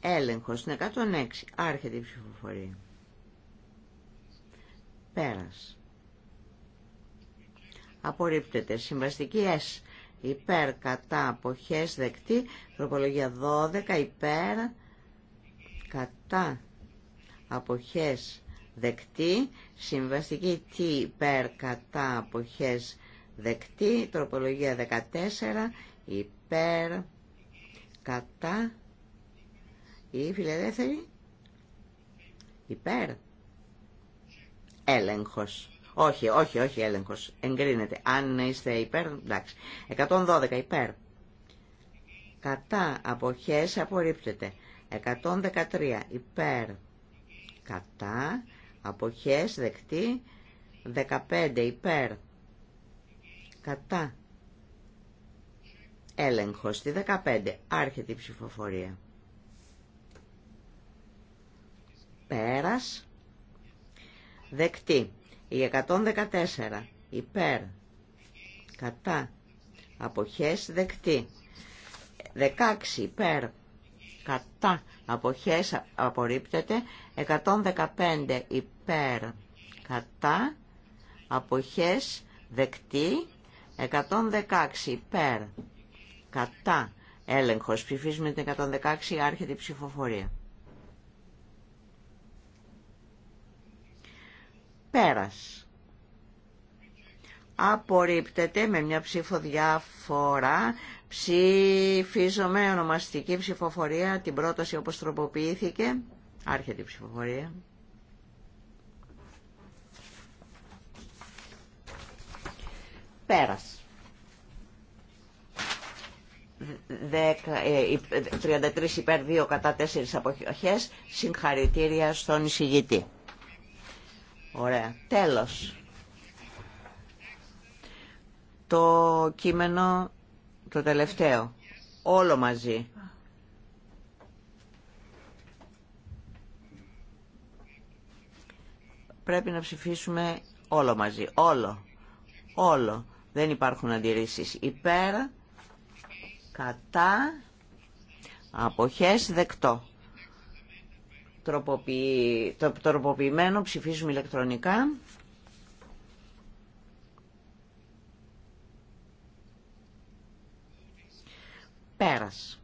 έλεγχος στην 106 άρχεται η ψηφοφορία πέρας απορρίπτεται συμβαστική S υπέρ κατά αποχές δεκτή Προπολογία 12 υπέρ κατά αποχές δεκτή, συμβαστική Τι υπέρ κατά αποχές δεκτή, τροπολογία 14 υπέρ κατά η φιλελεύθερη υπέρ έλεγχος. Όχι, όχι, όχι έλεγχος. Εγκρίνεται. Αν είστε υπέρ, εντάξει. 112 υπέρ. Κατά αποχές απορρίπτεται. 113 υπέρ. Κατά αποχές δεκτή 15 υπέρ κατά Έλεγχο στη 15 άρχεται η ψηφοφορία πέρας δεκτή η 114 υπέρ κατά αποχές δεκτή 16 υπέρ κατά αποχές απορρίπτεται 115 υπέρ υπέρ κατά αποχές δεκτή 116 υπέρ κατά έλεγχος ψηφίζουμε την 116 άρχεται η ψηφοφορία πέρας απορρίπτεται με μια ψηφοδιάφορα διαφορά ψηφίζομαι ονομαστική ψηφοφορία την πρόταση όπως τροποποιήθηκε άρχεται η ψηφοφορία Πέρας. 33 ε, υπέρ 2 κατά 4 αποχές. Συγχαρητήρια στον εισηγητή. Ωραία. Τέλος. Το κείμενο το τελευταίο. Όλο μαζί. Πρέπει να ψηφίσουμε όλο μαζί. Όλο. Όλο. Δεν υπάρχουν αντιρρήσεις υπέρ, κατά, αποχές, δεκτό. Τροποποιη... τροποποιημένο ψηφίζουμε ηλεκτρονικά. Πέρας.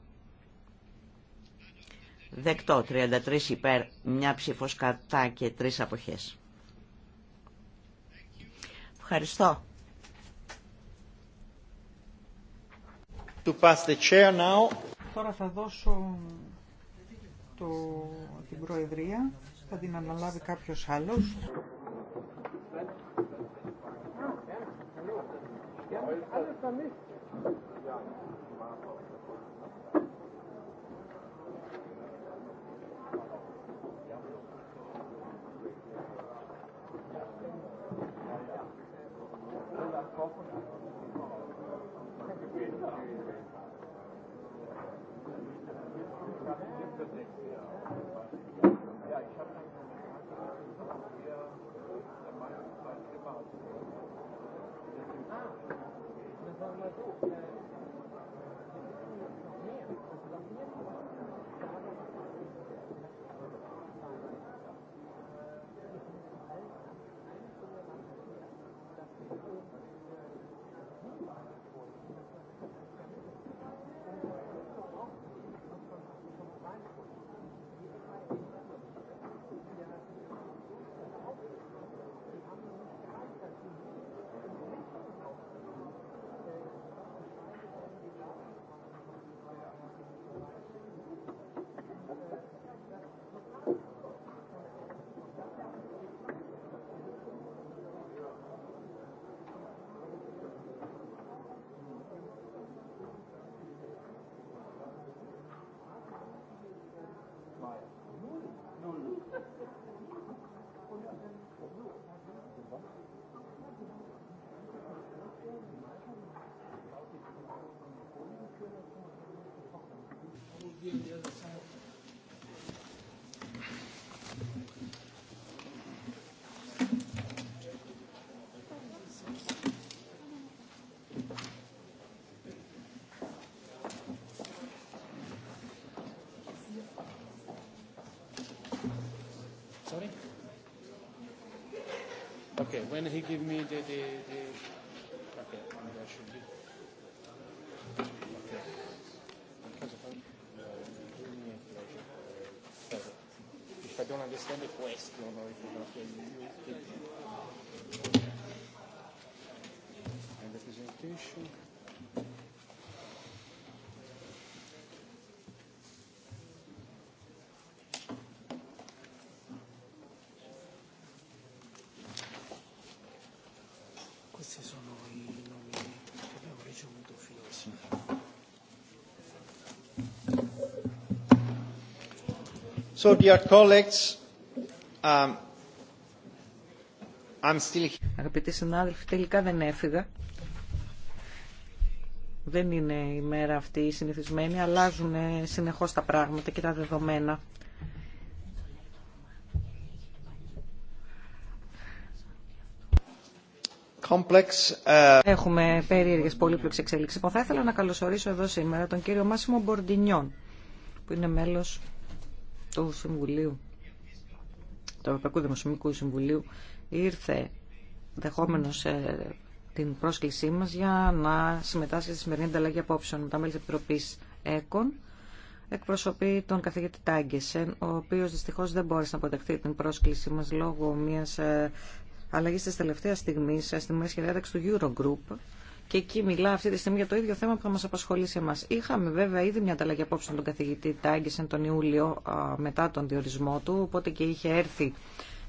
Δεκτό, 33 υπέρ, μια ψήφος κατά και τρεις αποχές. Ευχαριστώ. To pass the chair now. Τώρα θα δώσω το, την Προεδρία, θα την αναλάβει κάποιος άλλος. Okay, when he give me the, the, the okay, I should be. Okay. If I don't understand the question or if you don't get you, and the presentation. Um, Αγαπητοί συνάδελφοι, τελικά δεν έφυγα. Δεν είναι η μέρα αυτή η συνηθισμένη, αλλάζουν ε, συνεχώς τα πράγματα και τα δεδομένα. Ε, Έχουμε περίεργες πολύπλοκες εξέλιξεις. Λοιπόν, θα ήθελα να καλωσορίσω εδώ σήμερα τον κύριο Μάσιμο Μπορντινιόν, που είναι μέλος του Συμβουλίου, του Ευρωπαϊκού Δημοσιομικού Συμβουλίου, ήρθε δεχόμενος ε, την πρόσκλησή μας για να συμμετάσχει στη σημερινή ανταλλαγή απόψεων με τα μέλη τη Επιτροπή ΕΚΟΝ εκπροσωπεί τον καθηγητή Τάγκεσεν, ο οποίος δυστυχώς δεν μπόρεσε να αποτεχθεί την πρόσκλησή μας λόγω μιας ε, αλλαγής της τελευταίας στιγμής ε, στη μέση διάταξη του Eurogroup και εκεί μιλά αυτή τη στιγμή για το ίδιο θέμα που θα μας απασχολήσει εμά. Είχαμε βέβαια ήδη μια ανταλλαγή απόψε με τον καθηγητή Τάγκησεν τον Ιούλιο μετά τον διορισμό του, οπότε και είχε έρθει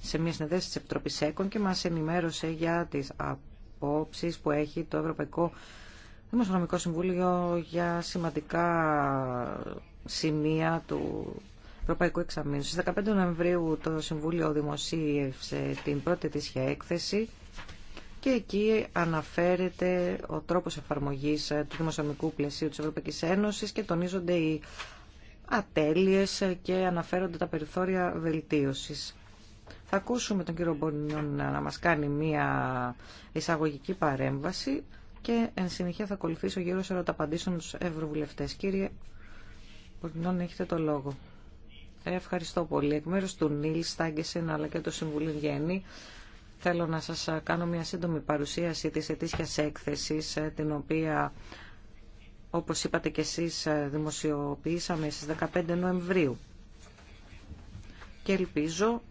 σε μια συνεδρίαση τη Επιτροπή ΕΚΟΝ και μα ενημέρωσε για τι απόψει που έχει το Ευρωπαϊκό Δημοσιονομικό Συμβούλιο για σημαντικά σημεία του Ευρωπαϊκού Εξαμήνου. Στι 15 Νοεμβρίου το Συμβούλιο δημοσίευσε την πρώτη της έκθεση και εκεί αναφέρεται ο τρόπος εφαρμογής ε, του δημοσιονομικού πλαισίου της Ευρωπαϊκής Ένωσης και τονίζονται οι ατέλειες και αναφέρονται τα περιθώρια βελτίωσης. Θα ακούσουμε τον κύριο Μπονιόν να μας κάνει μία εισαγωγική παρέμβαση και εν συνεχεία θα ακολουθήσει ο γύρος ερωταπαντήσεων τους ευρωβουλευτές. Κύριε Μπονιόν, έχετε το λόγο. Ευχαριστώ πολύ. Εκ μέρους του Νίλ Στάγκεσεν αλλά και του Συμβουλίου Γέννη Θέλω να σας κάνω μια σύντομη παρουσίαση της ετήσιας έκθεσης, ε, την οποία, όπως είπατε και εσείς, ε, δημοσιοποιήσαμε στις 15 Νοεμβρίου. Και ελπίζω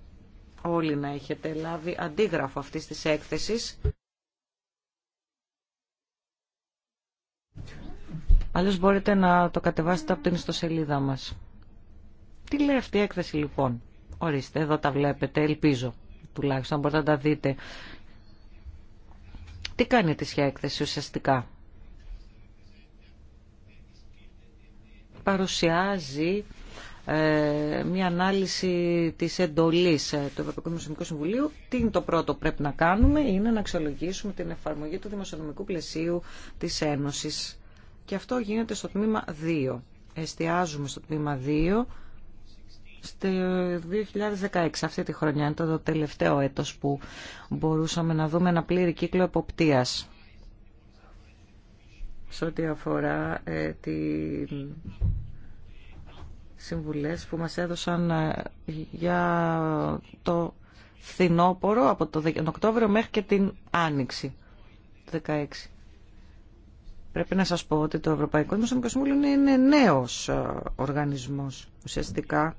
όλοι να έχετε λάβει αντίγραφο αυτής της έκθεσης. Αλλιώς μπορείτε να το κατεβάσετε από την ιστοσελίδα μας. Τι λέει αυτή η έκθεση λοιπόν. Ορίστε, εδώ τα βλέπετε, ελπίζω τουλάχιστον, μπορείτε να τα δείτε. Τι κάνει τη σχέση έκθεση ουσιαστικά. Παρουσιάζει ε, μια ανάλυση της εντολής ε, του Ευρωπαϊκού Δημοσιονομικού Συμβουλίου. Τι είναι το πρώτο πρέπει να κάνουμε είναι να αξιολογήσουμε την εφαρμογή του δημοσιονομικού πλαισίου της Ένωσης. Και αυτό γίνεται στο τμήμα 2. Εστιάζουμε στο τμήμα 2 στο 2016, αυτή τη χρονιά, είναι το τελευταίο έτος που μπορούσαμε να δούμε ένα πλήρη κύκλο εποπτείας σε ό,τι αφορά ε, τη συμβουλές που μας έδωσαν ε, για το φθινόπωρο από το τον Οκτώβριο μέχρι και την Άνοιξη του 2016. Πρέπει να σας πω ότι το Ευρωπαϊκό Δημοσιονομικό Συμβούλιο είναι νέος ε, οργανισμός. Ουσιαστικά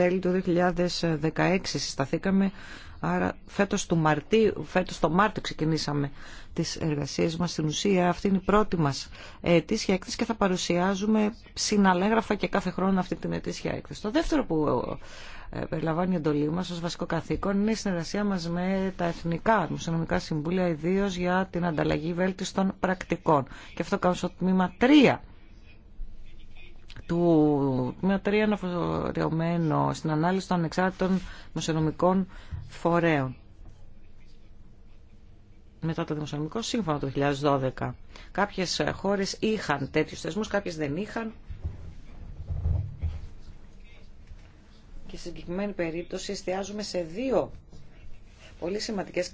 τέλη του 2016 συσταθήκαμε, άρα φέτος, του Μαρτίου, φέτος το Μάρτιο ξεκινήσαμε τις εργασίες μας. Στην ουσία αυτή είναι η πρώτη μας αιτήσια έκθεση και θα παρουσιάζουμε συναλέγραφα και κάθε χρόνο αυτή την αιτήσια έκθεση. Το δεύτερο που ε, περιλαμβάνει η εντολή μας ως βασικό καθήκον είναι η συνεργασία μας με τα εθνικά δημοσιονομικά συμβούλια ιδίω για την ανταλλαγή βέλτιστων πρακτικών. Και αυτό κάνω στο τμήμα 3 του με αναφορεωμένο στην ανάλυση των ανεξάρτητων δημοσιονομικών φορέων μετά το δημοσιονομικό σύμφωνο του 2012. Κάποιες χώρες είχαν τέτοιους θεσμούς, κάποιες δεν είχαν. Και στην συγκεκριμένη περίπτωση εστιάζουμε σε δύο πολύ σημαντικές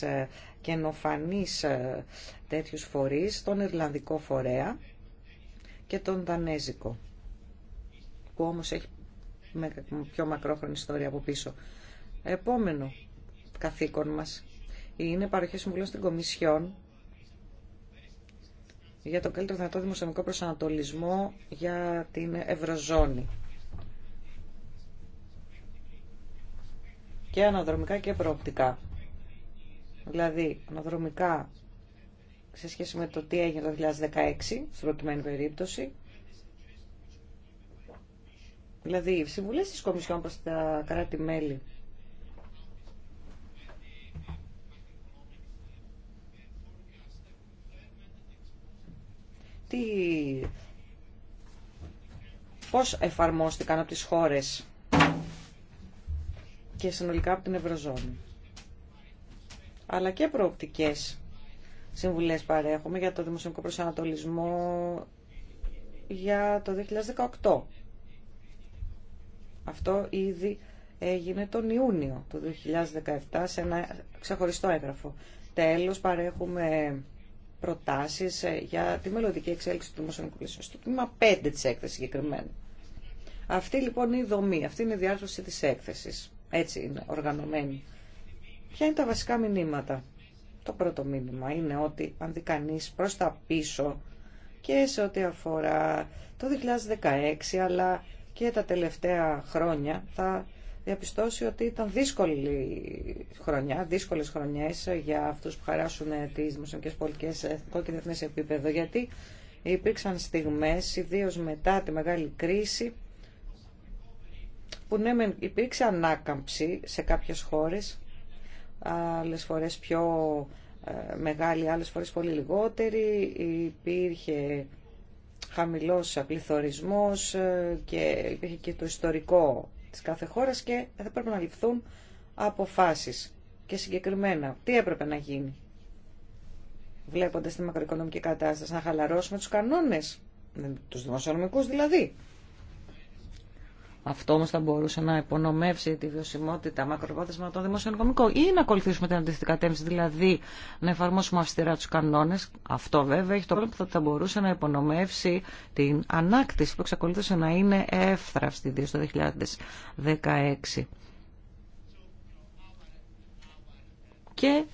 ε, και ενοφανεί ε, τέτοιους φορείς, τον Ιρλανδικό φορέα, και τον Δανέζικο, που όμως έχει πιο μακρόχρονη ιστορία από πίσω. Επόμενο καθήκον μας είναι παροχή συμβουλών στην Κομισιόν για τον καλύτερο δυνατό δημοσιονομικό προσανατολισμό για την Ευρωζώνη. Και αναδρομικά και προοπτικά. Δηλαδή, αναδρομικά σε σχέση με το τι έγινε το 2016, στην προκειμένη περίπτωση. Δηλαδή, οι συμβουλές της Κομισιόν προς τα κράτη-μέλη. Τι... Πώς εφαρμόστηκαν από τις χώρες και συνολικά από την Ευρωζώνη αλλά και προοπτικές συμβουλές παρέχουμε για το δημοσιονομικό προσανατολισμό για το 2018. Αυτό ήδη έγινε τον Ιούνιο του 2017 σε ένα ξεχωριστό έγγραφο. Τέλος παρέχουμε προτάσεις ε, για τη μελλοντική εξέλιξη του δημοσιονομικού πλαισίου στο τμήμα 5 της έκθεσης συγκεκριμένα. Αυτή λοιπόν είναι η δομή, αυτή είναι η διάρθρωση της έκθεσης. Έτσι είναι οργανωμένη. Ποια είναι τα βασικά μηνύματα. Το πρώτο μήνυμα είναι ότι αν δει κανείς προς τα πίσω και σε ό,τι αφορά το 2016 αλλά και τα τελευταία χρόνια θα διαπιστώσει ότι ήταν δύσκολη χρονιά, δύσκολες χρονιές για αυτούς που χαράσουν τις δημοσιονομικές πολιτικές σε εθνικό και διεθνές επίπεδο γιατί υπήρξαν στιγμές, ιδίως μετά τη μεγάλη κρίση που ναι υπήρξε ανάκαμψη σε κάποιες χώρες Άλλε φορές πιο ε, μεγάλη, άλλες φορέ πολύ λιγότερη. Υπήρχε χαμηλός απληθωρισμός ε, και υπήρχε και το ιστορικό της κάθε χώρας και θα πρέπει να ληφθούν αποφάσεις και συγκεκριμένα τι έπρεπε να γίνει βλέποντας τη μακροοικονομική κατάσταση να χαλαρώσουμε τους κανόνες τους δημοσιονομικούς δηλαδή αυτό όμω θα μπορούσε να υπονομεύσει τη βιωσιμότητα μακροπρόθεσμα των δημόσιων ή να ακολουθήσουμε την αντίθετη κατεύθυνση, δηλαδή να εφαρμόσουμε αυστηρά του κανόνε. Αυτό βέβαια έχει το πρόβλημα που θα μπορούσε να υπονομεύσει την ανάκτηση που εξακολουθούσε να είναι εύθραυστη, ιδίω το 2016. Και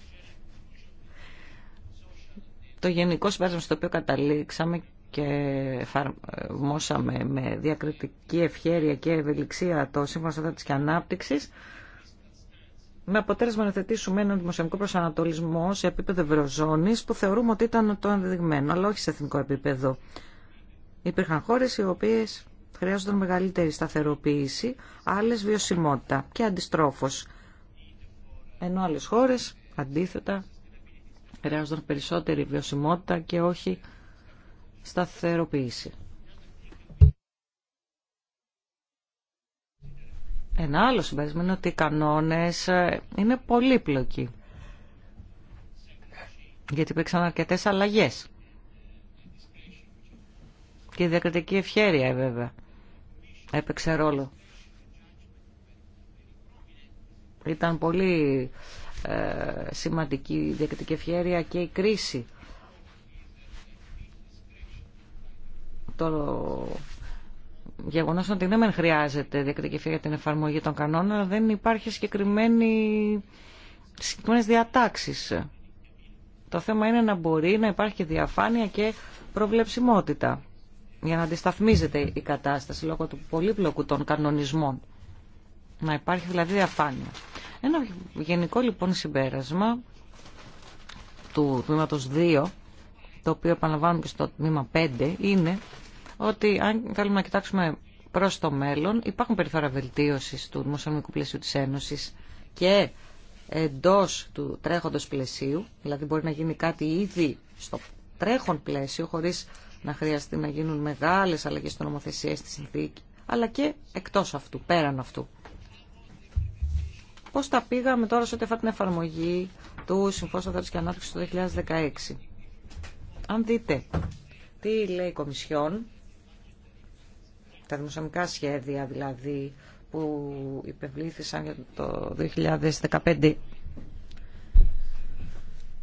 το γενικό συμπέρασμα στο οποίο καταλήξαμε και εφαρμόσαμε με διακριτική ευχέρεια και ευελιξία το Σύμφωνο Σταθέτης και Ανάπτυξης με αποτέλεσμα να θετήσουμε έναν δημοσιονομικό προσανατολισμό σε επίπεδο ευρωζώνη που θεωρούμε ότι ήταν το ενδεδειγμένο, αλλά όχι σε εθνικό επίπεδο. Υπήρχαν χώρε οι οποίε χρειάζονταν μεγαλύτερη σταθεροποίηση, άλλε βιωσιμότητα και αντιστρόφως. Ενώ άλλε χώρε αντίθετα, χρειάζονταν περισσότερη βιωσιμότητα και όχι σταθεροποίηση. Ένα άλλο συμπέρασμα είναι ότι οι κανόνες ε, είναι πολύπλοκοι. Γιατί υπήρξαν αρκετές αλλαγές. Και η διακριτική ευχέρεια βέβαια έπαιξε ρόλο. Ήταν πολύ ε, σημαντική η διακριτική ευχέρεια και η κρίση το γεγονό ότι δεν ναι χρειάζεται διεκδικηθεί για την εφαρμογή των κανόνων, αλλά δεν υπάρχει συγκεκριμένη συγκεκριμένε διατάξει. Το θέμα είναι να μπορεί να υπάρχει διαφάνεια και προβλεψιμότητα για να αντισταθμίζεται η κατάσταση λόγω του πολύπλοκου των κανονισμών. Να υπάρχει δηλαδή διαφάνεια. Ένα γενικό λοιπόν συμπέρασμα του τμήματος 2, το οποίο επαναλαμβάνουμε και στο τμήμα 5, είναι ότι αν θέλουμε να κοιτάξουμε προς το μέλλον υπάρχουν περιθώρια βελτίωσης του δημοσιονομικού πλαισίου της Ένωσης και εντός του τρέχοντος πλαισίου, δηλαδή μπορεί να γίνει κάτι ήδη στο τρέχον πλαίσιο χωρίς να χρειαστεί να γίνουν μεγάλες αλλαγές στο νομοθεσία στη συνθήκη, αλλά και εκτός αυτού, πέραν αυτού. Πώς τα πήγαμε τώρα σε ό,τι αφορά την εφαρμογή του Συμφώνου Σταθερής και Ανάπτυξης του 2016. Αν δείτε τι λέει η Κομισιόν, τα δημοσιονομικά σχέδια δηλαδή που υπευλήθησαν το 2015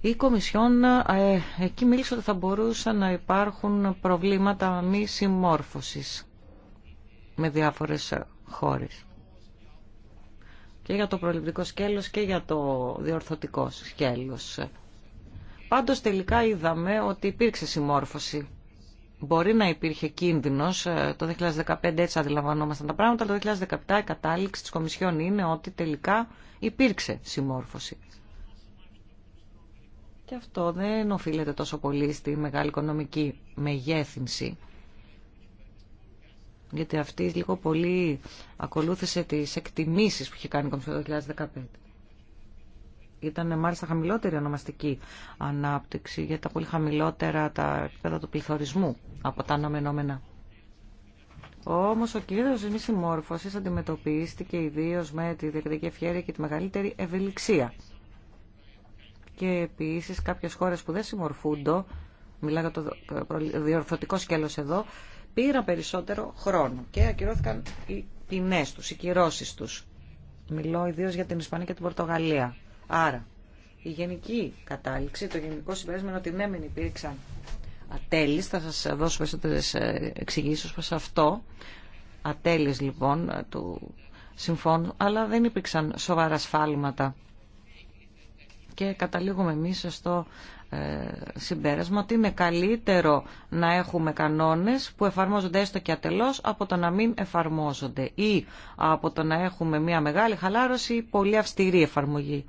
η Κομισιόν ε, εκεί μίλησε ότι θα μπορούσαν να υπάρχουν προβλήματα μη συμμόρφωσης με διάφορες χώρες. Και για το προληπτικό σκέλος και για το διορθωτικό σκέλος. Πάντως τελικά είδαμε ότι υπήρξε συμμόρφωση μπορεί να υπήρχε κίνδυνος, ε, το 2015 έτσι αντιλαμβανόμασταν τα πράγματα, αλλά το 2017 η κατάληξη της Κομισιόν είναι ότι τελικά υπήρξε συμμόρφωση. Και αυτό δεν οφείλεται τόσο πολύ στη μεγάλη οικονομική μεγέθυνση. Γιατί αυτή λίγο πολύ ακολούθησε τις εκτιμήσεις που είχε κάνει η Κομισιόν το 2015 ήταν μάλιστα χαμηλότερη ονομαστική ανάπτυξη για τα πολύ χαμηλότερα τα επίπεδα του πληθωρισμού από τα αναμενόμενα. Όμως ο κύριος της μη συμμόρφωσης αντιμετωπίστηκε ιδίω με τη διακριτική ευχαίρεια και τη μεγαλύτερη ευελιξία. Και επίσης κάποιες χώρες που δεν συμμορφούντο μιλάω για το διορθωτικό σκέλος εδώ, πήραν περισσότερο χρόνο και ακυρώθηκαν οι ποινές τους, οι κυρώσεις τους. Μιλώ ιδίω για την Ισπανία και την Πορτογαλία. Άρα, η γενική κατάληξη, το γενικό συμπέρασμα είναι ότι ναι, μην υπήρξαν ατέλειες, θα σας δώσω περισσότερες ε, εξηγήσεις προς αυτό, ατέλειες λοιπόν ε, του συμφώνου, αλλά δεν υπήρξαν σοβαρά σφάλματα. Και καταλήγουμε εμείς στο ε, συμπέρασμα ότι είναι καλύτερο να έχουμε κανόνες που εφαρμόζονται έστω και ατελώς από το να μην εφαρμόζονται ή από το να έχουμε μια μεγάλη χαλάρωση ή πολύ αυστηρή εφαρμογή.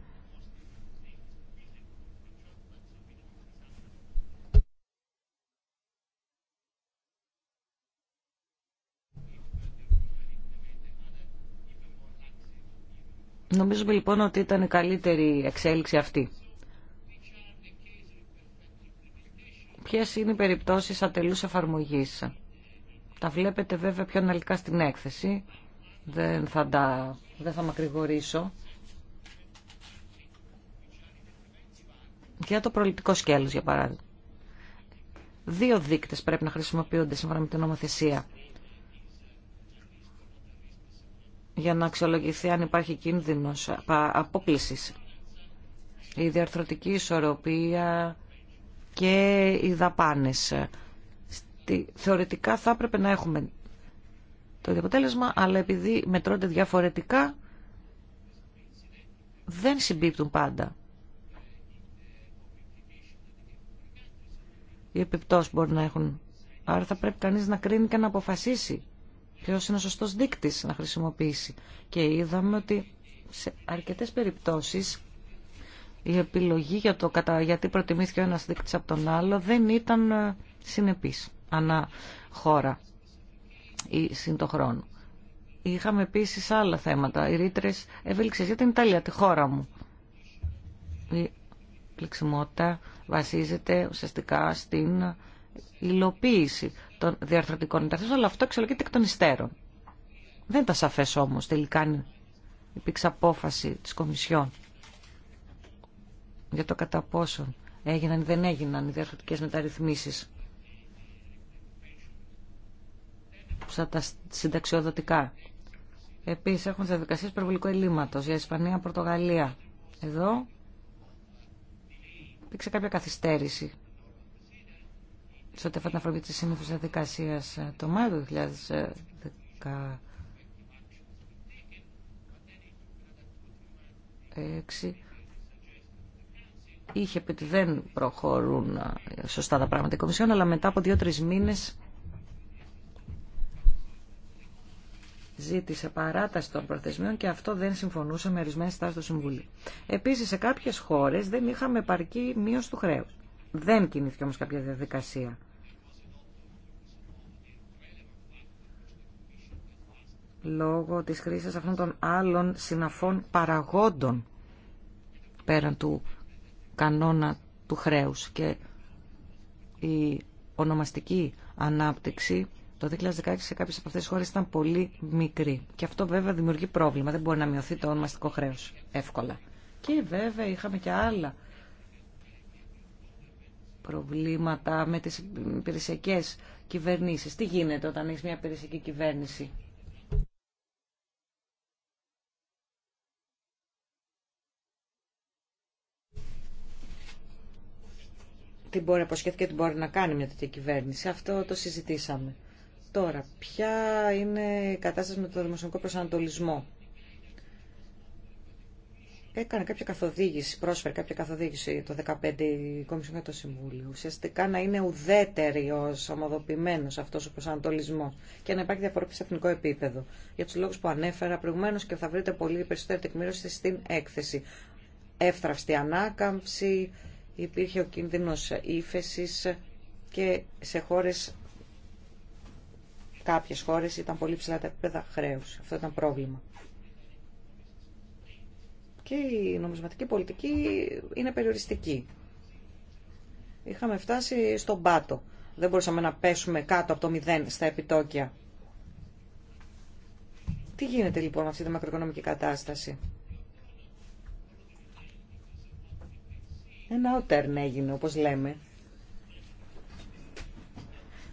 Νομίζουμε λοιπόν ότι ήταν η καλύτερη εξέλιξη αυτή. Ποιες είναι οι περιπτώσεις ατελούς εφαρμογής. Τα βλέπετε βέβαια πιο αναλυτικά στην έκθεση. Δεν θα, τα, δεν θα μακρηγορήσω. Για το προληπτικό σκέλος, για παράδειγμα. Δύο δείκτες πρέπει να χρησιμοποιούνται σύμφωνα με την νομοθεσία για να αξιολογηθεί αν υπάρχει κίνδυνος απόκληση. Η διαρθρωτική ισορροπία και οι δαπάνες. Θεωρητικά θα έπρεπε να έχουμε το ίδιο αποτέλεσμα, αλλά επειδή μετρώνται διαφορετικά, δεν συμπίπτουν πάντα. Οι επιπτώσεις μπορεί να έχουν. Άρα θα πρέπει κανείς να κρίνει και να αποφασίσει Ποιο είναι ο σωστός δείκτη να χρησιμοποιήσει. Και είδαμε ότι σε αρκετές περιπτώσεις η επιλογή για το κατα... γιατί προτιμήθηκε ο ένα δείκτη από τον άλλο δεν ήταν ε, συνεπής ανά χώρα ή συν χρόνο. Είχαμε επίση άλλα θέματα. Οι ρήτρε ευέλιξε για την Ιταλία, τη χώρα μου. Η πληξιμότητα βασίζεται ουσιαστικά στην υλοποίηση των διαρθρωτικών μεταρρυθμίσεων, αλλά αυτό εξολογείται εκ των υστέρων. Δεν ήταν σαφές όμως τελικά αν υπήρξε απόφαση της Κομισιόν για το κατά πόσον έγιναν ή δεν έγιναν οι διαρθρωτικέ μεταρρυθμίσει. στα τα συνταξιοδοτικά. Επίσης έχουμε διαδικασίε προβολικού ελλείμματο για Ισπανία, Πορτογαλία. Εδώ υπήρξε κάποια καθυστέρηση σε ό,τι αφορά την αφορμή τη διαδικασία ε, το Μάιο του 2016 είχε πει ότι δεν προχωρούν ε, σωστά τα πράγματα η Κομισιόν, αλλά μετά από δύο-τρει μήνε ζήτησε παράταση των προθεσμιών και αυτό δεν συμφωνούσε με ορισμένε στάσει του Συμβουλίου. Επίση, σε κάποιε χώρε δεν είχαμε επαρκή μείωση του χρέου. Δεν κινήθηκε όμως κάποια διαδικασία. Λόγω της χρήσης αυτών των άλλων συναφών παραγόντων πέραν του κανόνα του χρέους και η ονομαστική ανάπτυξη το 2016 σε κάποιες από αυτές τις χώρες ήταν πολύ μικρή. Και αυτό βέβαια δημιουργεί πρόβλημα. Δεν μπορεί να μειωθεί το ονομαστικό χρέος εύκολα. Και βέβαια είχαμε και άλλα προβλήματα με τις υπηρεσιακέ κυβερνήσεις. Τι γίνεται όταν έχεις μια υπηρεσιακή κυβέρνηση. Τι μπορεί να και τι μπορεί να κάνει μια τέτοια κυβέρνηση. Αυτό το συζητήσαμε. Τώρα, ποια είναι η κατάσταση με το δημοσιονομικό προσανατολισμό έκανε κάποια καθοδήγηση, πρόσφερε κάποια καθοδήγηση το 2015 η Κομισιόν το Συμβούλιο. Ουσιαστικά να είναι ουδέτερη ω ομοδοποιημένο αυτό ο προσανατολισμό και να υπάρχει διαφοροποίηση σε εθνικό επίπεδο. Για του λόγου που ανέφερα προηγουμένω και θα βρείτε πολύ περισσότερη τεκμήρωση στην έκθεση. Εύθραυστη ανάκαμψη, υπήρχε ο κίνδυνο ύφεση και σε χώρε. Κάποιες χώρες ήταν πολύ ψηλά τα επίπεδα χρέους. Αυτό ήταν πρόβλημα και η νομισματική πολιτική είναι περιοριστική. Είχαμε φτάσει στον πάτο. Δεν μπορούσαμε να πέσουμε κάτω από το μηδέν στα επιτόκια. Τι γίνεται λοιπόν με αυτή τη μακροοικονομική κατάσταση. Ένα ότερν έγινε, όπως λέμε.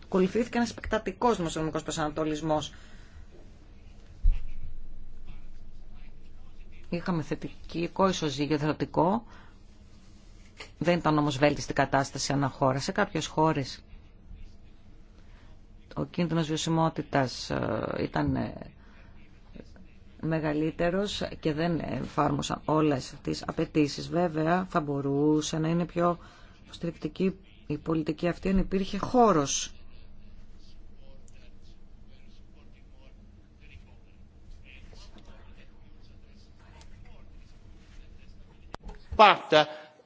Ακολουθήθηκε ένας επεκτατικός δημοσιονομικός προσανατολισμός Είχαμε θετικό ισοζύγιο δρατικό. Δεν ήταν όμως βέλτιστη κατάσταση αναχώρα. Σε κάποιες χώρες ο κίνδυνος βιωσιμότητας ε, ήταν ε, μεγαλύτερος και δεν εφάρμοσαν όλες τις απαιτήσεις. Βέβαια θα μπορούσε να είναι πιο στριπτική η πολιτική αυτή αν υπήρχε χώρος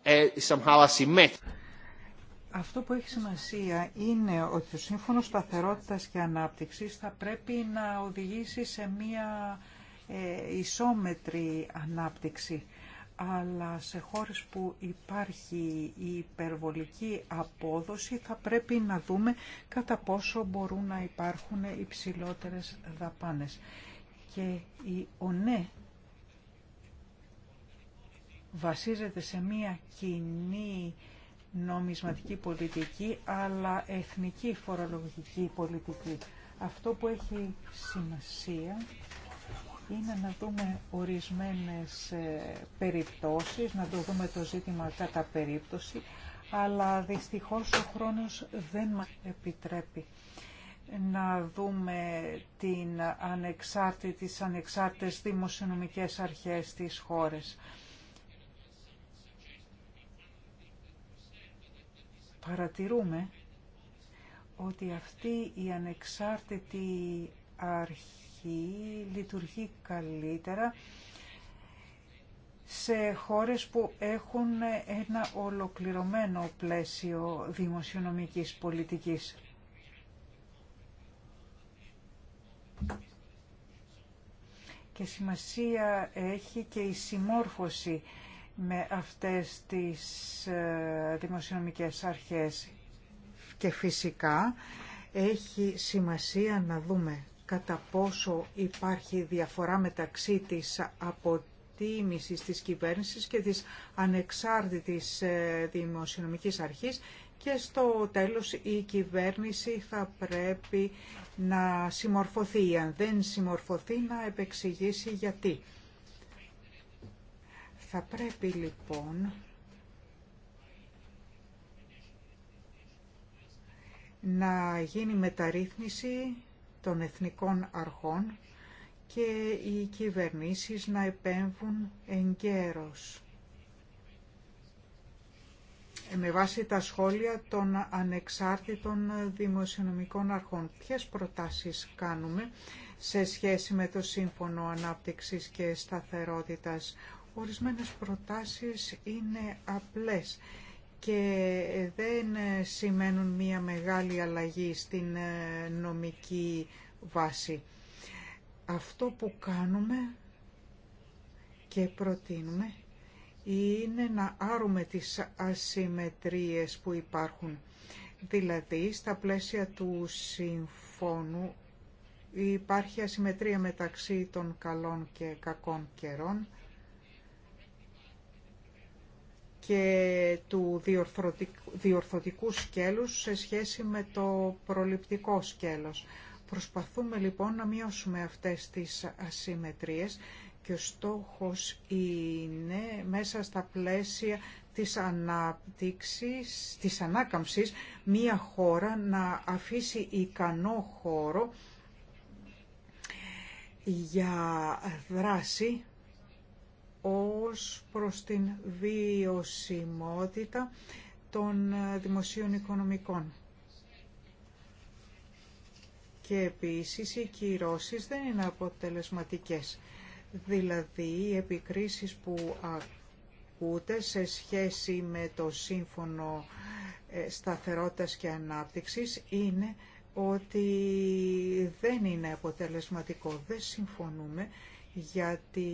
Ε, Αυτό που έχει σημασία είναι ότι το Σύμφωνο σταθερότητα και Ανάπτυξης θα πρέπει να οδηγήσει σε μία ε, ισόμετρη ανάπτυξη. Αλλά σε χώρες που υπάρχει η υπερβολική απόδοση θα πρέπει να δούμε κατά πόσο μπορούν να υπάρχουν υψηλότερες δαπάνες. Και η ΟΝΕ ναι βασίζεται σε μία κοινή νομισματική πολιτική αλλά εθνική φορολογική πολιτική. Αυτό που έχει σημασία είναι να δούμε ορισμένες ε, περιπτώσεις, να το δούμε το ζήτημα κατά περίπτωση, αλλά δυστυχώς ο χρόνος δεν μας επιτρέπει να δούμε την ανεξάρτητη, τις ανεξάρτητες δημοσιονομικές αρχές της χώρες. παρατηρούμε ότι αυτή η ανεξάρτητη αρχή λειτουργεί καλύτερα σε χώρες που έχουν ένα ολοκληρωμένο πλαίσιο δημοσιονομικής πολιτικής. Και σημασία έχει και η συμμόρφωση με αυτές τις ε, δημοσιονομικές αρχές και φυσικά έχει σημασία να δούμε κατά πόσο υπάρχει διαφορά μεταξύ της αποτίμησης της κυβέρνησης και της ανεξάρτητης ε, δημοσιονομικής αρχής και στο τέλος η κυβέρνηση θα πρέπει να συμμορφωθεί αν δεν συμμορφωθεί να επεξηγήσει γιατί. Θα πρέπει λοιπόν να γίνει μεταρρύθμιση των εθνικών αρχών και οι κυβερνήσεις να επέμβουν εγκαίρως. Με βάση τα σχόλια των ανεξάρτητων δημοσιονομικών αρχών, ποιες προτάσεις κάνουμε σε σχέση με το Σύμφωνο Ανάπτυξης και Σταθερότητας ορισμένες προτάσεις είναι απλές και δεν σημαίνουν μία μεγάλη αλλαγή στην ε, νομική βάση. Αυτό που κάνουμε και προτείνουμε είναι να άρουμε τις ασυμμετρίες που υπάρχουν. Δηλαδή, στα πλαίσια του συμφώνου υπάρχει ασυμμετρία μεταξύ των καλών και κακών καιρών και του διορθωτικού σκέλους σε σχέση με το προληπτικό σκέλος. Προσπαθούμε λοιπόν να μειώσουμε αυτές τις ασυμμετρίες και ο στόχος είναι μέσα στα πλαίσια της ανάπτυξης, της ανάκαμψης, μία χώρα να αφήσει ικανό χώρο για δράση ως προς την βιωσιμότητα των δημοσίων οικονομικών. Και επίσης οι κυρώσεις δεν είναι αποτελεσματικές. Δηλαδή οι επικρίσεις που ακούτε σε σχέση με το σύμφωνο ε, σταθερότητας και ανάπτυξης είναι ότι δεν είναι αποτελεσματικό. Δεν συμφωνούμε γιατί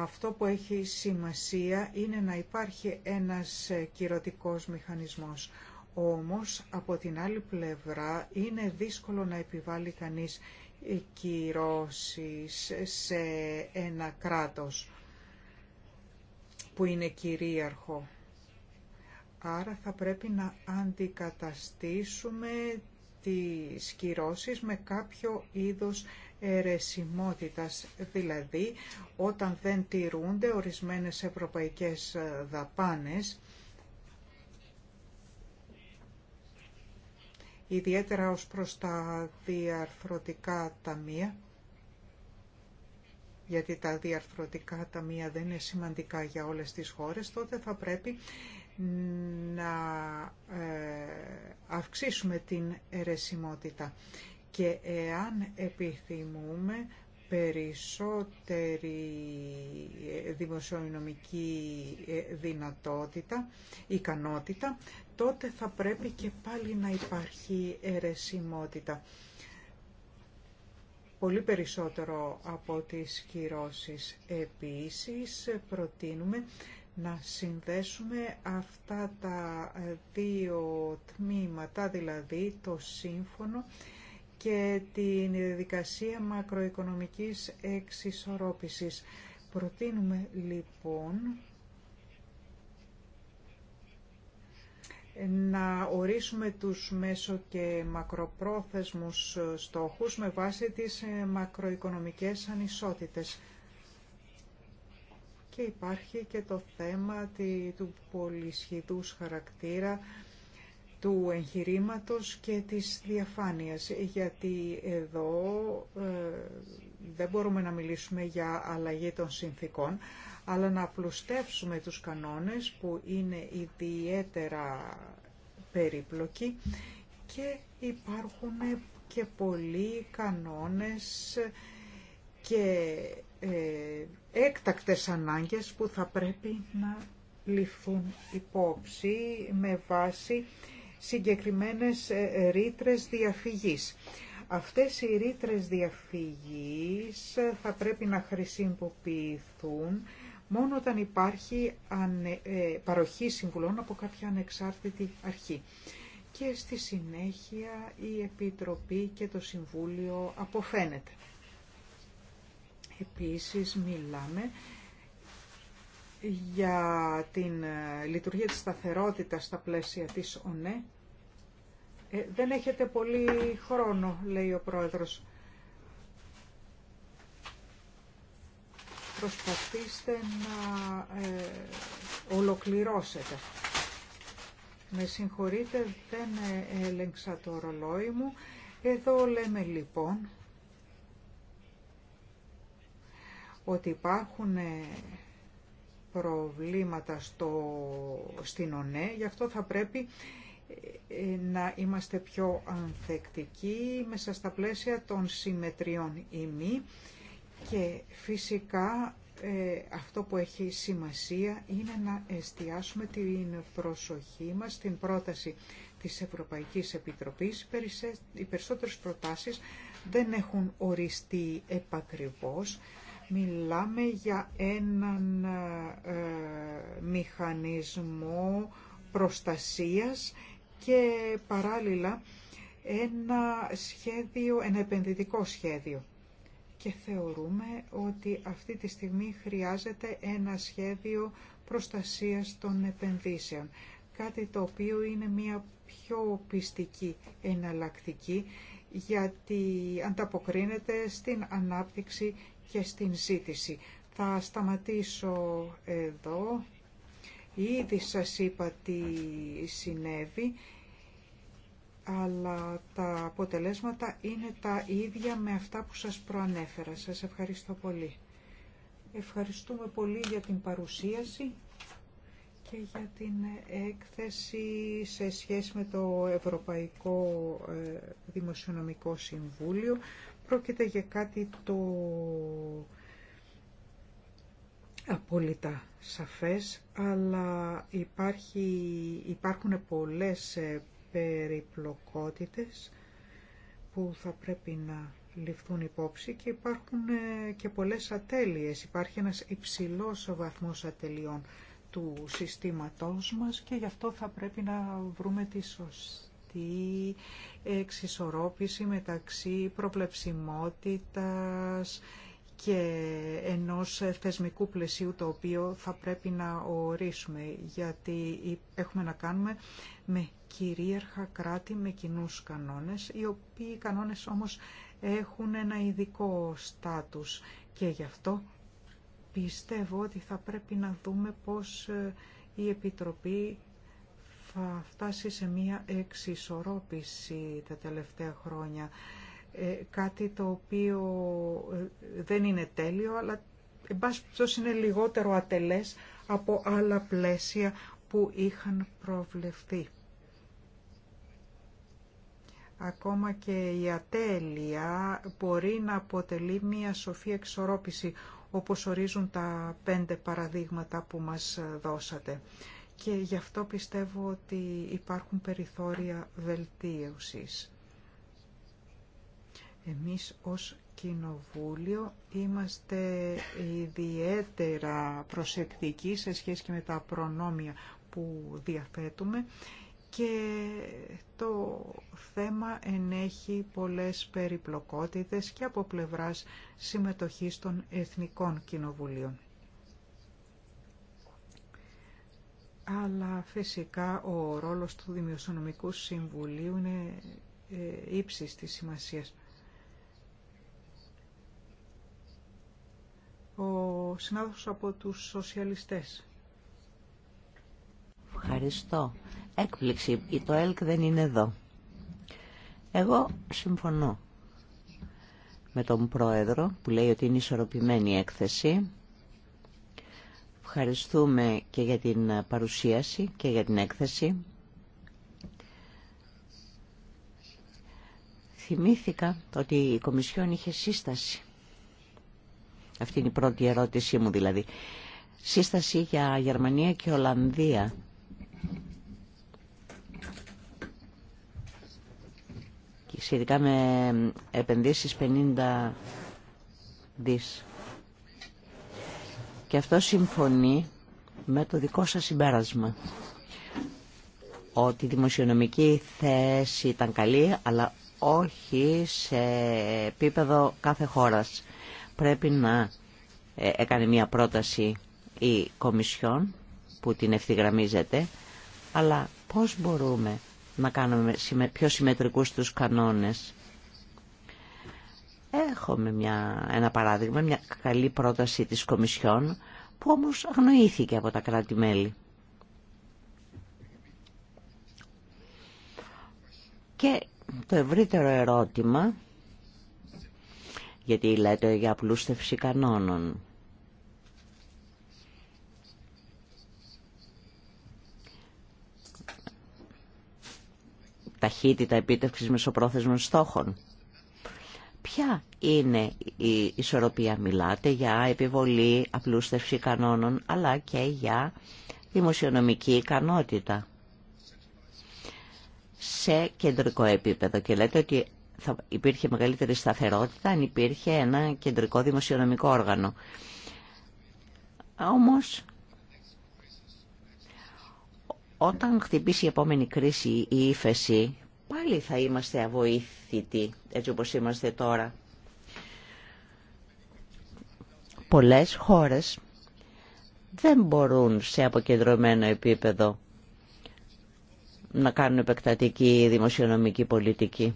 αυτό που έχει σημασία είναι να υπάρχει ένας κυρωτικός μηχανισμός. Όμως, από την άλλη πλευρά, είναι δύσκολο να επιβάλλει κανείς κυρώσεις σε ένα κράτος που είναι κυρίαρχο. Άρα θα πρέπει να αντικαταστήσουμε τις κυρώσεις με κάποιο είδος ερεσιμότητας, δηλαδή όταν δεν τηρούνται ορισμένες ευρωπαϊκές ε, δαπάνες, ιδιαίτερα ως προς τα διαρθρωτικά ταμεία, γιατί τα διαρθρωτικά ταμεία δεν είναι σημαντικά για όλες τις χώρες, τότε θα πρέπει να ε, αυξήσουμε την ερεσιμότητα και εάν επιθυμούμε περισσότερη ε, δημοσιονομική ε, δυνατότητα, ικανότητα, τότε θα πρέπει και πάλι να υπάρχει αιρεσιμότητα. Πολύ περισσότερο από τις κυρώσεις. Επίσης, προτείνουμε να συνδέσουμε αυτά τα δύο τμήματα, δηλαδή το σύμφωνο και την διαδικασία μακροοικονομικής εξισορρόπησης. Προτείνουμε λοιπόν να ορίσουμε τους μέσο και μακροπρόθεσμους στόχους με βάση τις μακροοικονομικές ανισότητες. Και υπάρχει και το θέμα του πολυσχηδούς χαρακτήρα του εγχειρήματος και της διαφάνειας, γιατί εδώ ε, δεν μπορούμε να μιλήσουμε για αλλαγή των συνθήκων, αλλά να απλουστεύσουμε τους κανόνες που είναι ιδιαίτερα περίπλοκοι και υπάρχουν και πολλοί κανόνες και ε, έκτακτες ανάγκες που θα πρέπει να ληφθούν υπόψη με βάση συγκεκριμένες ε, ε, ρήτρες διαφυγής. Αυτές οι ρήτρες διαφυγής ε, θα πρέπει να χρησιμοποιηθούν μόνο όταν υπάρχει παροχή συμβουλών από κάποια ανεξάρτητη αρχή. Και στη συνέχεια η Επιτροπή και το Συμβούλιο αποφαίνεται. Επίσης μιλάμε για την ε, λειτουργία της σταθερότητας στα πλαίσια της ΟΝΕ. Ε, δεν έχετε πολύ χρόνο, λέει ο Πρόεδρος. Προσπαθήστε να ε, ολοκληρώσετε. Με συγχωρείτε, δεν έλεγξα το ρολόι μου. Εδώ λέμε λοιπόν ότι υπάρχουν προβλήματα στο, στην ΟΝΕ, γι' αυτό θα πρέπει ε, να είμαστε πιο ανθεκτικοί μέσα στα πλαίσια των συμμετριών ημί και φυσικά ε, αυτό που έχει σημασία είναι να εστιάσουμε την προσοχή μας στην πρόταση της Ευρωπαϊκής Επιτροπής. Οι περισσότερες προτάσεις δεν έχουν οριστεί επακριβώς Μιλάμε για έναν ε, ε, μηχανισμό προστασίας και παράλληλα ένα σχέδιο, ένα επενδυτικό σχέδιο. Και θεωρούμε ότι αυτή τη στιγμή χρειάζεται ένα σχέδιο προστασίας των επενδύσεων. Κάτι το οποίο είναι μια πιο πιστική εναλλακτική γιατί ανταποκρίνεται στην ανάπτυξη και στην ζήτηση. Θα σταματήσω εδώ. Ήδη σας είπα τι συνέβη, αλλά τα αποτελέσματα είναι τα ίδια με αυτά που σας προανέφερα. Σας ευχαριστώ πολύ. Ευχαριστούμε πολύ για την παρουσίαση και για την έκθεση σε σχέση με το Ευρωπαϊκό ε, Δημοσιονομικό Συμβούλιο Πρόκειται για κάτι το απόλυτα σαφές, αλλά υπάρχει, υπάρχουν πολλές ε, περιπλοκότητες που θα πρέπει να ληφθούν υπόψη και υπάρχουν ε, και πολλές ατέλειες. Υπάρχει ένας υψηλός βαθμός ατελειών του συστήματός μας και γι' αυτό θα πρέπει να βρούμε τη σωστή η εξισορρόπηση μεταξύ προβλεψιμότητας και ενός θεσμικού πλαισίου το οποίο θα πρέπει να ορίσουμε γιατί έχουμε να κάνουμε με κυρίαρχα κράτη με κοινούς κανόνες οι οποίοι κανόνες όμως έχουν ένα ειδικό στάτους και γι' αυτό πιστεύω ότι θα πρέπει να δούμε πώς η Επιτροπή θα φτάσει σε μία εξισορρόπηση τα τελευταία χρόνια. Ε, κάτι το οποίο ε, δεν είναι τέλειο, αλλά εν πάση είναι λιγότερο ατελές από άλλα πλαίσια που είχαν προβλεφθεί. Ακόμα και η ατέλεια μπορεί να αποτελεί μία σοφή εξορρόπηση, όπως ορίζουν τα πέντε παραδείγματα που μας ε, δώσατε και γι' αυτό πιστεύω ότι υπάρχουν περιθώρια βελτίωσης. Εμείς ως Κοινοβούλιο είμαστε ιδιαίτερα προσεκτικοί σε σχέση και με τα προνόμια που διαθέτουμε και το θέμα ενέχει πολλές περιπλοκότητες και από πλευράς συμμετοχής των Εθνικών Κοινοβουλίων. αλλά φυσικά ο ρόλος του Δημοσιονομικού Συμβουλίου είναι ε, ύψης της σημασίας. Ο συνάδελφος από τους σοσιαλιστές. Ευχαριστώ. Έκπληξη. Το ΕΛΚ δεν είναι εδώ. Εγώ συμφωνώ με τον Πρόεδρο που λέει ότι είναι ισορροπημένη η έκθεση Ευχαριστούμε και για την παρουσίαση και για την έκθεση. Θυμήθηκα ότι η Κομισιόν είχε σύσταση. Αυτή είναι η πρώτη ερώτησή μου δηλαδή. Σύσταση για Γερμανία και Ολλανδία. Και με επενδύσεις 50 δις. Και αυτό συμφωνεί με το δικό σας συμπέρασμα. Ότι η δημοσιονομική θέση ήταν καλή, αλλά όχι σε επίπεδο κάθε χώρας. Πρέπει να ε, έκανε μια πρόταση η Κομισιόν που την ευθυγραμμίζεται, αλλά πώς μπορούμε να κάνουμε πιο συμμετρικούς τους κανόνες Έχουμε μια, ένα παράδειγμα, μια καλή πρόταση της Κομισιόν που όμως αγνοήθηκε από τα κράτη-μέλη. Και το ευρύτερο ερώτημα, γιατί λέτε για απλούστευση κανόνων, ταχύτητα επίτευξης μεσοπρόθεσμων στόχων. Ποια είναι η ισορροπία. Μιλάτε για επιβολή απλούστευση κανόνων, αλλά και για δημοσιονομική ικανότητα σε κεντρικό επίπεδο. Και λέτε ότι θα υπήρχε μεγαλύτερη σταθερότητα αν υπήρχε ένα κεντρικό δημοσιονομικό όργανο. Όμως, όταν χτυπήσει η επόμενη κρίση ή η ύφεση, πάλι θα είμαστε αβοήθητοι έτσι όπως είμαστε τώρα. Πολλές χώρες δεν μπορούν σε αποκεντρωμένο επίπεδο να κάνουν επεκτατική δημοσιονομική πολιτική.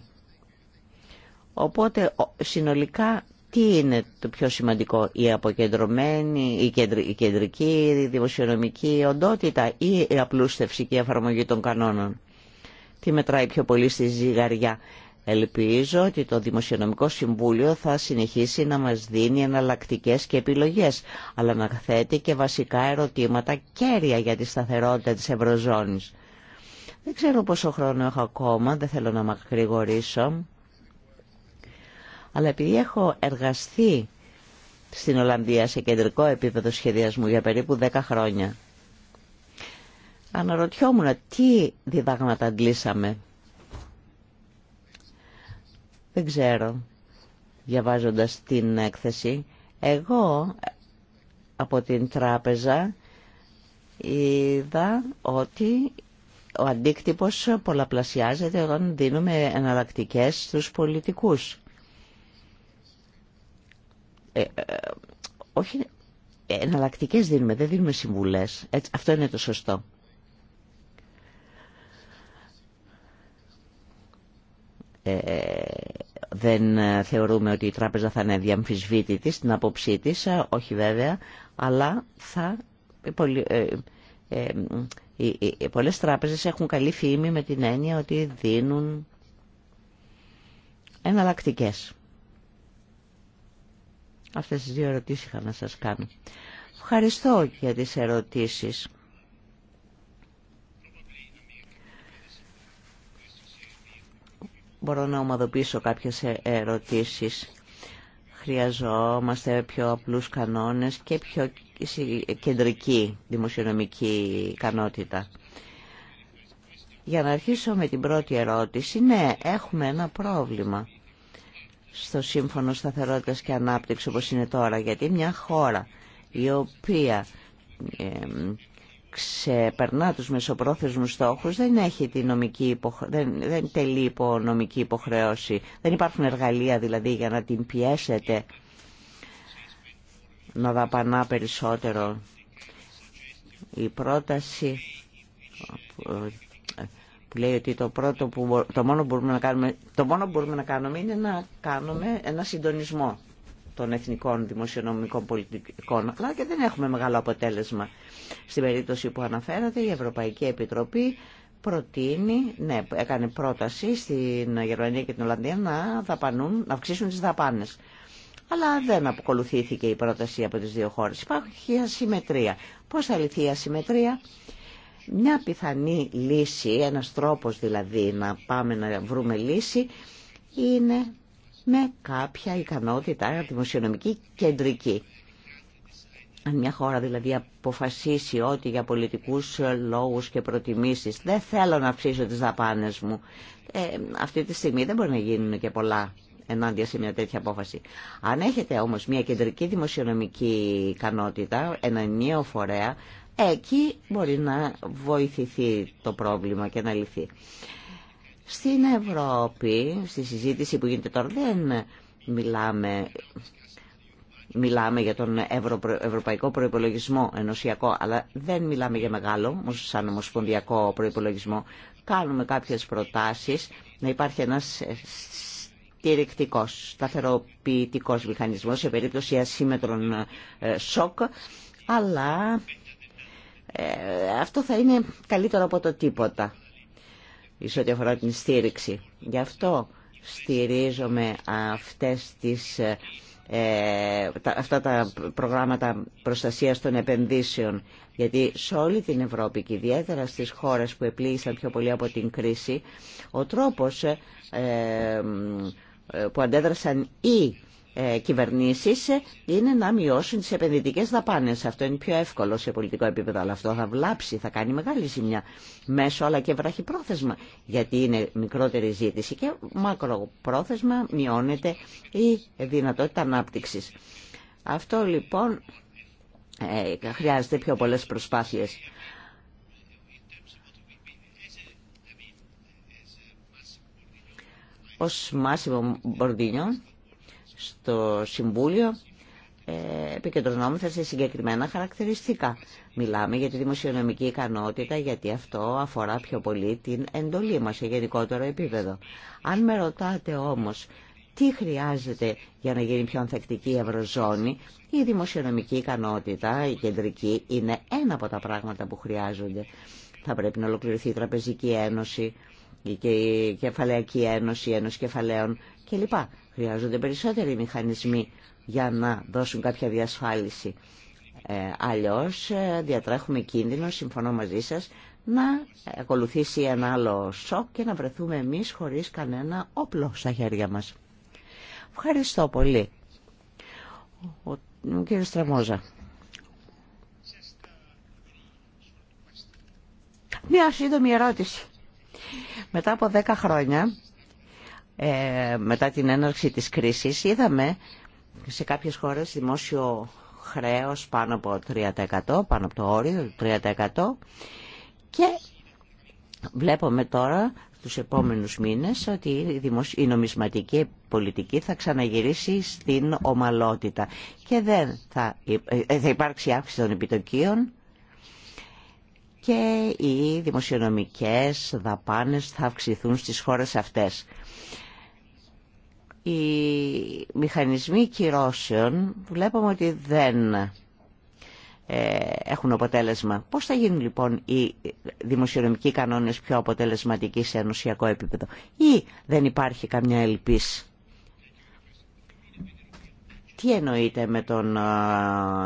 Οπότε συνολικά τι είναι το πιο σημαντικό, η αποκεντρωμένη, η κεντρική η δημοσιονομική οντότητα ή η απλούστευση και η εφαρμογή των κανόνων τι μετράει πιο πολύ στη ζυγαριά. Ελπίζω ότι το Δημοσιονομικό Συμβούλιο θα συνεχίσει να μας δίνει εναλλακτικέ και επιλογές, αλλά να θέτει και βασικά ερωτήματα κέρια για τη σταθερότητα της Ευρωζώνης. Δεν ξέρω πόσο χρόνο έχω ακόμα, δεν θέλω να μακρηγορήσω, αλλά επειδή έχω εργαστεί στην Ολλανδία σε κεντρικό επίπεδο σχεδιασμού για περίπου 10 χρόνια αναρωτιόμουν τι διδάγματα αντλήσαμε. Δεν ξέρω, διαβάζοντας την έκθεση. Εγώ από την τράπεζα είδα ότι ο αντίκτυπος πολλαπλασιάζεται όταν δίνουμε εναλλακτικές στους πολιτικούς. Ε, ε όχι, εναλλακτικές δίνουμε, δεν δίνουμε συμβουλές. αυτό είναι το σωστό. Ε, δεν θεωρούμε ότι η τράπεζα θα είναι διαμφισβήτητη στην άποψή τη, ε, όχι βέβαια, αλλά θα... Ε, πολλές τράπεζες έχουν καλή φήμη με την έννοια ότι δίνουν εναλλακτικέ. Αυτές τις δύο ερωτήσεις είχα να σας κάνω. Ευχαριστώ για τις ερωτήσεις. μπορώ να ομαδοποιήσω κάποιες ε, ερωτήσεις. Χρειαζόμαστε πιο απλούς κανόνες και πιο κεντρική δημοσιονομική ικανότητα. Για να αρχίσω με την πρώτη ερώτηση, ναι, έχουμε ένα πρόβλημα στο Σύμφωνο Σταθερότητας και Ανάπτυξη όπως είναι τώρα, γιατί μια χώρα η οποία ξεπερνά τους μεσοπρόθεσμους στόχους δεν, έχει τη νομική δεν, δεν τελεί υπό νομική υποχρέωση. Δεν υπάρχουν εργαλεία δηλαδή για να την πιέσετε να δαπανά περισσότερο. Η πρόταση που λέει ότι το μόνο που μπορούμε να κάνουμε είναι να κάνουμε ένα συντονισμό των εθνικών δημοσιονομικών πολιτικών, αλλά και δεν έχουμε μεγάλο αποτέλεσμα. Στην περίπτωση που αναφέρατε, η Ευρωπαϊκή Επιτροπή προτείνει, ναι, έκανε πρόταση στην Γερμανία και την Ολλανδία να, δαπανούν, να αυξήσουν τις δαπάνες. Αλλά δεν αποκολουθήθηκε η πρόταση από τις δύο χώρες. Υπάρχει ασυμμετρία. Πώς θα λυθεί η ασυμμετρία? Μια πιθανή λύση, ένας τρόπος δηλαδή να πάμε να βρούμε λύση, είναι με κάποια ικανότητα δημοσιονομική κεντρική. Αν μια χώρα δηλαδή αποφασίσει ότι για πολιτικούς λόγους και προτιμήσεις δεν θέλω να αυξήσω τις δαπάνες μου, ε, αυτή τη στιγμή δεν μπορεί να γίνουν και πολλά ενάντια σε μια τέτοια απόφαση. Αν έχετε όμως μια κεντρική δημοσιονομική ικανότητα, ένα νέο φορέα, εκεί μπορεί να βοηθηθεί το πρόβλημα και να λυθεί. Στην Ευρώπη, στη συζήτηση που γίνεται τώρα, δεν μιλάμε, μιλάμε για τον ευρω, ευρωπαϊκό προϋπολογισμό ενωσιακό, αλλά δεν μιλάμε για μεγάλο, σαν ομοσπονδιακό προϋπολογισμό. Κάνουμε κάποιες προτάσεις να υπάρχει ένας στηρικτικός, σταθεροποιητικός μηχανισμός σε περίπτωση ασύμετρων ε, σοκ, αλλά ε, αυτό θα είναι καλύτερο από το τίποτα σε ό,τι αφορά την στήριξη. Γι' αυτό στηρίζομαι αυτές τις, ε, ε, αυτά τα προγράμματα προστασίας των επενδύσεων. Γιατί σε όλη την Ευρώπη και ιδιαίτερα στις χώρες που επλήγησαν πιο πολύ από την κρίση, ο τρόπος ε, που αντέδρασαν οι ε, ε, είναι να μειώσουν τις επενδυτικέ δαπάνε. Αυτό είναι πιο εύκολο σε πολιτικό επίπεδο, αλλά αυτό θα βλάψει, θα κάνει μεγάλη ζημιά μέσω αλλά και βραχυπρόθεσμα, γιατί είναι μικρότερη ζήτηση και μακροπρόθεσμα μειώνεται η δυνατότητα ανάπτυξης. Αυτό λοιπόν ε, χρειάζεται πιο πολλές προσπάθειες. Ως Μάσιμο στο Συμβούλιο ε, επικεντρωνόμεθα σε συγκεκριμένα χαρακτηριστικά. Μιλάμε για τη δημοσιονομική ικανότητα γιατί αυτό αφορά πιο πολύ την εντολή μας σε γενικότερο επίπεδο. Αν με ρωτάτε όμως τι χρειάζεται για να γίνει πιο ανθεκτική η Ευρωζώνη, η δημοσιονομική ικανότητα, η κεντρική, είναι ένα από τα πράγματα που χρειάζονται. Θα πρέπει να ολοκληρωθεί η Τραπεζική Ένωση, και η Κεφαλαϊκή Ένωση, η Ένωση Κεφαλαίων κλπ. Χρειάζονται περισσότεροι μηχανισμοί για να δώσουν κάποια διασφάλιση. Ε, αλλιώς ε, διατρέχουμε κίνδυνο, συμφωνώ μαζί σας, να ακολουθήσει ένα άλλο σοκ και να βρεθούμε εμείς χωρίς κανένα όπλο στα χέρια μας. Ευχαριστώ πολύ. Ο, ο κύριε Στραμόζα. Μια σύντομη ερώτηση. Μετά από δέκα χρόνια ε, μετά την έναρξη της κρίσης είδαμε σε κάποιες χώρες δημόσιο χρέος πάνω από 3%, πάνω από το όριο 3% και βλέπουμε τώρα τους επόμενους μήνες ότι η νομισματική πολιτική θα ξαναγυρίσει στην ομαλότητα και δεν θα, ε, θα υπάρξει αύξηση των επιτοκίων και οι δημοσιονομικές δαπάνες θα αυξηθούν στις χώρες αυτές. Οι μηχανισμοί κυρώσεων βλέπουμε ότι δεν ε, έχουν αποτέλεσμα. Πώς θα γίνουν λοιπόν οι δημοσιονομικοί κανόνες πιο αποτελεσματικοί σε ενωσιακό επίπεδο ή δεν υπάρχει καμιά ελπίση. Τι εννοείται με τον ε,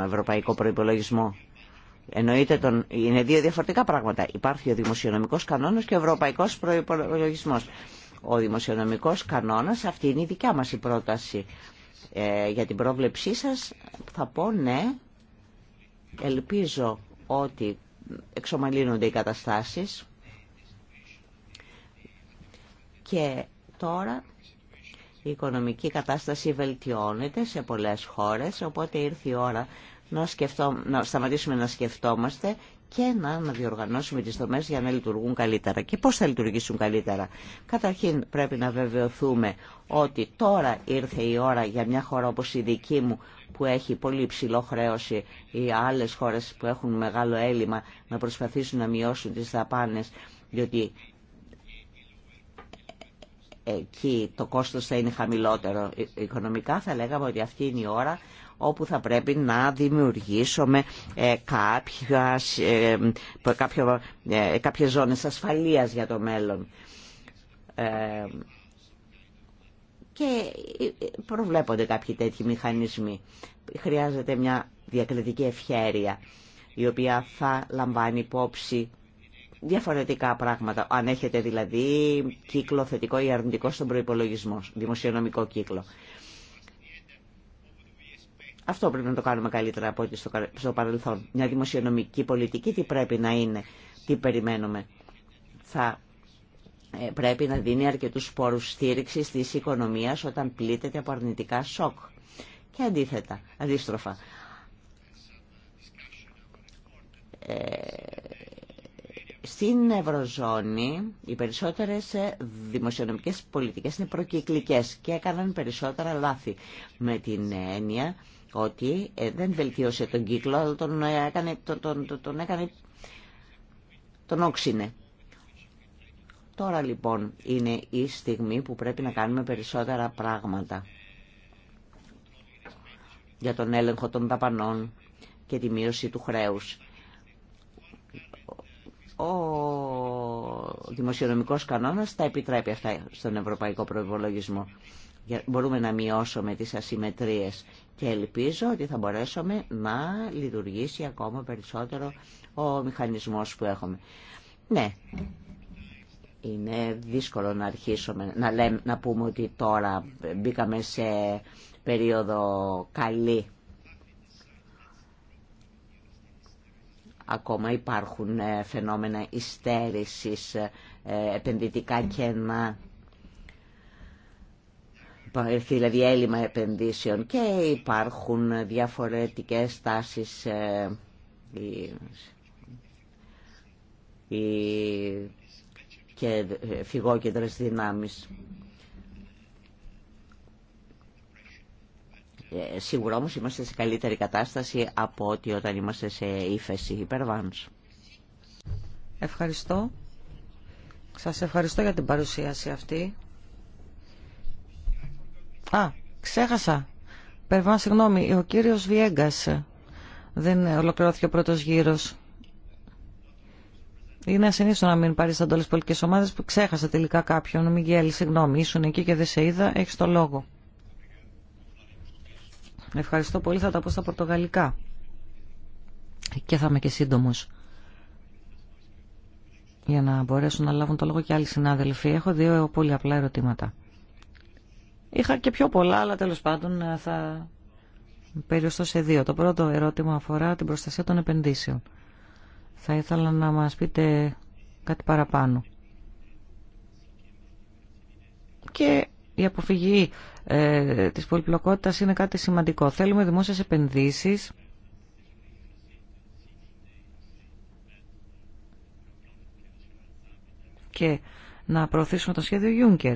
ευρωπαϊκό προϋπολογισμό. Εννοείται τον... Είναι δύο διαφορετικά πράγματα. Υπάρχει ο δημοσιονομικός κανόνας και ο ευρωπαϊκός προϋπολογισμός ο δημοσιονομικός κανόνας, αυτή είναι η δικιά μας η πρόταση. Ε, για την πρόβλεψή σας θα πω ναι, ελπίζω ότι εξομαλύνονται οι καταστάσεις και τώρα η οικονομική κατάσταση βελτιώνεται σε πολλές χώρες, οπότε ήρθε η ώρα να, να σταματήσουμε να σκεφτόμαστε και να αναδιοργανώσουμε τις δομές για να λειτουργούν καλύτερα. Και πώς θα λειτουργήσουν καλύτερα. Καταρχήν πρέπει να βεβαιωθούμε ότι τώρα ήρθε η ώρα για μια χώρα όπως η δική μου που έχει πολύ υψηλό χρέωση ή άλλες χώρες που έχουν μεγάλο έλλειμμα να προσπαθήσουν να μειώσουν τις δαπάνες διότι εκεί το κόστος θα είναι χαμηλότερο. Ε, οικονομικά θα λέγαμε ότι αυτή είναι η ώρα όπου θα πρέπει να δημιουργήσουμε ε, κάποιες, κάποιο, ε, κάποιες ζώνες ασφαλείας για το μέλλον. Ε, και προβλέπονται κάποιοι τέτοιοι μηχανισμοί. Χρειάζεται μια διακριτική ευχέρεια η οποία θα λαμβάνει υπόψη διαφορετικά πράγματα. Αν έχετε δηλαδή κύκλο θετικό ή αρνητικό στον προϋπολογισμό, δημοσιονομικό κύκλο. Αυτό πρέπει να το κάνουμε καλύτερα από ό,τι στο παρελθόν. Μια δημοσιονομική πολιτική τι πρέπει να είναι, τι περιμένουμε. Θα ε, πρέπει να δίνει αρκετούς πόρους στήριξης της οικονομίας όταν πλήττεται από αρνητικά σοκ. Και αντίθετα, αντίστροφα. Ε, στην Ευρωζώνη οι περισσότερες ε, δημοσιονομικές πολιτικές είναι προκυκλικές και έκαναν περισσότερα λάθη με την έννοια ότι ε, δεν βελτίωσε τον κύκλο, τον έκανε, τον, τον, τον, έκανε, τον όξινε. Τώρα λοιπόν είναι η στιγμή που πρέπει να κάνουμε περισσότερα πράγματα για τον έλεγχο των δαπανών και τη μείωση του χρέους. Ο δημοσιονομικός κανόνας τα επιτρέπει αυτά στον ευρωπαϊκό προϋπολογισμό μπορούμε να μειώσουμε τις ασυμμετρίες και ελπίζω ότι θα μπορέσουμε να λειτουργήσει ακόμα περισσότερο ο μηχανισμός που έχουμε. Ναι, είναι δύσκολο να αρχίσουμε να, να πούμε ότι τώρα μπήκαμε σε περίοδο καλή. Ακόμα υπάρχουν ε, φαινόμενα υστέρησης, ε, επενδυτικά κενά Υπάρχει δηλαδή έλλειμμα επενδύσεων και υπάρχουν διαφορετικές τάσεις και ε, ε, φυγόκεντρες δυνάμεις. Ε, σίγουρα όμως είμαστε σε καλύτερη κατάσταση από ότι όταν είμαστε σε ύφεση υπερβάνους. Ευχαριστώ. Σας ευχαριστώ για την παρουσίαση αυτή. Α, ξέχασα. Περβά, συγγνώμη, ο κύριος Βιέγκα. δεν ολοκληρώθηκε ο πρώτος γύρος. Είναι ασυνήθιστο να μην πάρει σαν τι πολιτικέ ομάδε που ξέχασα τελικά κάποιον. Μιγγέλη, συγγνώμη, ήσουν εκεί και δεν σε είδα. Έχει το λόγο. Ευχαριστώ πολύ. Θα τα πω στα πορτογαλικά. Και θα είμαι και σύντομο. Για να μπορέσουν να λάβουν το λόγο και άλλοι συνάδελφοι. Έχω δύο πολύ απλά ερωτήματα. Είχα και πιο πολλά, αλλά τέλος πάντων ε, θα περιοριστώ σε δύο. Το πρώτο ερώτημα αφορά την προστασία των επενδύσεων. Θα ήθελα να μας πείτε κάτι παραπάνω. Και η αποφυγή ε, της πολυπλοκότητας είναι κάτι σημαντικό. Θέλουμε δημόσιες επενδύσεις και να προωθήσουμε το σχέδιο Juncker.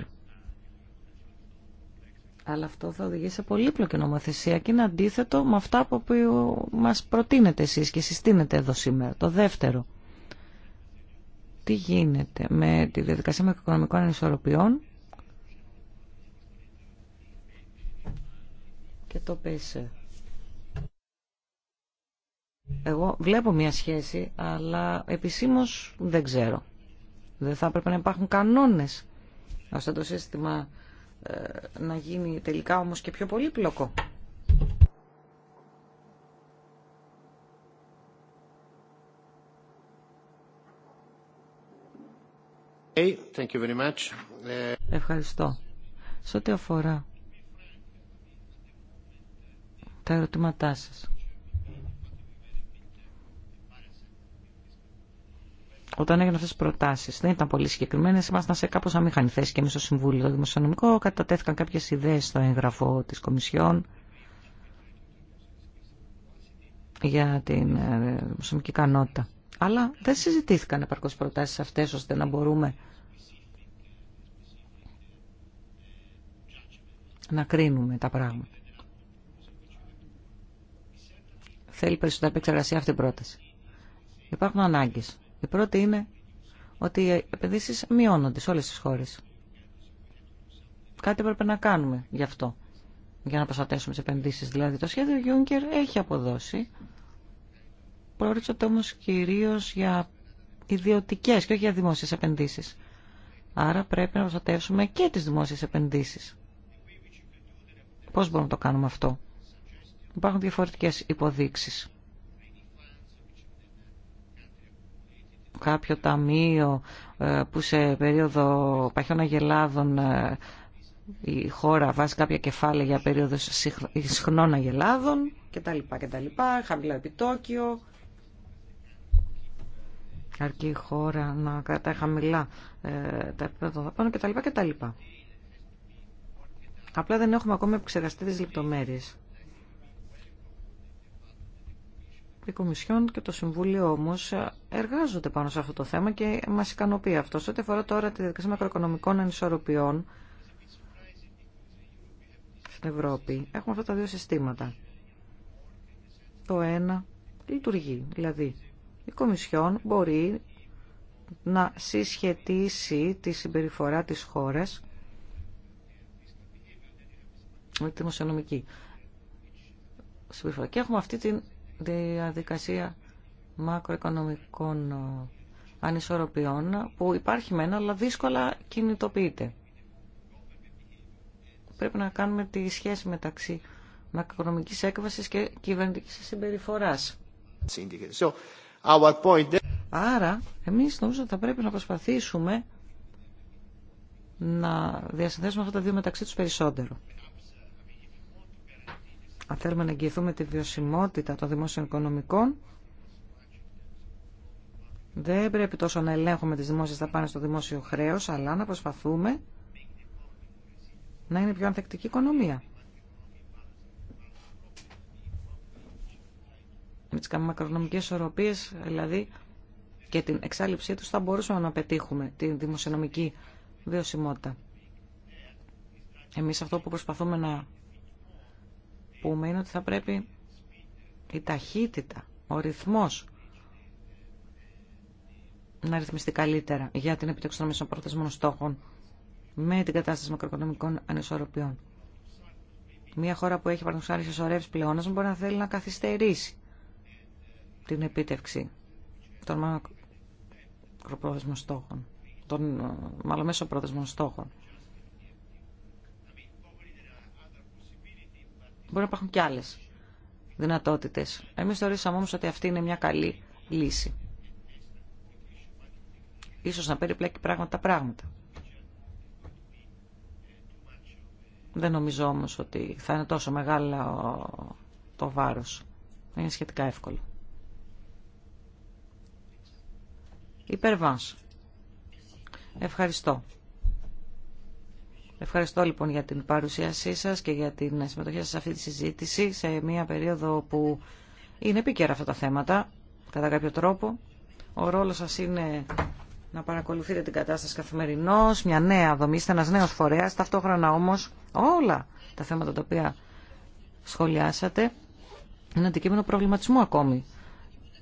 Αλλά αυτό θα οδηγήσει σε πολύπλοκη νομοθεσία και είναι αντίθετο με αυτά που μας προτείνετε εσείς και συστήνετε εδώ σήμερα. Το δεύτερο, τι γίνεται με τη διαδικασία οικονομικών ανισορροπιών και το ΠΕΣΕ. Εγώ βλέπω μια σχέση, αλλά επισήμως δεν ξέρω. Δεν θα έπρεπε να υπάρχουν κανόνες ώστε το σύστημα να γίνει τελικά όμως και πιο πολύπλοκο. Hey, thank you very much. Ε, Ευχαριστώ. Σε ό,τι αφορά τα ερωτήματά σας. όταν έγιναν αυτέ τι προτάσει δεν ήταν πολύ συγκεκριμένε. Ήμασταν σε κάπω αμήχανη θέση και εμεί στο Συμβούλιο Δημοσιονομικό. Κατατέθηκαν κάποιε ιδέε στο έγγραφο τη Κομισιόν για την ε, δημοσιονομική ικανότητα. Αλλά δεν συζητήθηκαν επαρκώ προτάσει αυτέ ώστε να μπορούμε να κρίνουμε τα πράγματα. Θέλει περισσότερη επεξεργασία αυτή η πρόταση. Υπάρχουν ανάγκες η πρώτη είναι ότι οι επενδύσεις μειώνονται σε όλες τις χώρες. Κάτι πρέπει να κάνουμε γι' αυτό, για να προστατεύσουμε τις επενδύσεις. Δηλαδή το σχέδιο Juncker έχει αποδώσει, προοριζόταν όμως κυρίως για ιδιωτικές και όχι για δημόσιες επενδύσεις. Άρα πρέπει να προστατεύσουμε και τις δημόσιες επενδύσεις. Πώς μπορούμε να το κάνουμε αυτό. Υπάρχουν διαφορετικές υποδείξεις. κάποιο ταμείο ε, που σε περίοδο παχιών αγελάδων ε, η χώρα βάζει κάποια κεφάλαια για περίοδο συχνών αγελάδων κτλ. κτλ χαμηλό επιτόκιο, αρκεί η χώρα να κρατάει χαμηλά ε, τα επίπεδα των δαπάνων κτλ. Απλά δεν έχουμε ακόμα επεξεργαστεί τις λεπτομέρειες. Η Κομισιόν και το Συμβούλιο όμω εργάζονται πάνω σε αυτό το θέμα και μα ικανοποιεί αυτό. Σε ό,τι αφορά τώρα τη διαδικασία μακροοικονομικών ανισορροπιών στην Ευρώπη, έχουμε αυτά τα δύο συστήματα. Το ένα λειτουργεί, δηλαδή η Κομισιόν μπορεί να συσχετίσει τη συμπεριφορά της χώρας με τη δημοσιονομική συμπεριφορά. Και έχουμε αυτή την διαδικασία μακροοικονομικών ε, ανισορροπιών που υπάρχει μένα αλλά δύσκολα κινητοποιείται. Πρέπει να κάνουμε τη σχέση μεταξύ μακροοικονομικής έκβασης και κυβερνητικής συμπεριφοράς. Άρα, εμείς νομίζω ότι θα πρέπει να προσπαθήσουμε να διασυνδέσουμε αυτά τα δύο μεταξύ τους περισσότερο αν θέλουμε να εγγυηθούμε τη βιωσιμότητα των δημόσιων οικονομικών, δεν πρέπει τόσο να ελέγχουμε τις δημόσιες πάνε στο δημόσιο χρέος, αλλά να προσπαθούμε να είναι πιο ανθεκτική οικονομία. Με τις μακρονομικές ισορροπίες, δηλαδή, και την εξάλληψή τους θα μπορούσαμε να πετύχουμε τη δημοσιονομική βιωσιμότητα. Εμείς αυτό που προσπαθούμε να πούμε είναι ότι θα πρέπει η ταχύτητα, ο ρυθμός να ρυθμιστεί καλύτερα για την επίτευξη των μέσων προθεσμών στόχων με την κατάσταση μακροοικονομικών ανισορροπιών. Μια χώρα που έχει παραδοσιακά ισορρεύσει πλεόνασμα μπορεί να θέλει να καθυστερήσει την επίτευξη των μακροπρόθεσμων στόχων, των μάλλον στόχων. Μπορεί να υπάρχουν και άλλε δυνατότητε. Εμεί θεωρήσαμε όμω ότι αυτή είναι μια καλή λύση. Ίσως να περιπλέκει πράγματα πράγματα. Δεν νομίζω όμως ότι θα είναι τόσο μεγάλο το βάρος. Είναι σχετικά εύκολο. Υπερβάς. Ευχαριστώ. Ευχαριστώ λοιπόν για την παρουσίασή σας και για την συμμετοχή σας σε αυτή τη συζήτηση σε μια περίοδο που είναι επίκαιρα αυτά τα θέματα κατά κάποιο τρόπο. Ο ρόλος σας είναι να παρακολουθείτε την κατάσταση καθημερινώς, μια νέα δομή, είστε ένας νέος φορέας, ταυτόχρονα όμως όλα τα θέματα τα οποία σχολιάσατε είναι αντικείμενο προβληματισμού ακόμη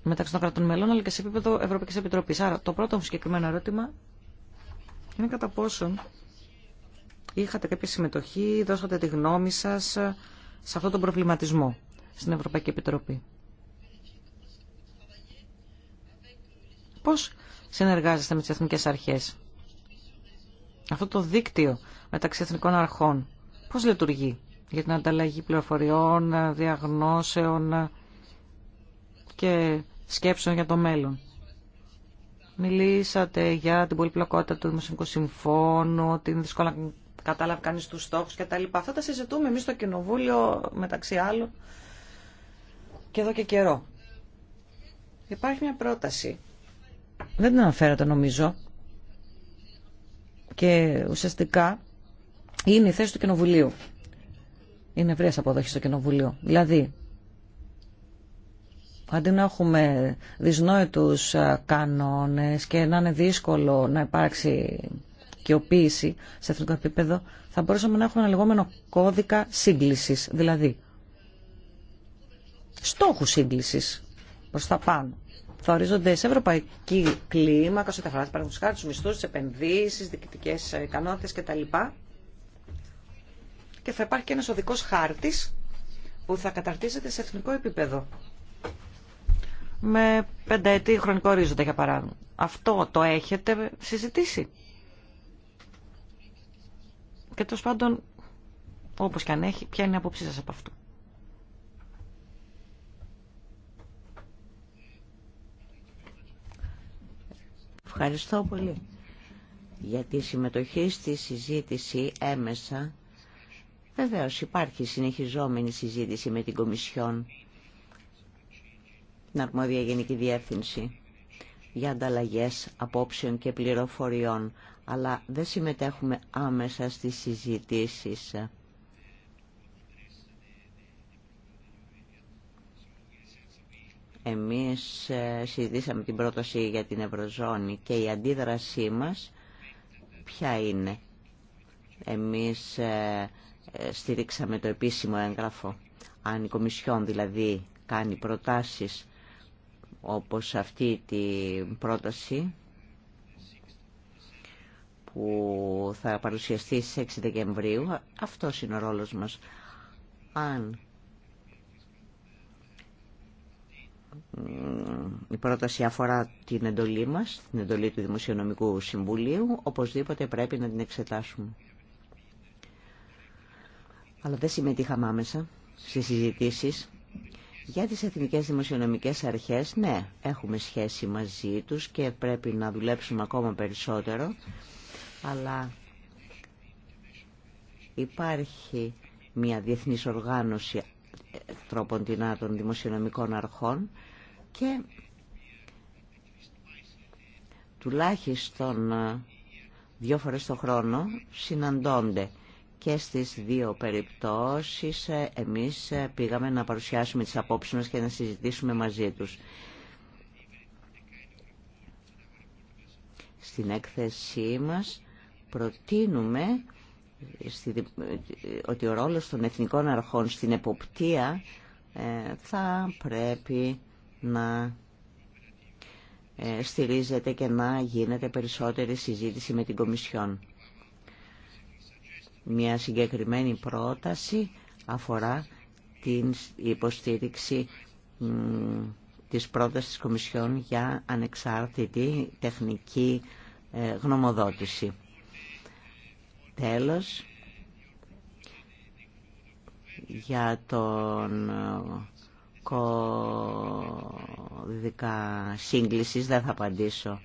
μεταξύ των κρατών μελών αλλά και σε επίπεδο Ευρωπαϊκής Επιτροπής. Άρα το πρώτο μου συγκεκριμένο ερώτημα είναι κατά πόσον είχατε κάποια συμμετοχή, δώσατε τη γνώμη σας σε αυτόν τον προβληματισμό στην Ευρωπαϊκή Επιτροπή. Πώς συνεργάζεστε με τις εθνικές αρχές. Αυτό το δίκτυο μεταξύ εθνικών αρχών πώς λειτουργεί για την ανταλλαγή πληροφοριών, διαγνώσεων και σκέψεων για το μέλλον. Μιλήσατε για την πολυπλοκότητα του Δημοσίου Συμφώνου, την είναι κατάλαβε κανείς τους στόχους κτλ. Αυτά τα συζητούμε εμείς στο Κοινοβούλιο μεταξύ άλλων και εδώ και καιρό. Υπάρχει μια πρόταση. Δεν την αναφέρατε νομίζω. Και ουσιαστικά είναι η θέση του Κοινοβουλίου. Είναι ευρεία αποδοχή στο Κοινοβουλίο. Δηλαδή, αντί να έχουμε δυσνόητους κανόνες και να είναι δύσκολο να υπάρξει οικειοποίηση σε αυτό το επίπεδο, θα μπορούσαμε να έχουμε ένα λεγόμενο κώδικα σύγκληση. δηλαδή στόχου σύγκληση προ τα πάνω. Θα ορίζονται σε ευρωπαϊκή κλίμακα, σε καθαρά παραδείγματος χάρη, τους μισθού, τις επενδύσεις, διοικητικές ικανότητες κτλ. Και θα υπάρχει και ένα οδικό χάρτη που θα καταρτίζεται σε εθνικό επίπεδο. Με πενταετή χρονικό ορίζοντα, για παράδειγμα. Αυτό το έχετε συζητήσει. Και τέλο πάντων, όπω και αν έχει, ποια είναι η άποψή σα από αυτού. Ευχαριστώ πολύ για τη συμμετοχή στη συζήτηση έμεσα. Βεβαίω υπάρχει συνεχιζόμενη συζήτηση με την Κομισιόν, την Αρμόδια Γενική Διεύθυνση, για ανταλλαγές απόψεων και πληροφοριών αλλά δεν συμμετέχουμε άμεσα στις συζητήσεις. Εμείς ε, συζητήσαμε την πρόταση για την Ευρωζώνη και η αντίδρασή μας ποια είναι. Εμείς ε, ε, στηρίξαμε το επίσημο έγγραφο. Αν η Κομισιόν δηλαδή κάνει προτάσεις όπως αυτή την πρόταση που θα παρουσιαστεί στις 6 Δεκεμβρίου. Αυτός είναι ο ρόλος μας. Αν η πρόταση αφορά την εντολή μας, την εντολή του Δημοσιονομικού Συμβουλίου, οπωσδήποτε πρέπει να την εξετάσουμε. Αλλά δεν συμμετείχαμε άμεσα στις συζητήσεις. Για τις εθνικές δημοσιονομικές αρχές, ναι, έχουμε σχέση μαζί τους και πρέπει να δουλέψουμε ακόμα περισσότερο αλλά υπάρχει μια διεθνής οργάνωση ε, τρόπων των δημοσιονομικών αρχών και τουλάχιστον ε, δύο φορές το χρόνο συναντώνται και στις δύο περιπτώσεις ε, εμείς πήγαμε να παρουσιάσουμε τις απόψεις μας και να συζητήσουμε μαζί τους. Στην έκθεσή μας προτείνουμε ότι ο ρόλος των εθνικών αρχών στην εποπτεία ε, θα πρέπει να ε, στηρίζεται και να γίνεται περισσότερη συζήτηση με την Κομισιόν. Μια συγκεκριμένη πρόταση αφορά την υποστήριξη της πρότασης της Κομισιόν για ανεξάρτητη τεχνική ε, γνωμοδότηση. Τέλος, για τον ε, κωδικά σύγκλησης δεν θα απαντήσω.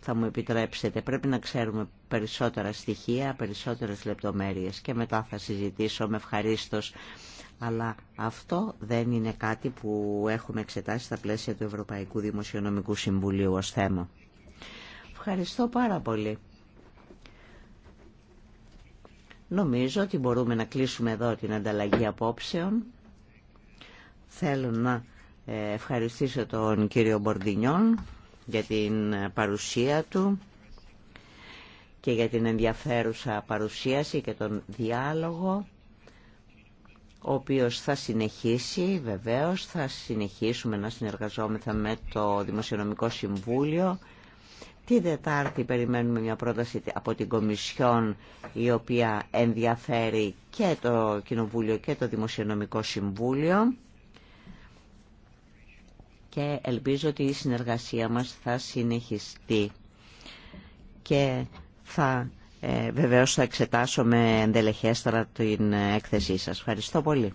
Θα μου επιτρέψετε. Πρέπει να ξέρουμε περισσότερα στοιχεία, περισσότερες λεπτομέρειες και μετά θα συζητήσω με ευχαρίστως. Αλλά αυτό δεν είναι κάτι που έχουμε εξετάσει στα πλαίσια του Ευρωπαϊκού Δημοσιονομικού Συμβουλίου ως θέμα. Ευχαριστώ πάρα πολύ. Νομίζω ότι μπορούμε να κλείσουμε εδώ την ανταλλαγή απόψεων. Θέλω να ε, ευχαριστήσω τον κύριο Μπορδινιόν για την ε, παρουσία του και για την ενδιαφέρουσα παρουσίαση και τον διάλογο ο οποίος θα συνεχίσει, βεβαίως θα συνεχίσουμε να συνεργαζόμεθα με το Δημοσιονομικό Συμβούλιο Τη Δετάρτη περιμένουμε μια πρόταση από την Κομισιόν η οποία ενδιαφέρει και το Κοινοβούλιο και το Δημοσιονομικό Συμβούλιο και ελπίζω ότι η συνεργασία μας θα συνεχιστεί και θα ε, βεβαίως θα εξετάσουμε εντελεχέστερα την έκθεσή σας. Ευχαριστώ πολύ.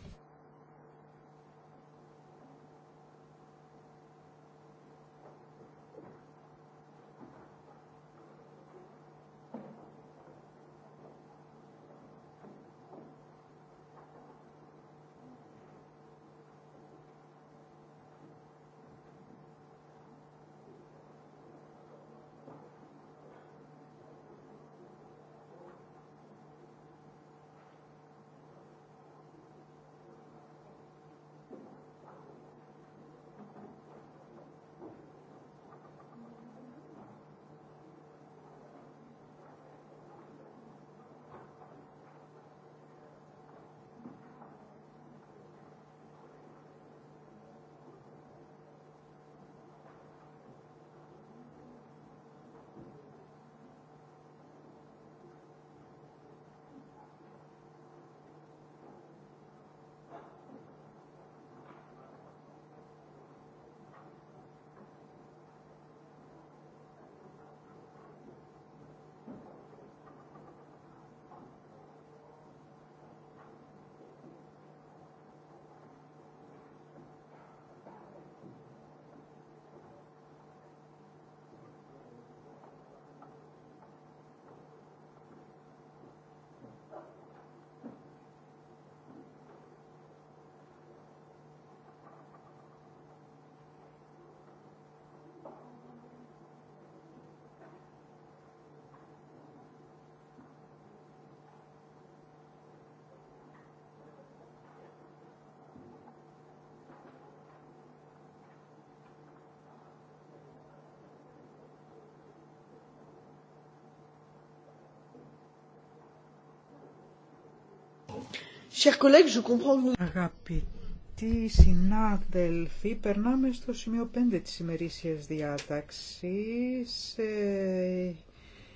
Αγαπητοί συνάδελφοι, περνάμε στο σημείο 5 της ημερήσιας διάταξης ε,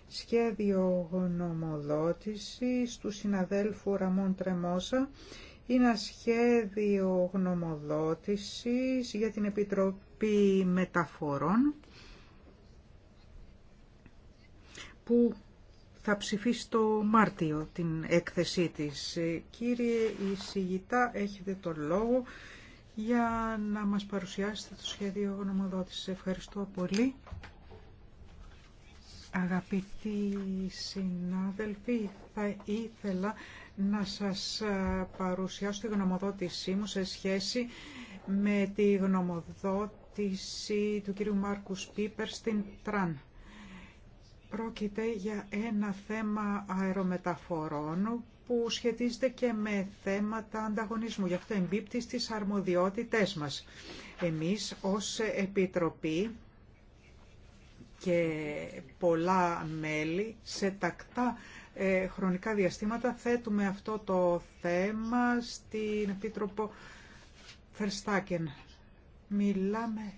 σχέδιο γνωμοδότησης του συναδέλφου Ραμόν Τρεμόσα. Είναι ένα σχέδιο γνωμοδότησης για την Επιτροπή Μεταφορών που θα ψηφίσει το Μάρτιο την έκθεσή της. Κύριε Ισηγητά, έχετε τον λόγο για να μας παρουσιάσετε το σχέδιο γνωμοδότησης. Ευχαριστώ πολύ. Αγαπητοί συνάδελφοι, θα ήθελα να σας παρουσιάσω τη γνωμοδότησή μου σε σχέση με τη γνωμοδότηση του κύριου Μάρκου Πίπερ στην Τραν. Πρόκειται για ένα θέμα αερομεταφορών που σχετίζεται και με θέματα ανταγωνισμού. Γι' αυτό εμπίπτει στις αρμοδιότητές μας. Εμείς ως Επιτροπή και πολλά μέλη σε τακτά ε, χρονικά διαστήματα θέτουμε αυτό το θέμα στην Επίτροπο Φερστάκεν. Μιλάμε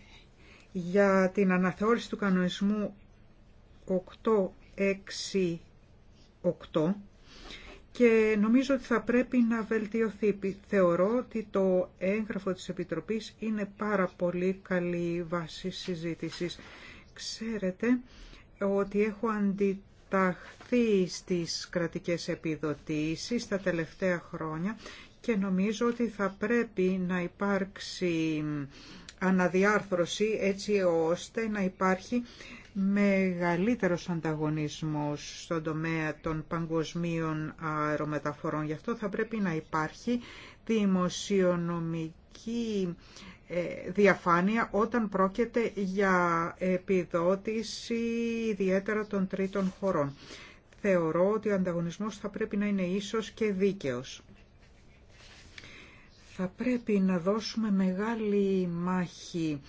για την αναθεώρηση του κανονισμού 868 και νομίζω ότι θα πρέπει να βελτιωθεί. Θεωρώ ότι το έγγραφο της Επιτροπής είναι πάρα πολύ καλή βάση συζήτησης. Ξέρετε ότι έχω αντιταχθεί στις κρατικές επιδοτήσεις τα τελευταία χρόνια και νομίζω ότι θα πρέπει να υπάρξει αναδιάρθρωση έτσι ώστε να υπάρχει μεγαλύτερος ανταγωνισμός στον τομέα των παγκοσμίων αερομεταφορών. Γι' αυτό θα πρέπει να υπάρχει δημοσιονομική ε, διαφάνεια όταν πρόκειται για επιδότηση ιδιαίτερα των τρίτων χωρών. Θεωρώ ότι ο ανταγωνισμός θα πρέπει να είναι ίσος και δίκαιος. Θα πρέπει να δώσουμε μεγάλη μάχη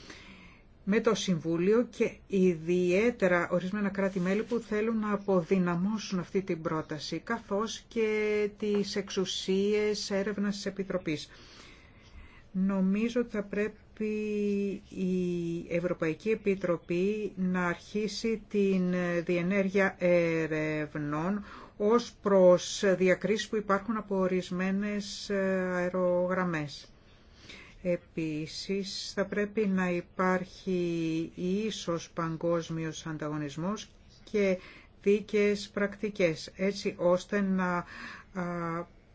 με το Συμβούλιο και ιδιαίτερα ορισμένα κράτη-μέλη που θέλουν να αποδυναμώσουν αυτή την πρόταση, καθώς και τις εξουσίες έρευνας της Επιτροπής. Νομίζω ότι θα πρέπει η Ευρωπαϊκή Επιτροπή να αρχίσει την διενέργεια ερευνών ως προς διακρίσεις που υπάρχουν από ορισμένες αερογραμμές. Επίσης, θα πρέπει να υπάρχει ίσως παγκόσμιος ανταγωνισμός και δίκαιες πρακτικές, έτσι ώστε να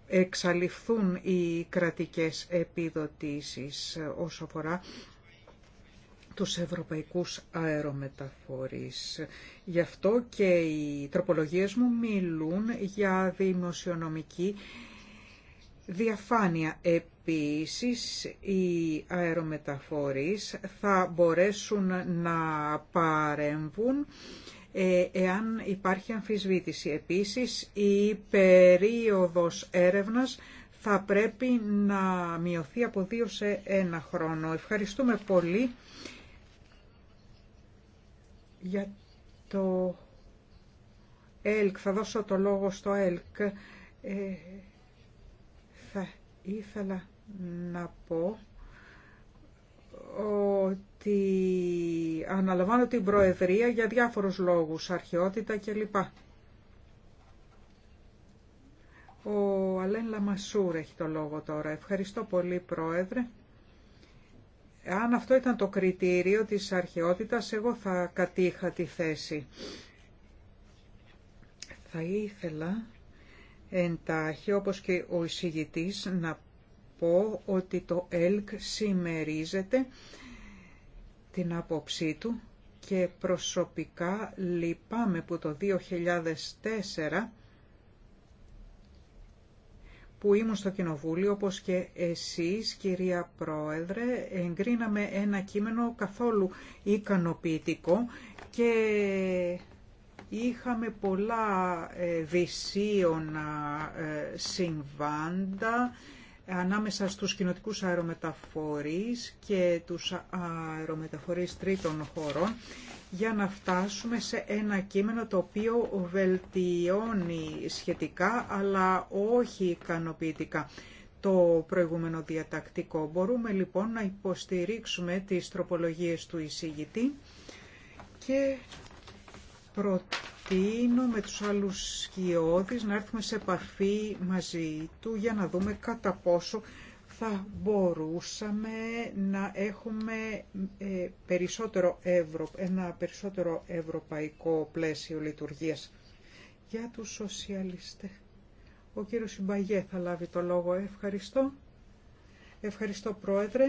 εξαλειφθούν οι κρατικές επιδοτήσεις όσο αφορά τους ευρωπαϊκούς αερομεταφορείς. Γι' αυτό και οι τροπολογίες μου μιλούν για δημοσιονομική Διαφάνεια. Επίσης, οι αερομεταφορείς θα μπορέσουν να παρέμβουν ε, εάν υπάρχει αμφισβήτηση. Επίσης, η περίοδος έρευνας θα πρέπει να μειωθεί από δύο σε ένα χρόνο. Ευχαριστούμε πολύ για το ΕΛΚ. Θα δώσω το λόγο στο ΕΛΚ. Ε, θα ήθελα να πω ότι αναλαμβάνω την Προεδρία για διάφορους λόγους, αρχαιότητα κλπ. Ο Αλέν Λαμασούρ έχει το λόγο τώρα. Ευχαριστώ πολύ Πρόεδρε. Αν αυτό ήταν το κριτήριο της αρχαιότητας, εγώ θα κατήχα τη θέση. Θα ήθελα εντάχει, όπως και ο εισηγητής, να πω ότι το ΕΛΚ συμμερίζεται την άποψή του και προσωπικά λυπάμαι που το 2004 που ήμουν στο Κοινοβούλιο, όπως και εσείς, κυρία Πρόεδρε, εγκρίναμε ένα κείμενο καθόλου ικανοποιητικό και Είχαμε πολλά δυσίωνα ε, ε, συμβάντα ε, ανάμεσα στους κοινοτικούς αερομεταφορείς και τους αερομεταφορείς τρίτων χωρών για να φτάσουμε σε ένα κείμενο το οποίο βελτιώνει σχετικά αλλά όχι ικανοποιητικά το προηγούμενο διατακτικό. Μπορούμε λοιπόν να υποστηρίξουμε τις τροπολογίες του εισηγητή και προτείνω με τους άλλους σκιώδεις να έρθουμε σε επαφή μαζί του για να δούμε κατά πόσο θα μπορούσαμε να έχουμε ε, περισσότερο ευρω... ένα περισσότερο ευρωπαϊκό πλαίσιο λειτουργίας για τους σοσιαλιστές. Ο κύριος Συμπαγέ θα λάβει το λόγο. Ευχαριστώ. Ευχαριστώ Πρόεδρε.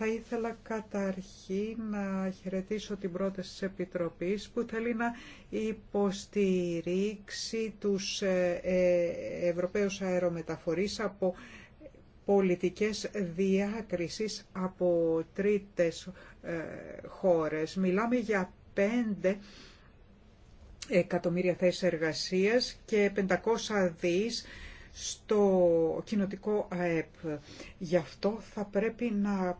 Θα ήθελα καταρχήν να χαιρετήσω την πρόταση της Επιτροπής που θέλει να υποστηρίξει τους ε, ε, Ευρωπαίους αερομεταφορείς από πολιτικές διάκρισης από τρίτες ε, χώρες. Μιλάμε για 5 εκατομμύρια θέσεις εργασίας και 500 δις στο κοινοτικό ΑΕΠ. Γι' αυτό θα πρέπει να,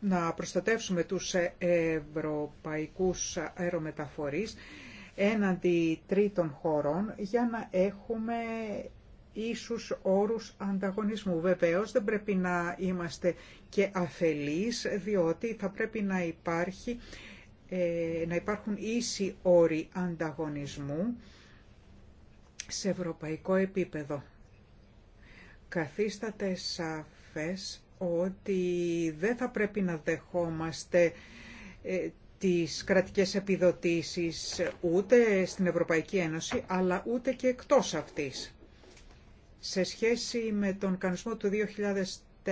να προστατεύσουμε τους ευρωπαϊκούς αερομεταφορείς έναντι τρίτων χωρών για να έχουμε ίσους όρους ανταγωνισμού. Βεβαίως δεν πρέπει να είμαστε και αφελείς, διότι θα πρέπει να, υπάρχει, ε, να υπάρχουν ίσοι όροι ανταγωνισμού σε ευρωπαϊκό επίπεδο. Καθίσταται σαφές ότι δεν θα πρέπει να δεχόμαστε ε, τις κρατικές επιδοτήσεις ούτε στην Ευρωπαϊκή Ένωση, αλλά ούτε και εκτός αυτής. Σε σχέση με τον κανονισμό του 2004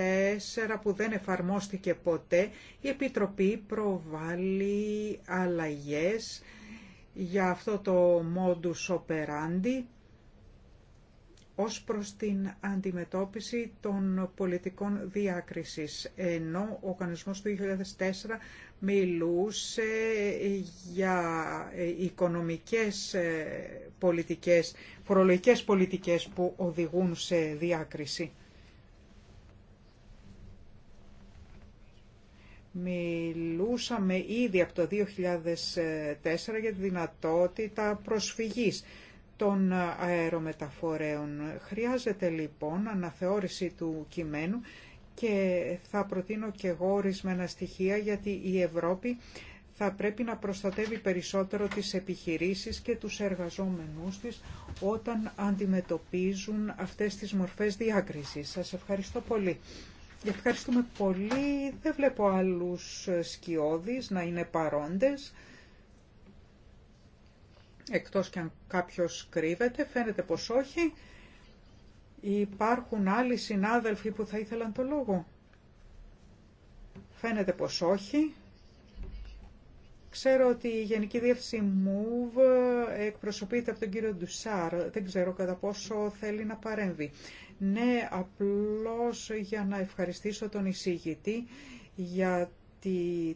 που δεν εφαρμόστηκε ποτέ, η Επιτροπή προβάλλει αλλαγές για αυτό το modus operandi ως προς την αντιμετώπιση των πολιτικών διάκρισης, ενώ ο οργανισμός του 2004 μιλούσε για ε, οικονομικές ε, πολιτικές, φορολογικές πολιτικές που οδηγούν σε διάκριση. Μιλούσαμε ήδη από το 2004 για τη δυνατότητα προσφυγής των αερομεταφορέων. Χρειάζεται λοιπόν αναθεώρηση του κειμένου και θα προτείνω και εγώ ορισμένα στοιχεία γιατί η Ευρώπη θα πρέπει να προστατεύει περισσότερο τις επιχειρήσεις και τους εργαζόμενούς της όταν αντιμετωπίζουν αυτές τις μορφές διάκρισης. Σας ευχαριστώ πολύ. Ευχαριστούμε πολύ. Δεν βλέπω άλλους σκιώδεις να είναι παρόντες εκτός και αν κάποιος κρύβεται, φαίνεται πως όχι. Υπάρχουν άλλοι συνάδελφοι που θα ήθελαν το λόγο. Φαίνεται πως όχι. Ξέρω ότι η Γενική Διεύθυνση MOVE εκπροσωπείται από τον κύριο Ντουσάρ. Δεν ξέρω κατά πόσο θέλει να παρέμβει. Ναι, απλώς για να ευχαριστήσω τον εισηγητή για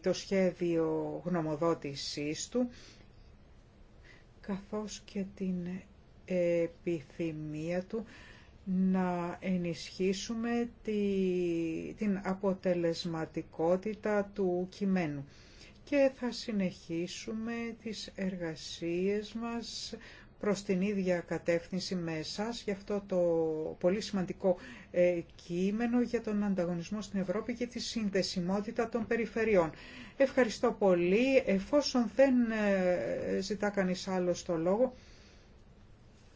το σχέδιο γνωμοδότησής του καθώς και την επιθυμία του να ενισχύσουμε την αποτελεσματικότητα του κειμένου. Και θα συνεχίσουμε τις εργασίες μας προς την ίδια κατεύθυνση με εσάς για αυτό το πολύ σημαντικό ε, κείμενο για τον ανταγωνισμό στην Ευρώπη και τη συνδεσιμότητα των περιφερειών. Ευχαριστώ πολύ. Εφόσον δεν ε, ζητά κανείς άλλο το λόγο,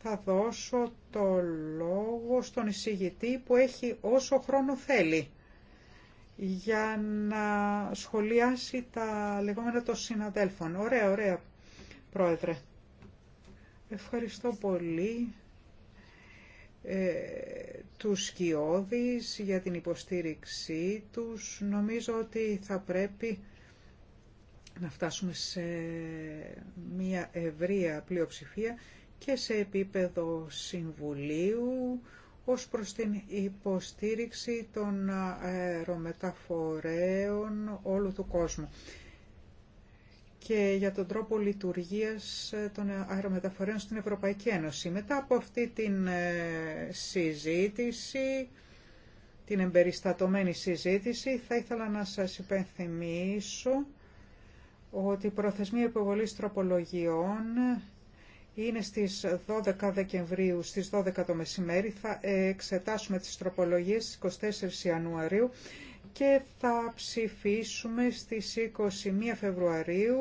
θα δώσω το λόγο στον εισηγητή που έχει όσο χρόνο θέλει για να σχολιάσει τα λεγόμενα των συναδέλφων. Ωραία, ωραία, πρόεδρε. Ευχαριστώ πολύ ε, τους για την υποστήριξή τους. Νομίζω ότι θα πρέπει να φτάσουμε σε μια ευρεία πλειοψηφία και σε επίπεδο Συμβουλίου ως προς την υποστήριξη των αερομεταφορέων όλου του κόσμου και για τον τρόπο λειτουργίας ε, των αερομεταφορέων στην Ευρωπαϊκή Ένωση. Μετά από αυτή την ε, συζήτηση, την εμπεριστατωμένη συζήτηση, θα ήθελα να σας υπενθυμίσω ότι η προθεσμία υποβολής τροπολογιών είναι στις 12 Δεκεμβρίου στις 12 το μεσημέρι. Θα ε, εξετάσουμε τις τροπολογίες 24 Ιανουαρίου και θα ψηφίσουμε στις 21 Φεβρουαρίου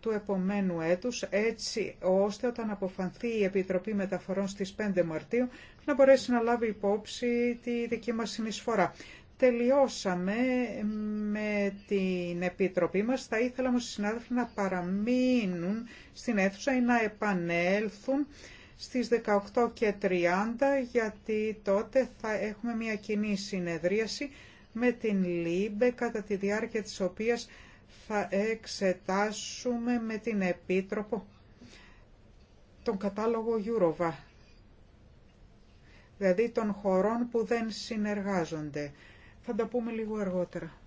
του επομένου έτους, έτσι ώστε όταν αποφανθεί η Επιτροπή Μεταφορών στις 5 Μαρτίου να μπορέσει να λάβει υπόψη τη δική μας συνεισφορά. Τελειώσαμε με την Επιτροπή μας. Θα ήθελα όμως οι συνάδελφοι να παραμείνουν στην αίθουσα ή να επανέλθουν στις 18.30 γιατί τότε θα έχουμε μια κοινή συνεδρίαση με την ΛΥΜΠΕ κατά τη διάρκεια της οποίας θα εξετάσουμε με την Επίτροπο τον κατάλογο Eurova, δηλαδή των χωρών που δεν συνεργάζονται. Θα τα πούμε λίγο αργότερα.